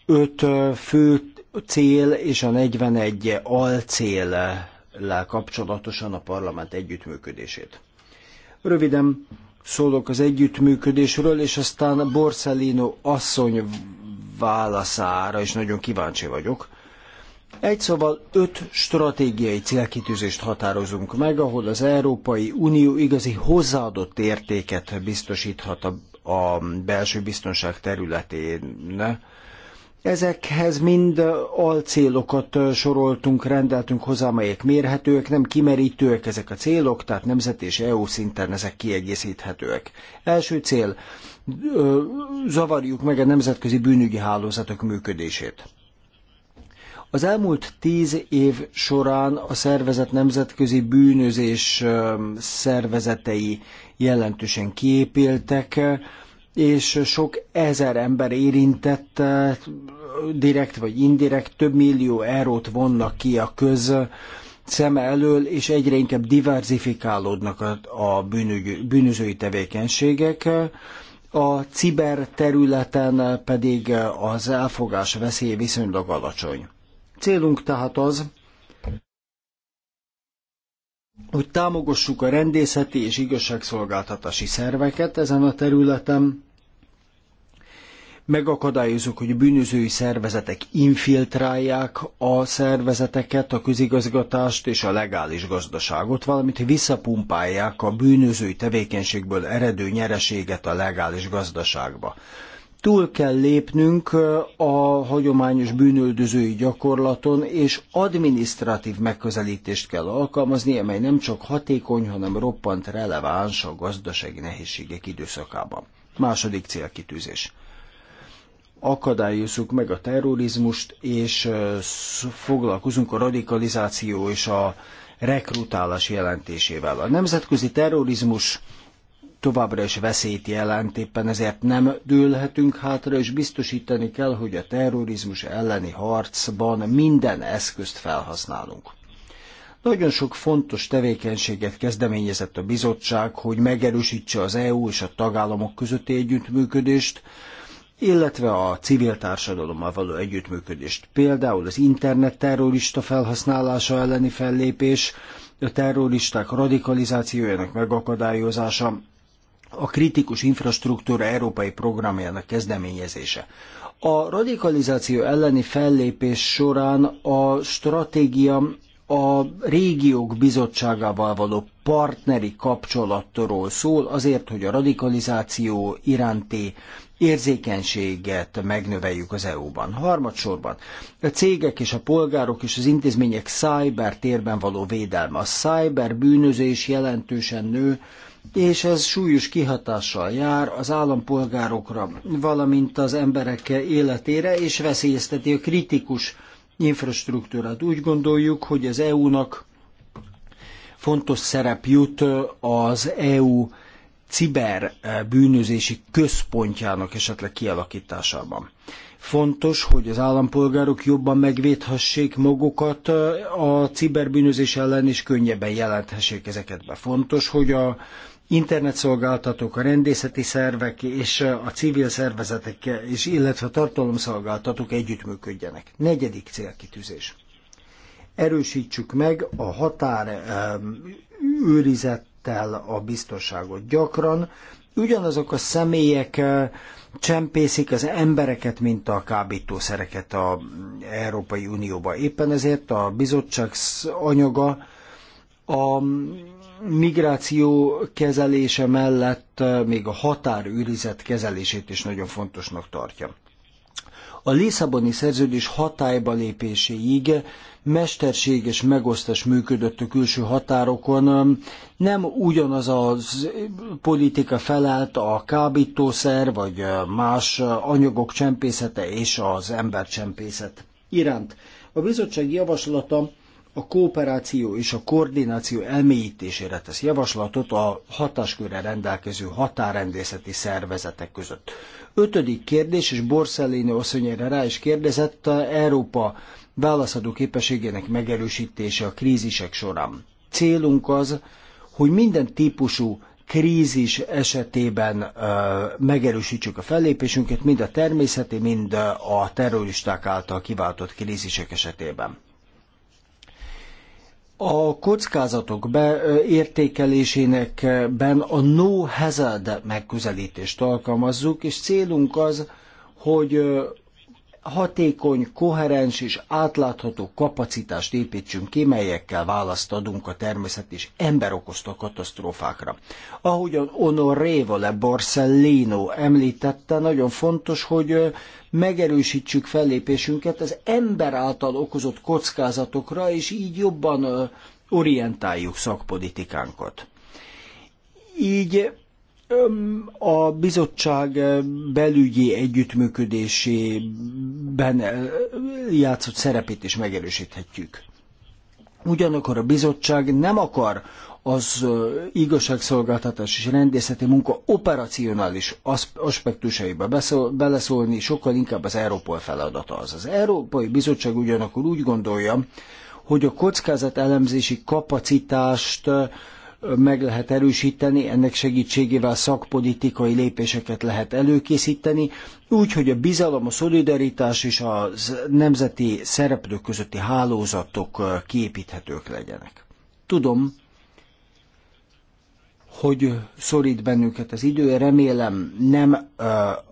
öt fő cél és a 41 alcéllel kapcsolatosan a parlament együttműködését. Röviden szólok az együttműködésről, és aztán Borsellino asszony válaszára is nagyon kíváncsi vagyok. Egy szóval öt stratégiai célkitűzést határozunk meg, ahol az Európai Unió igazi hozzáadott értéket biztosíthat a, a belső biztonság területén Ezekhez mind alcélokat soroltunk, rendeltünk hozzá, amelyek mérhetőek, nem kimerítőek ezek a célok, tehát nemzeti és EU szinten ezek kiegészíthetőek. Első cél, zavarjuk meg a nemzetközi bűnügyi hálózatok működését. Az elmúlt tíz év során a szervezet nemzetközi bűnözés szervezetei jelentősen kiépéltek, és sok ezer ember érintett, eh, direkt vagy indirekt, több millió eurót vonnak ki a köz szeme elől, és egyre inkább a, a bűnügy, bűnözői tevékenységek. A ciber területen pedig az elfogás veszélye viszonylag alacsony. Célunk tehát az, hogy támogassuk a rendészeti és igazságszolgáltatási szerveket ezen a területen, megakadályozunk, hogy bűnözői szervezetek infiltrálják a szervezeteket, a közigazgatást és a legális gazdaságot, valamint hogy visszapumpálják a bűnözői tevékenységből eredő nyereséget a legális gazdaságba túl kell lépnünk a hagyományos bűnöldözői gyakorlaton, és administratív megközelítést kell alkalmazni, amely nem csak hatékony, hanem roppant releváns a gazdasági nehézségek időszakában. Második célkitűzés. Akadályozzuk meg a terrorizmust, és foglalkozunk a radikalizáció és a rekrutálás jelentésével. A nemzetközi terrorizmus továbbra is veszélyt jelent, éppen ezért nem dőlhetünk hátra, és biztosítani kell, hogy a terrorizmus elleni harcban minden eszközt felhasználunk. Nagyon sok fontos tevékenységet kezdeményezett a bizottság, hogy megerősítse az EU és a tagállamok közötti együttműködést, illetve a civil társadalommal való együttműködést. Például az internet terrorista felhasználása elleni fellépés, a terroristák radikalizációjának megakadályozása, a kritikus infrastruktúra európai programjának kezdeményezése. A radikalizáció elleni fellépés során a stratégia a régiók bizottságával való partneri kapcsolatról szól, azért, hogy a radikalizáció iránti érzékenységet megnöveljük az EU-ban. Harmadsorban a cégek és a polgárok és az intézmények cyber térben való védelme. A cyber bűnözés jelentősen nő, és ez súlyos kihatással jár az állampolgárokra, valamint az emberek életére, és veszélyezteti a kritikus infrastruktúrát. Úgy gondoljuk, hogy az EU-nak fontos szerep jut az EU ciberbűnözési központjának esetleg kialakításában. Fontos, hogy az állampolgárok jobban megvédhessék magukat a ciberbűnözés ellen, és könnyebben jelenthessék ezeket be. Fontos, hogy a internetszolgáltatók, a rendészeti szervek és a civil szervezetek, és illetve a tartalomszolgáltatók együttműködjenek. Negyedik célkitűzés. Erősítsük meg a határ őrizettel a biztonságot gyakran. Ugyanazok a személyek csempészik az embereket, mint a kábítószereket a Európai Unióba. Éppen ezért a bizottság anyaga a migráció kezelése mellett még a határőrizet kezelését is nagyon fontosnak tartja. A Lisszaboni szerződés hatályba lépéséig mesterséges megosztás működött a külső határokon. Nem ugyanaz a politika felelt a kábítószer vagy más anyagok csempészete és az embercsempészet iránt. A bizottság javaslata a kooperáció és a koordináció elmélyítésére tesz javaslatot a hatáskörre rendelkező határrendészeti szervezetek között. Ötödik kérdés, és Borsellino asszony erre rá is kérdezett, a Európa válaszadó képességének megerősítése a krízisek során. Célunk az, hogy minden típusú krízis esetében ö, megerősítsük a fellépésünket, mind a természeti, mind a terroristák által kiváltott krízisek esetében a kockázatok beértékelésének ben a no hazard megközelítést alkalmazzuk, és célunk az, hogy hatékony, koherens és átlátható kapacitást építsünk ki, melyekkel választ adunk a természet és ember okozta katasztrófákra. Ahogyan Honoré Le Borsellino említette, nagyon fontos, hogy megerősítsük fellépésünket az ember által okozott kockázatokra, és így jobban orientáljuk szakpolitikánkat. Így a bizottság belügyi együttműködésében játszott szerepét is megerősíthetjük. Ugyanakkor a bizottság nem akar az igazságszolgáltatás és rendészeti munka operacionális aspektusaiba beleszólni, sokkal inkább az Európol feladata az. Az Európai Bizottság ugyanakkor úgy gondolja, hogy a kockázat elemzési kapacitást meg lehet erősíteni, ennek segítségével szakpolitikai lépéseket lehet előkészíteni, úgy, hogy a bizalom, a szolidaritás és a nemzeti szereplők közötti hálózatok kiépíthetők legyenek. Tudom, hogy szorít bennünket az idő, remélem nem ö,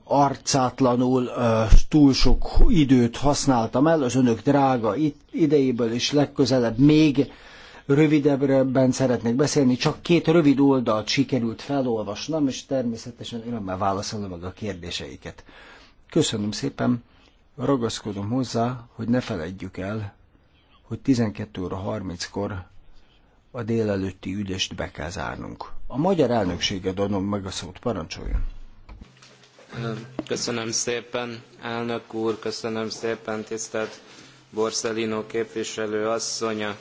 arcátlanul ö, túl sok időt használtam el az önök drága idejéből, és legközelebb még rövidebben szeretnék beszélni, csak két rövid oldalt sikerült felolvasnom, és természetesen örömmel válaszolom meg a kérdéseiket. Köszönöm szépen, ragaszkodom hozzá, hogy ne feledjük el, hogy 12 óra 30-kor a délelőtti ügyest be kell zárnunk. A magyar elnökséget adom meg a szót, parancsoljon! Köszönöm szépen, elnök úr, köszönöm szépen, tisztelt Borszelino képviselő asszonya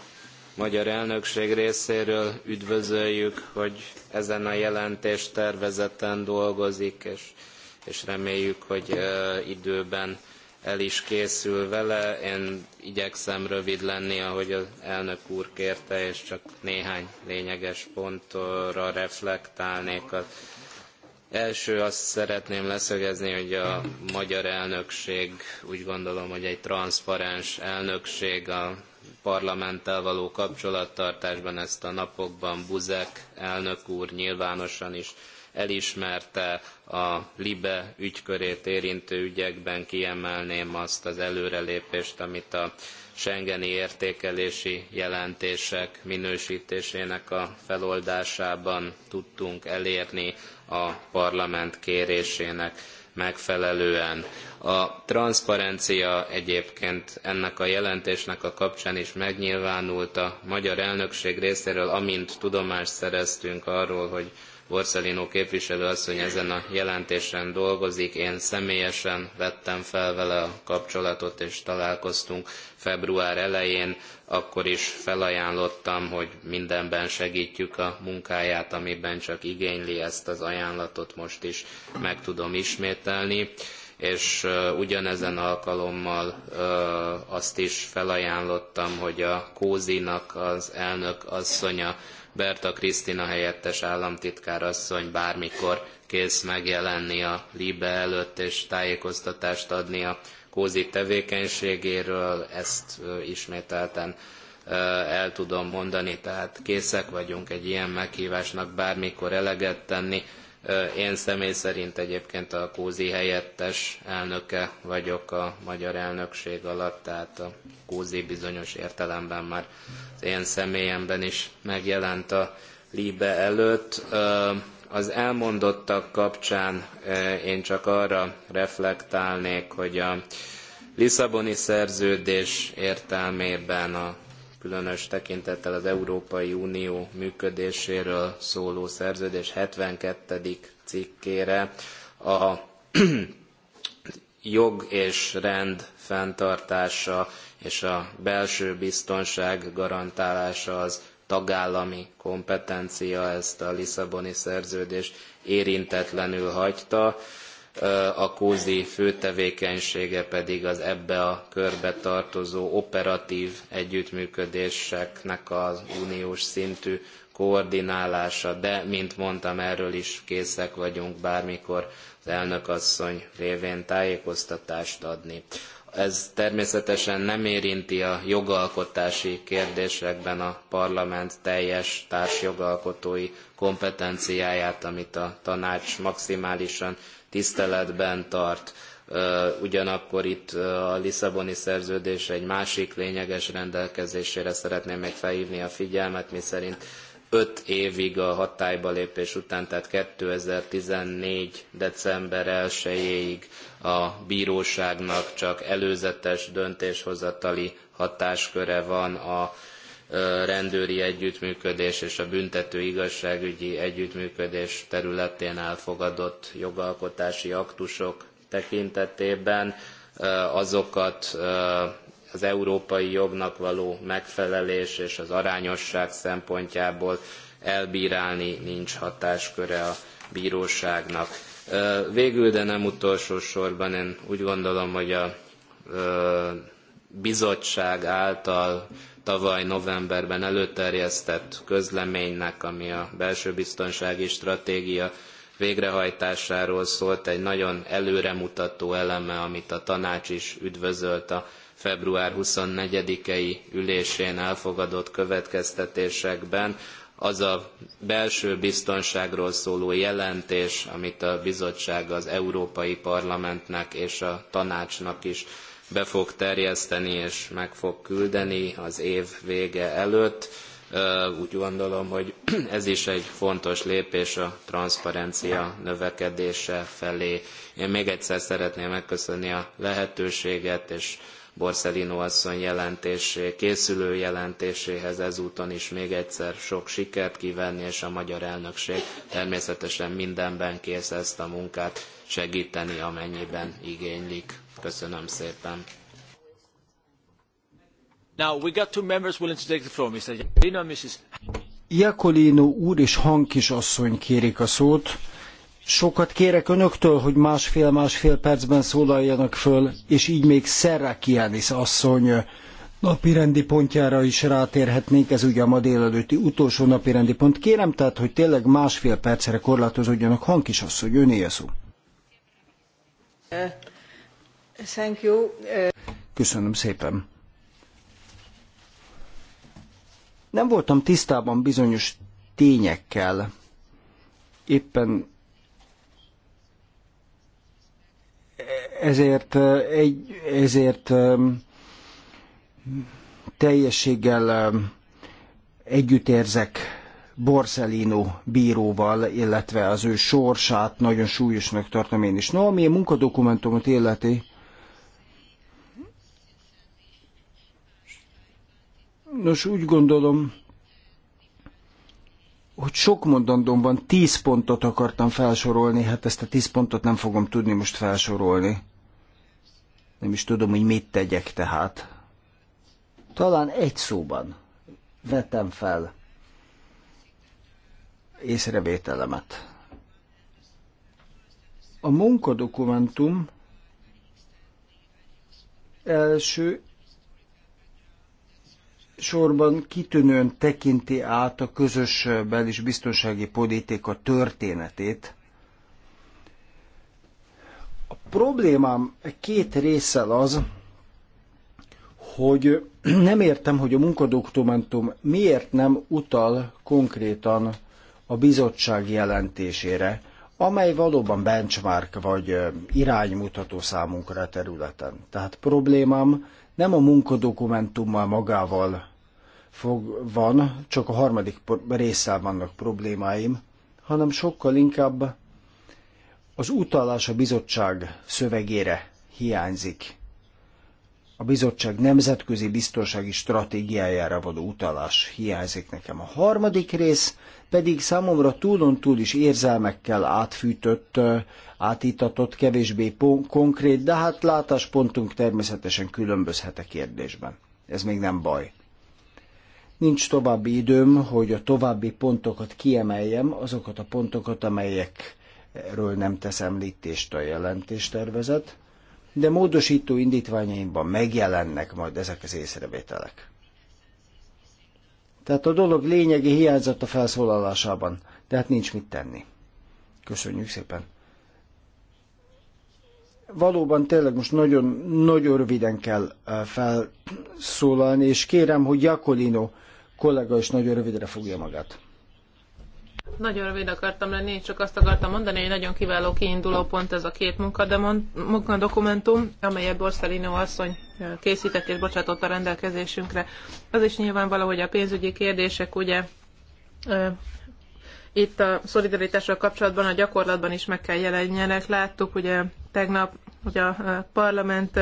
magyar elnökség részéről üdvözöljük, hogy ezen a jelentés tervezeten dolgozik, és, és reméljük, hogy időben el is készül vele. Én igyekszem rövid lenni, ahogy az elnök úr kérte, és csak néhány lényeges pontra reflektálnék. Az első azt szeretném leszögezni, hogy a magyar elnökség úgy gondolom, hogy egy transzparens elnökség a parlamenttel való kapcsolattartásban ezt a napokban Buzek elnök úr nyilvánosan is elismerte a LIBE ügykörét érintő ügyekben kiemelném azt az előrelépést, amit a Schengeni értékelési jelentések minősítésének a feloldásában tudtunk elérni a parlament kérésének megfelelően. A transzparencia egyébként ennek a jelentésnek a kapcsán is megnyilvánult a magyar elnökség részéről, amint tudomást szereztünk arról, hogy Borszelino képviselő asszony ezen a jelentésen dolgozik. Én személyesen vettem fel vele a kapcsolatot, és találkoztunk február elején. Akkor is felajánlottam, hogy mindenben segítjük a munkáját, amiben csak igényli ezt az ajánlatot, most is meg tudom ismételni és ugyanezen alkalommal azt is felajánlottam, hogy a Kózinak az elnök asszonya Berta Krisztina helyettes államtitkár asszony bármikor kész megjelenni a LIBE előtt és tájékoztatást adni a kózi tevékenységéről, ezt ismételten el tudom mondani, tehát készek vagyunk egy ilyen meghívásnak bármikor eleget tenni én személy szerint egyébként a Kózi helyettes elnöke vagyok a magyar elnökség alatt, tehát a Kózi bizonyos értelemben már az én személyemben is megjelent a Libe előtt. Az elmondottak kapcsán én csak arra reflektálnék, hogy a Lisszaboni szerződés értelmében a különös tekintettel az Európai Unió működéséről szóló szerződés 72. cikkére a jog és rend fenntartása és a belső biztonság garantálása az tagállami kompetencia, ezt a Lisszaboni szerződés érintetlenül hagyta a kózi fő tevékenysége pedig az ebbe a körbe tartozó operatív együttműködéseknek az uniós szintű koordinálása, de, mint mondtam, erről is készek vagyunk bármikor az asszony révén tájékoztatást adni. Ez természetesen nem érinti a jogalkotási kérdésekben a parlament teljes társjogalkotói kompetenciáját, amit a tanács maximálisan tiszteletben tart. Ugyanakkor itt a Lisszaboni szerződés egy másik lényeges rendelkezésére szeretném még felhívni a figyelmet, miszerint 5 évig a hatályba lépés után, tehát 2014. december 1-ig a bíróságnak csak előzetes döntéshozatali hatásköre van a rendőri együttműködés és a büntető igazságügyi együttműködés területén elfogadott jogalkotási aktusok tekintetében azokat az európai jognak való megfelelés és az arányosság szempontjából elbírálni nincs hatásköre a bíróságnak. Végül, de nem utolsó sorban én úgy gondolom, hogy a bizottság által tavaly novemberben előterjesztett közleménynek, ami a belső biztonsági stratégia végrehajtásáról szólt, egy nagyon előremutató eleme, amit a tanács is üdvözölt a február 24-i ülésén elfogadott következtetésekben, az a belső biztonságról szóló jelentés, amit a bizottság az Európai Parlamentnek és a tanácsnak is be fog terjeszteni és meg fog küldeni az év vége előtt. Úgy gondolom, hogy ez is egy fontos lépés a transzparencia növekedése felé. Én még egyszer szeretném megköszönni a lehetőséget, és Borszelino asszony jelentésé, készülő jelentéséhez ezúton is még egyszer sok sikert kívánni, és a magyar elnökség természetesen mindenben kész ezt a munkát segíteni, amennyiben igénylik. Köszönöm szépen. Now we got two members willing to take the floor, Mr. Mrs. úr és Hankis asszony kérik a szót. Sokat kérek önöktől, hogy másfél-másfél percben szólaljanak föl, és így még Serrakianis asszony napirendi pontjára is rátérhetnénk, ez ugye a ma délelőtti utolsó napirendi pont. Kérem tehát, hogy tényleg másfél percre korlátozódjanak. Hankis asszony, öné a szó. Eh, Thank you. Köszönöm szépen. Nem voltam tisztában bizonyos tényekkel. Éppen ezért, egy, ezért um, teljességgel um, együttérzek Borsellino bíróval, illetve az ő sorsát nagyon súlyosnak tartom én is. No, ami a munkadokumentumot illeti, Nos, úgy gondolom, hogy sok mondandóm van, tíz pontot akartam felsorolni, hát ezt a tíz pontot nem fogom tudni most felsorolni. Nem is tudom, hogy mit tegyek tehát. Talán egy szóban vetem fel észrevételemet. A munkadokumentum első sorban kitűnően tekinti át a közös bel- és biztonsági politika történetét. A problémám e két részsel az, hogy nem értem, hogy a munkadokumentum miért nem utal konkrétan a bizottság jelentésére, amely valóban benchmark vagy iránymutató számunkra a területen. Tehát problémám nem a munkadokumentummal magával fog, van, csak a harmadik résszel vannak problémáim, hanem sokkal inkább az utalás a bizottság szövegére hiányzik. A bizottság nemzetközi biztonsági stratégiájára való utalás hiányzik nekem. A harmadik rész pedig számomra túlon túl is érzelmekkel átfűtött, átítatott, kevésbé konkrét, de hát látáspontunk természetesen különbözhet a kérdésben. Ez még nem baj. Nincs további időm, hogy a további pontokat kiemeljem, azokat a pontokat, amelyekről nem tesz említést a jelentéstervezet, de módosító indítványaimban megjelennek majd ezek az észrevételek. Tehát a dolog lényegi hiányzott a felszólalásában, de hát nincs mit tenni. Köszönjük szépen. Valóban tényleg most nagyon, nagyon röviden kell eh, felszólalni, és kérem, hogy Jakolino kollega is nagyon rövidre fogja magát. Nagyon rövid akartam lenni, csak azt akartam mondani, hogy nagyon kiváló kiinduló pont ez a két munkadokumentum, amelyet Borszelino asszony készített és bocsátott a rendelkezésünkre. Az is nyilvánvaló, hogy a pénzügyi kérdések ugye itt a szolidaritással kapcsolatban a gyakorlatban is meg kell jelenjenek. Láttuk ugye tegnap, hogy a parlament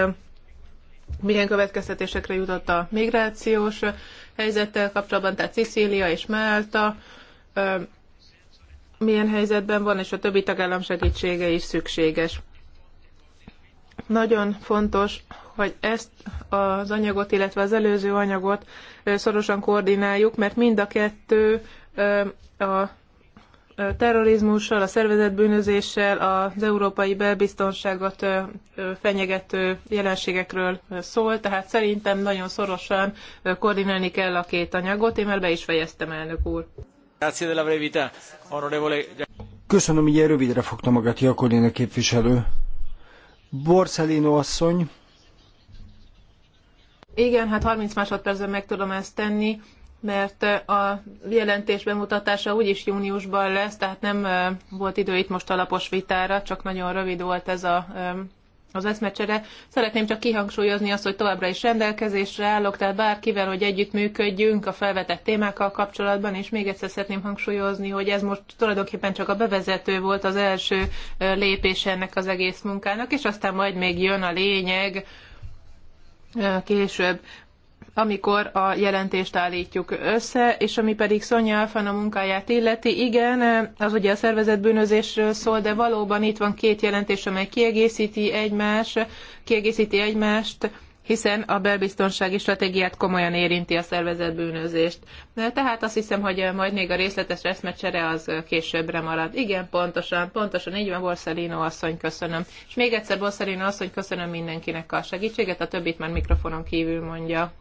milyen következtetésekre jutott a migrációs helyzettel kapcsolatban, tehát Szicília és Málta milyen helyzetben van, és a többi tagállam segítsége is szükséges. Nagyon fontos, hogy ezt az anyagot, illetve az előző anyagot szorosan koordináljuk, mert mind a kettő a terrorizmussal, a bűnözéssel, az európai belbiztonságot fenyegető jelenségekről szól, tehát szerintem nagyon szorosan koordinálni kell a két anyagot. Én már be is fejeztem, elnök úr. Köszönöm, hogy ilyen rövidre fogta magát a képviselő. Borszelino asszony. Igen, hát 30 másodpercben meg tudom ezt tenni mert eh, a jelentés bemutatása úgyis júniusban lesz, tehát nem eh, volt idő itt most alapos vitára, csak nagyon rövid volt ez a az eszmecsere. Szeretném csak kihangsúlyozni azt, hogy továbbra is rendelkezésre állok, tehát bárkivel, hogy együttműködjünk a felvetett témákkal kapcsolatban, és még egyszer szeretném hangsúlyozni, hogy ez most tulajdonképpen csak a bevezető volt az első eh, lépés ennek az egész munkának, és aztán majd még jön a lényeg később amikor a jelentést állítjuk össze, és ami pedig Szonya Alfan a munkáját illeti, igen, az ugye a szervezetbűnözésről szól, de valóban itt van két jelentés, amely kiegészíti egymás, kiegészíti egymást, hiszen a belbiztonsági stratégiát komolyan érinti a szervezett bűnözést. Tehát azt hiszem, hogy majd még a részletes eszmecsere az későbbre marad. Igen, pontosan, pontosan így van, Borszelino asszony, köszönöm. És még egyszer Borszelino asszony, köszönöm mindenkinek a segítséget, a többit már mikrofonon kívül mondja.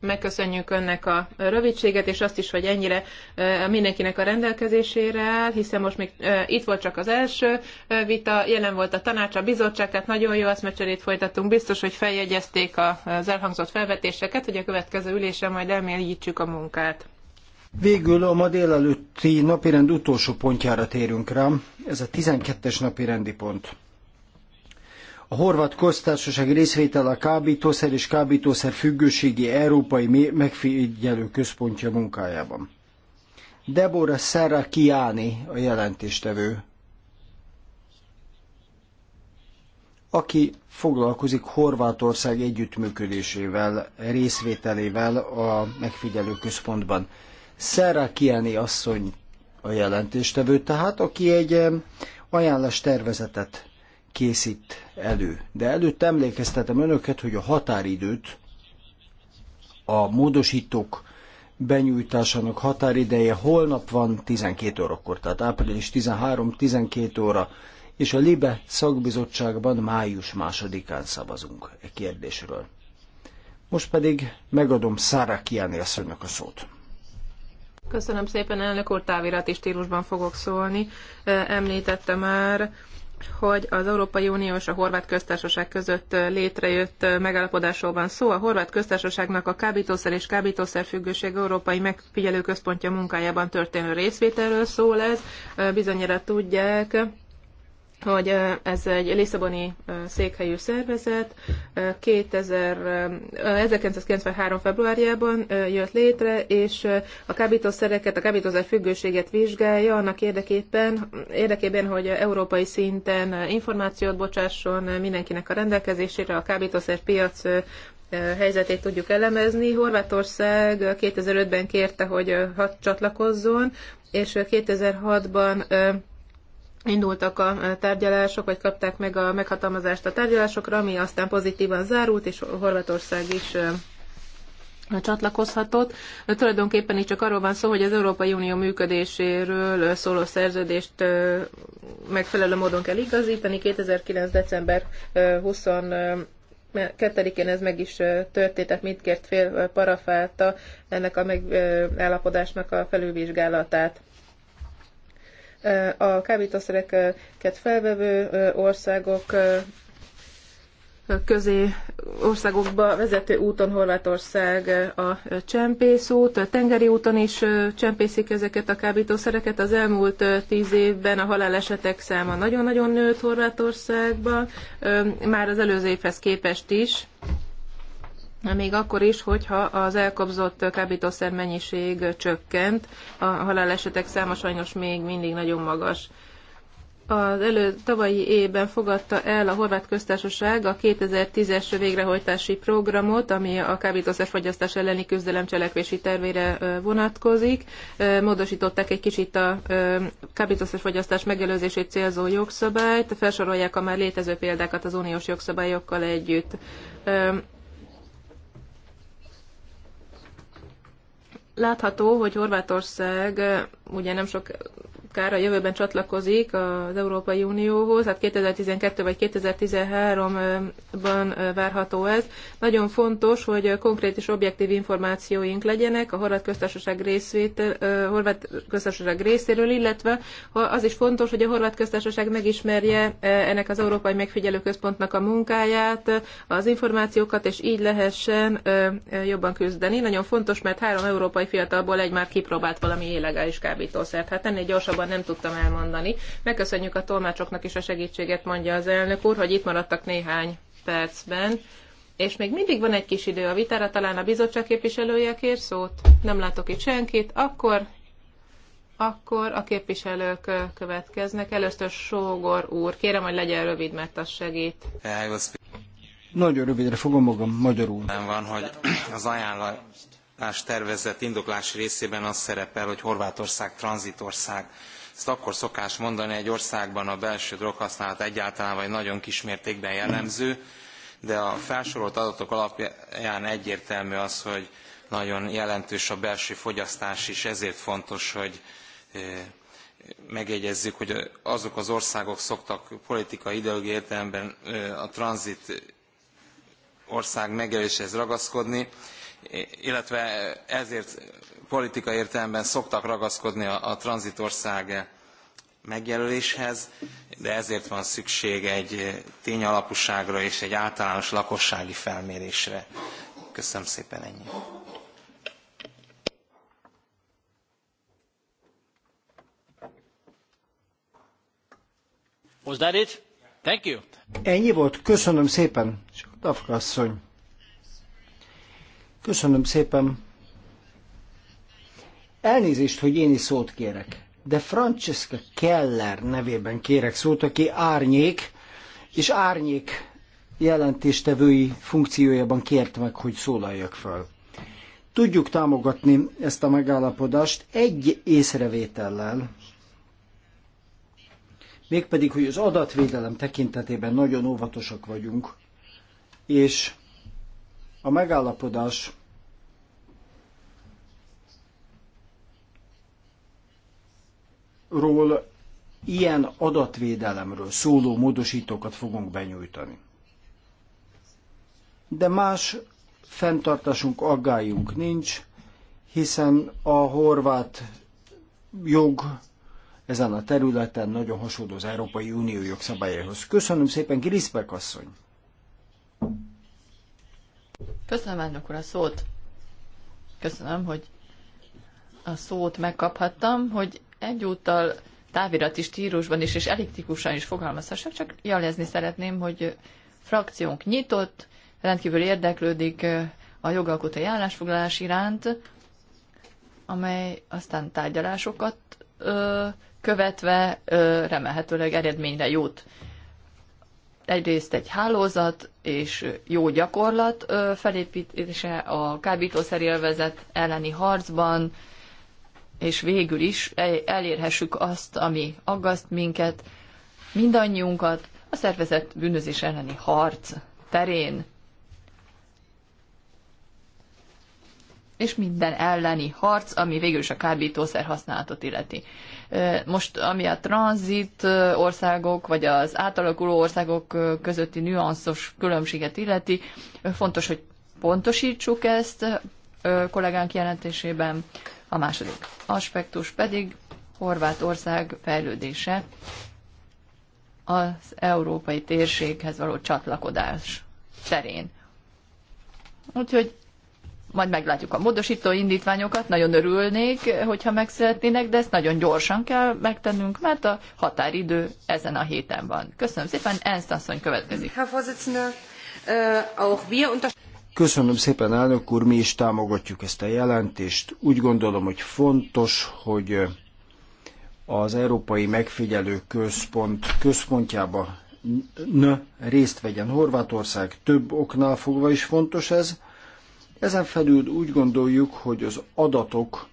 Megköszönjük önnek a rövidséget, és azt is, hogy ennyire eh, mindenkinek a rendelkezésére áll, hiszen most még eh, itt volt csak az első eh, vita, jelen volt a tanács, a bizottság, tehát nagyon jó eszmecserét folytattunk, biztos, hogy feljön feljegyezték az elhangzott felvetéseket, hogy a következő ülésen majd elmélyítsük a munkát. Végül a ma délelőtti napirend utolsó pontjára térünk rá, ez a 12-es napirendi pont. A horvát köztársaság részvétel a kábítószer és kábítószer függőségi Európai Megfigyelő Központja munkájában. Deborah Serra Kiani a jelentéstevő. aki foglalkozik Horvátország együttműködésével, részvételével a megfigyelő központban. Szerra Kiani asszony a jelentéstevő, tehát aki egy ajánlás tervezetet készít elő. De előtt emlékeztetem önöket, hogy a határidőt, a módosítók benyújtásának határideje holnap van 12 órakor, tehát április 13-12 óra és a LIBE szakbizottságban május másodikán szavazunk e kérdésről. Most pedig megadom Szára Kiáni asszonynak a szót. Köszönöm szépen, elnök úr, távirati stílusban fogok szólni. Említette már, hogy az Európai Unió és a Horvát Köztársaság között létrejött megállapodásról van szó. A Horvát Köztársaságnak a kábítószer és kábítószerfüggőség Európai Megfigyelő Központja munkájában történő részvételről szól ez. Bizonyára tudják, hogy ez egy Lisszaboni székhelyű szervezet, 2000, 1993. februárjában jött létre, és a kábítószereket, a kábítószer függőséget vizsgálja annak érdekében, érdekében, hogy európai szinten információt bocsásson mindenkinek a rendelkezésére a kábítószer piac helyzetét tudjuk elemezni. Horvátország 2005-ben kérte, hogy hat csatlakozzon, és 2006-ban indultak a tárgyalások, vagy kapták meg a meghatalmazást a tárgyalásokra, ami aztán pozitívan zárult, és Horvátország is csatlakozhatott. Tulajdonképpen itt csak arról van szó, hogy az Európai Unió működéséről szóló szerződést megfelelő módon kell igazítani. 2009. december 20 kettedikén ez meg is történt, tehát mindkét fél parafálta ennek a megállapodásnak a felülvizsgálatát. A kábítószereket felvevő országok közé országokba vezető úton Horvátország a csempészút, tengeri úton is csempészik ezeket a kábítószereket. Az elmúlt tíz évben a halálesetek száma nagyon-nagyon nőtt Horvátországban, már az előző évhez képest is még akkor is, hogyha az elkobzott kábítószer mennyiség csökkent, a halálesetek száma sajnos még mindig nagyon magas. Az elő tavalyi évben fogadta el a Horvát Köztársaság a 2010-es végrehajtási programot, ami a kábítószerfogyasztás elleni küzdelem cselekvési tervére vonatkozik. Módosították egy kicsit a kábítószerfogyasztás megelőzését célzó jogszabályt, felsorolják a már létező példákat az uniós jogszabályokkal együtt Látható, hogy Horvátország eh, ugye nem sok sokára a jövőben csatlakozik az Európai Unióhoz, hát 2012 vagy 2013-ban várható ez. Nagyon fontos, hogy konkrét és objektív információink legyenek a Horvát Köztársaság, Horvát Köztársaság részéről, illetve az is fontos, hogy a Horvát Köztársaság megismerje ennek az Európai megfigyelő központnak a munkáját, az információkat, és így lehessen jobban küzdeni. Nagyon fontos, mert három európai fiatalból egy már kipróbált valami illegális kábítószert. Hát ennél gyorsabban nem tudtam elmondani. Megköszönjük a tolmácsoknak is a segítséget, mondja az elnök úr, hogy itt maradtak néhány percben. És még mindig van egy kis idő a vitára, talán a bizottság képviselője kér szót. Nem látok itt senkit. Akkor, akkor a képviselők következnek. Először Sógor úr. Kérem, hogy legyen rövid, mert az segít. Nagyon rövidre fogom magam, magyarul. Nem van, hogy az ajánlás tervezett indoklás részében az szerepel, hogy Horvátország tranzitország ezt akkor szokás mondani, egy országban a belső droghasználat egyáltalán vagy nagyon kismértékben jellemző, de a felsorolt adatok alapján egyértelmű az, hogy nagyon jelentős a belső fogyasztás is, ezért fontos, hogy megjegyezzük, hogy azok az országok szoktak politikai ideológiai értelemben a tranzit ország megelőséhez ragaszkodni, illetve ezért politikai értelemben szoktak ragaszkodni a, a tranzitország megjelöléshez, de ezért van szükség egy tényalapúságra és egy általános lakossági felmérésre. Köszönöm szépen ennyi. Was that it? Thank you. Ennyi volt, köszönöm szépen, Dafka asszony. Köszönöm szépen. Elnézést, hogy én is szót kérek, de Francesca Keller nevében kérek szót, aki árnyék, és árnyék jelentéstevői funkciójában kért meg, hogy szólaljak fel. Tudjuk támogatni ezt a megállapodást egy észrevétellel, mégpedig, hogy az adatvédelem tekintetében nagyon óvatosak vagyunk, és a megállapodás ról ilyen adatvédelemről szóló módosítókat fogunk benyújtani. De más fenntartásunk, aggályunk nincs, hiszen a horvát jog ezen a területen nagyon hasonló az Európai Unió jogszabályaihoz. Köszönöm szépen, Griszbek asszony! Köszönöm, elnök úr, a szót. Köszönöm, hogy a szót megkaphattam, hogy egyúttal távirati stílusban is, és eliptikusan is fogalmazhassak, csak jelezni szeretném, hogy frakciónk nyitott, rendkívül érdeklődik a jogalkotói állásfoglalás iránt, amely aztán tárgyalásokat ö, követve ö, remélhetőleg eredményre jut egyrészt egy hálózat és jó gyakorlat felépítése a kábítószer élvezet elleni harcban, és végül is elérhessük azt, ami aggaszt minket, mindannyiunkat, a szervezet bűnözés elleni harc terén. és minden elleni harc, ami végül is a kábítószer használatot illeti. Most, ami a tranzit országok, vagy az átalakuló országok közötti nüanszos különbséget illeti, fontos, hogy pontosítsuk ezt kollégánk jelentésében. A második aspektus pedig Horvátország fejlődése az európai térséghez való csatlakodás terén. Úgyhogy majd meglátjuk a módosító indítványokat, nagyon örülnék, hogyha megszületnének, de ezt nagyon gyorsan kell megtennünk, mert a határidő ezen a héten van. Köszönöm szépen, Ernst asszony következik. Äh, Köszönöm szépen, elnök úr, mi is támogatjuk ezt a jelentést. Úgy gondolom, hogy fontos, hogy az Európai Megfigyelő Központ központjába n részt vegyen Horvátország. Több oknál fogva is fontos ez ezen felül úgy gondoljuk, hogy az adatok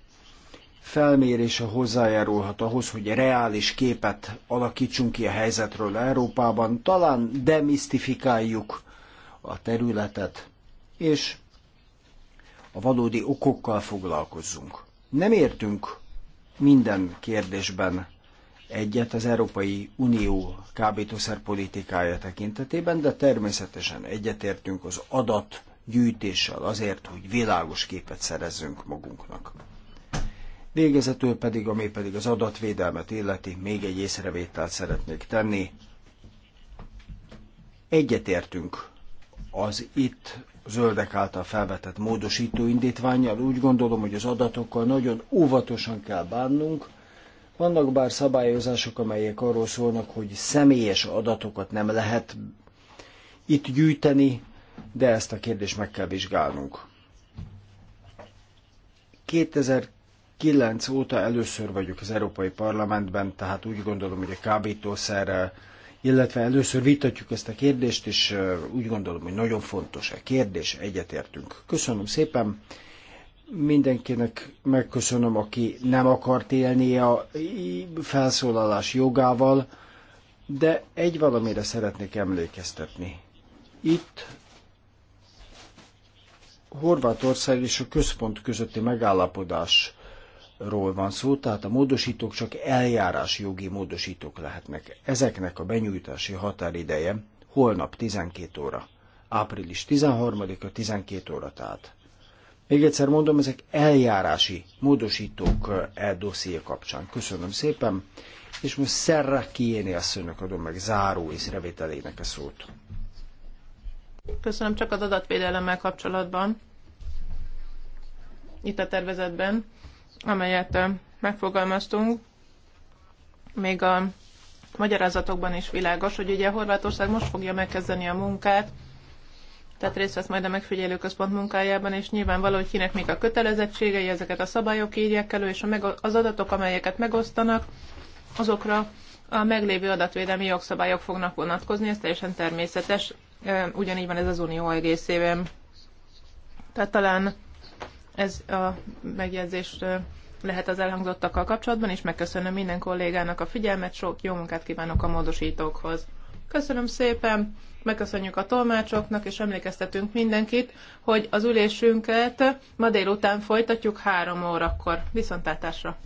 felmérése hozzájárulhat ahhoz, hogy reális képet alakítsunk ki a helyzetről Európában, talán demisztifikáljuk a területet, és a valódi okokkal foglalkozzunk. Nem értünk minden kérdésben egyet az Európai Unió kábítószerpolitikája tekintetében, de természetesen egyetértünk az adat gyűjtéssel azért, hogy világos képet szerezzünk magunknak. Végezetül pedig, ami pedig az adatvédelmet illeti, még egy észrevételt szeretnék tenni. Egyetértünk az itt zöldek által felvetett módosító indítványjal. Úgy gondolom, hogy az adatokkal nagyon óvatosan kell bánnunk. Vannak bár szabályozások, amelyek arról szólnak, hogy személyes adatokat nem lehet itt gyűjteni, de ezt a kérdést meg kell vizsgálnunk. 2009 óta először vagyok az Európai Parlamentben, tehát úgy gondolom, hogy a kábítószerrel, illetve először vitatjuk ezt a kérdést, és úgy gondolom, hogy nagyon fontos a e kérdés, egyetértünk. Köszönöm szépen! mindenkinek megköszönöm, aki nem akart élni a felszólalás jogával, de egy valamire szeretnék emlékeztetni. Itt Horvátország és a központ közötti megállapodásról van szó, tehát a módosítók csak eljárás jogi módosítók lehetnek. Ezeknek a benyújtási határideje holnap 12 óra. Április 13-a 12 óra tehát. Még egyszer mondom, ezek eljárási módosítók e dosszié kapcsán. Köszönöm szépen, és most Szerra Kiéni asszonynak adom meg záró észrevételének a szót. Köszönöm csak az adatvédelemmel kapcsolatban, itt a tervezetben, amelyet megfogalmaztunk, még a magyarázatokban is világos, hogy ugye Horvátország most fogja megkezdeni a munkát, tehát részt vesz majd a megfigyelőközpont munkájában, és nyilvánvaló, hogy kinek még a kötelezettségei, ezeket a szabályok írják elő, és az adatok, amelyeket megosztanak, azokra a meglévő adatvédelmi jogszabályok fognak vonatkozni, ez teljesen természetes, ugyanígy van ez az Unió egészében. Tehát talán ez a megjegyzés lehet az elhangzottakkal kapcsolatban, és megköszönöm minden kollégának a figyelmet, sok jó munkát kívánok a módosítókhoz. Köszönöm szépen, megköszönjük a tolmácsoknak, és emlékeztetünk mindenkit, hogy az ülésünket ma délután folytatjuk három órakor. Viszontlátásra!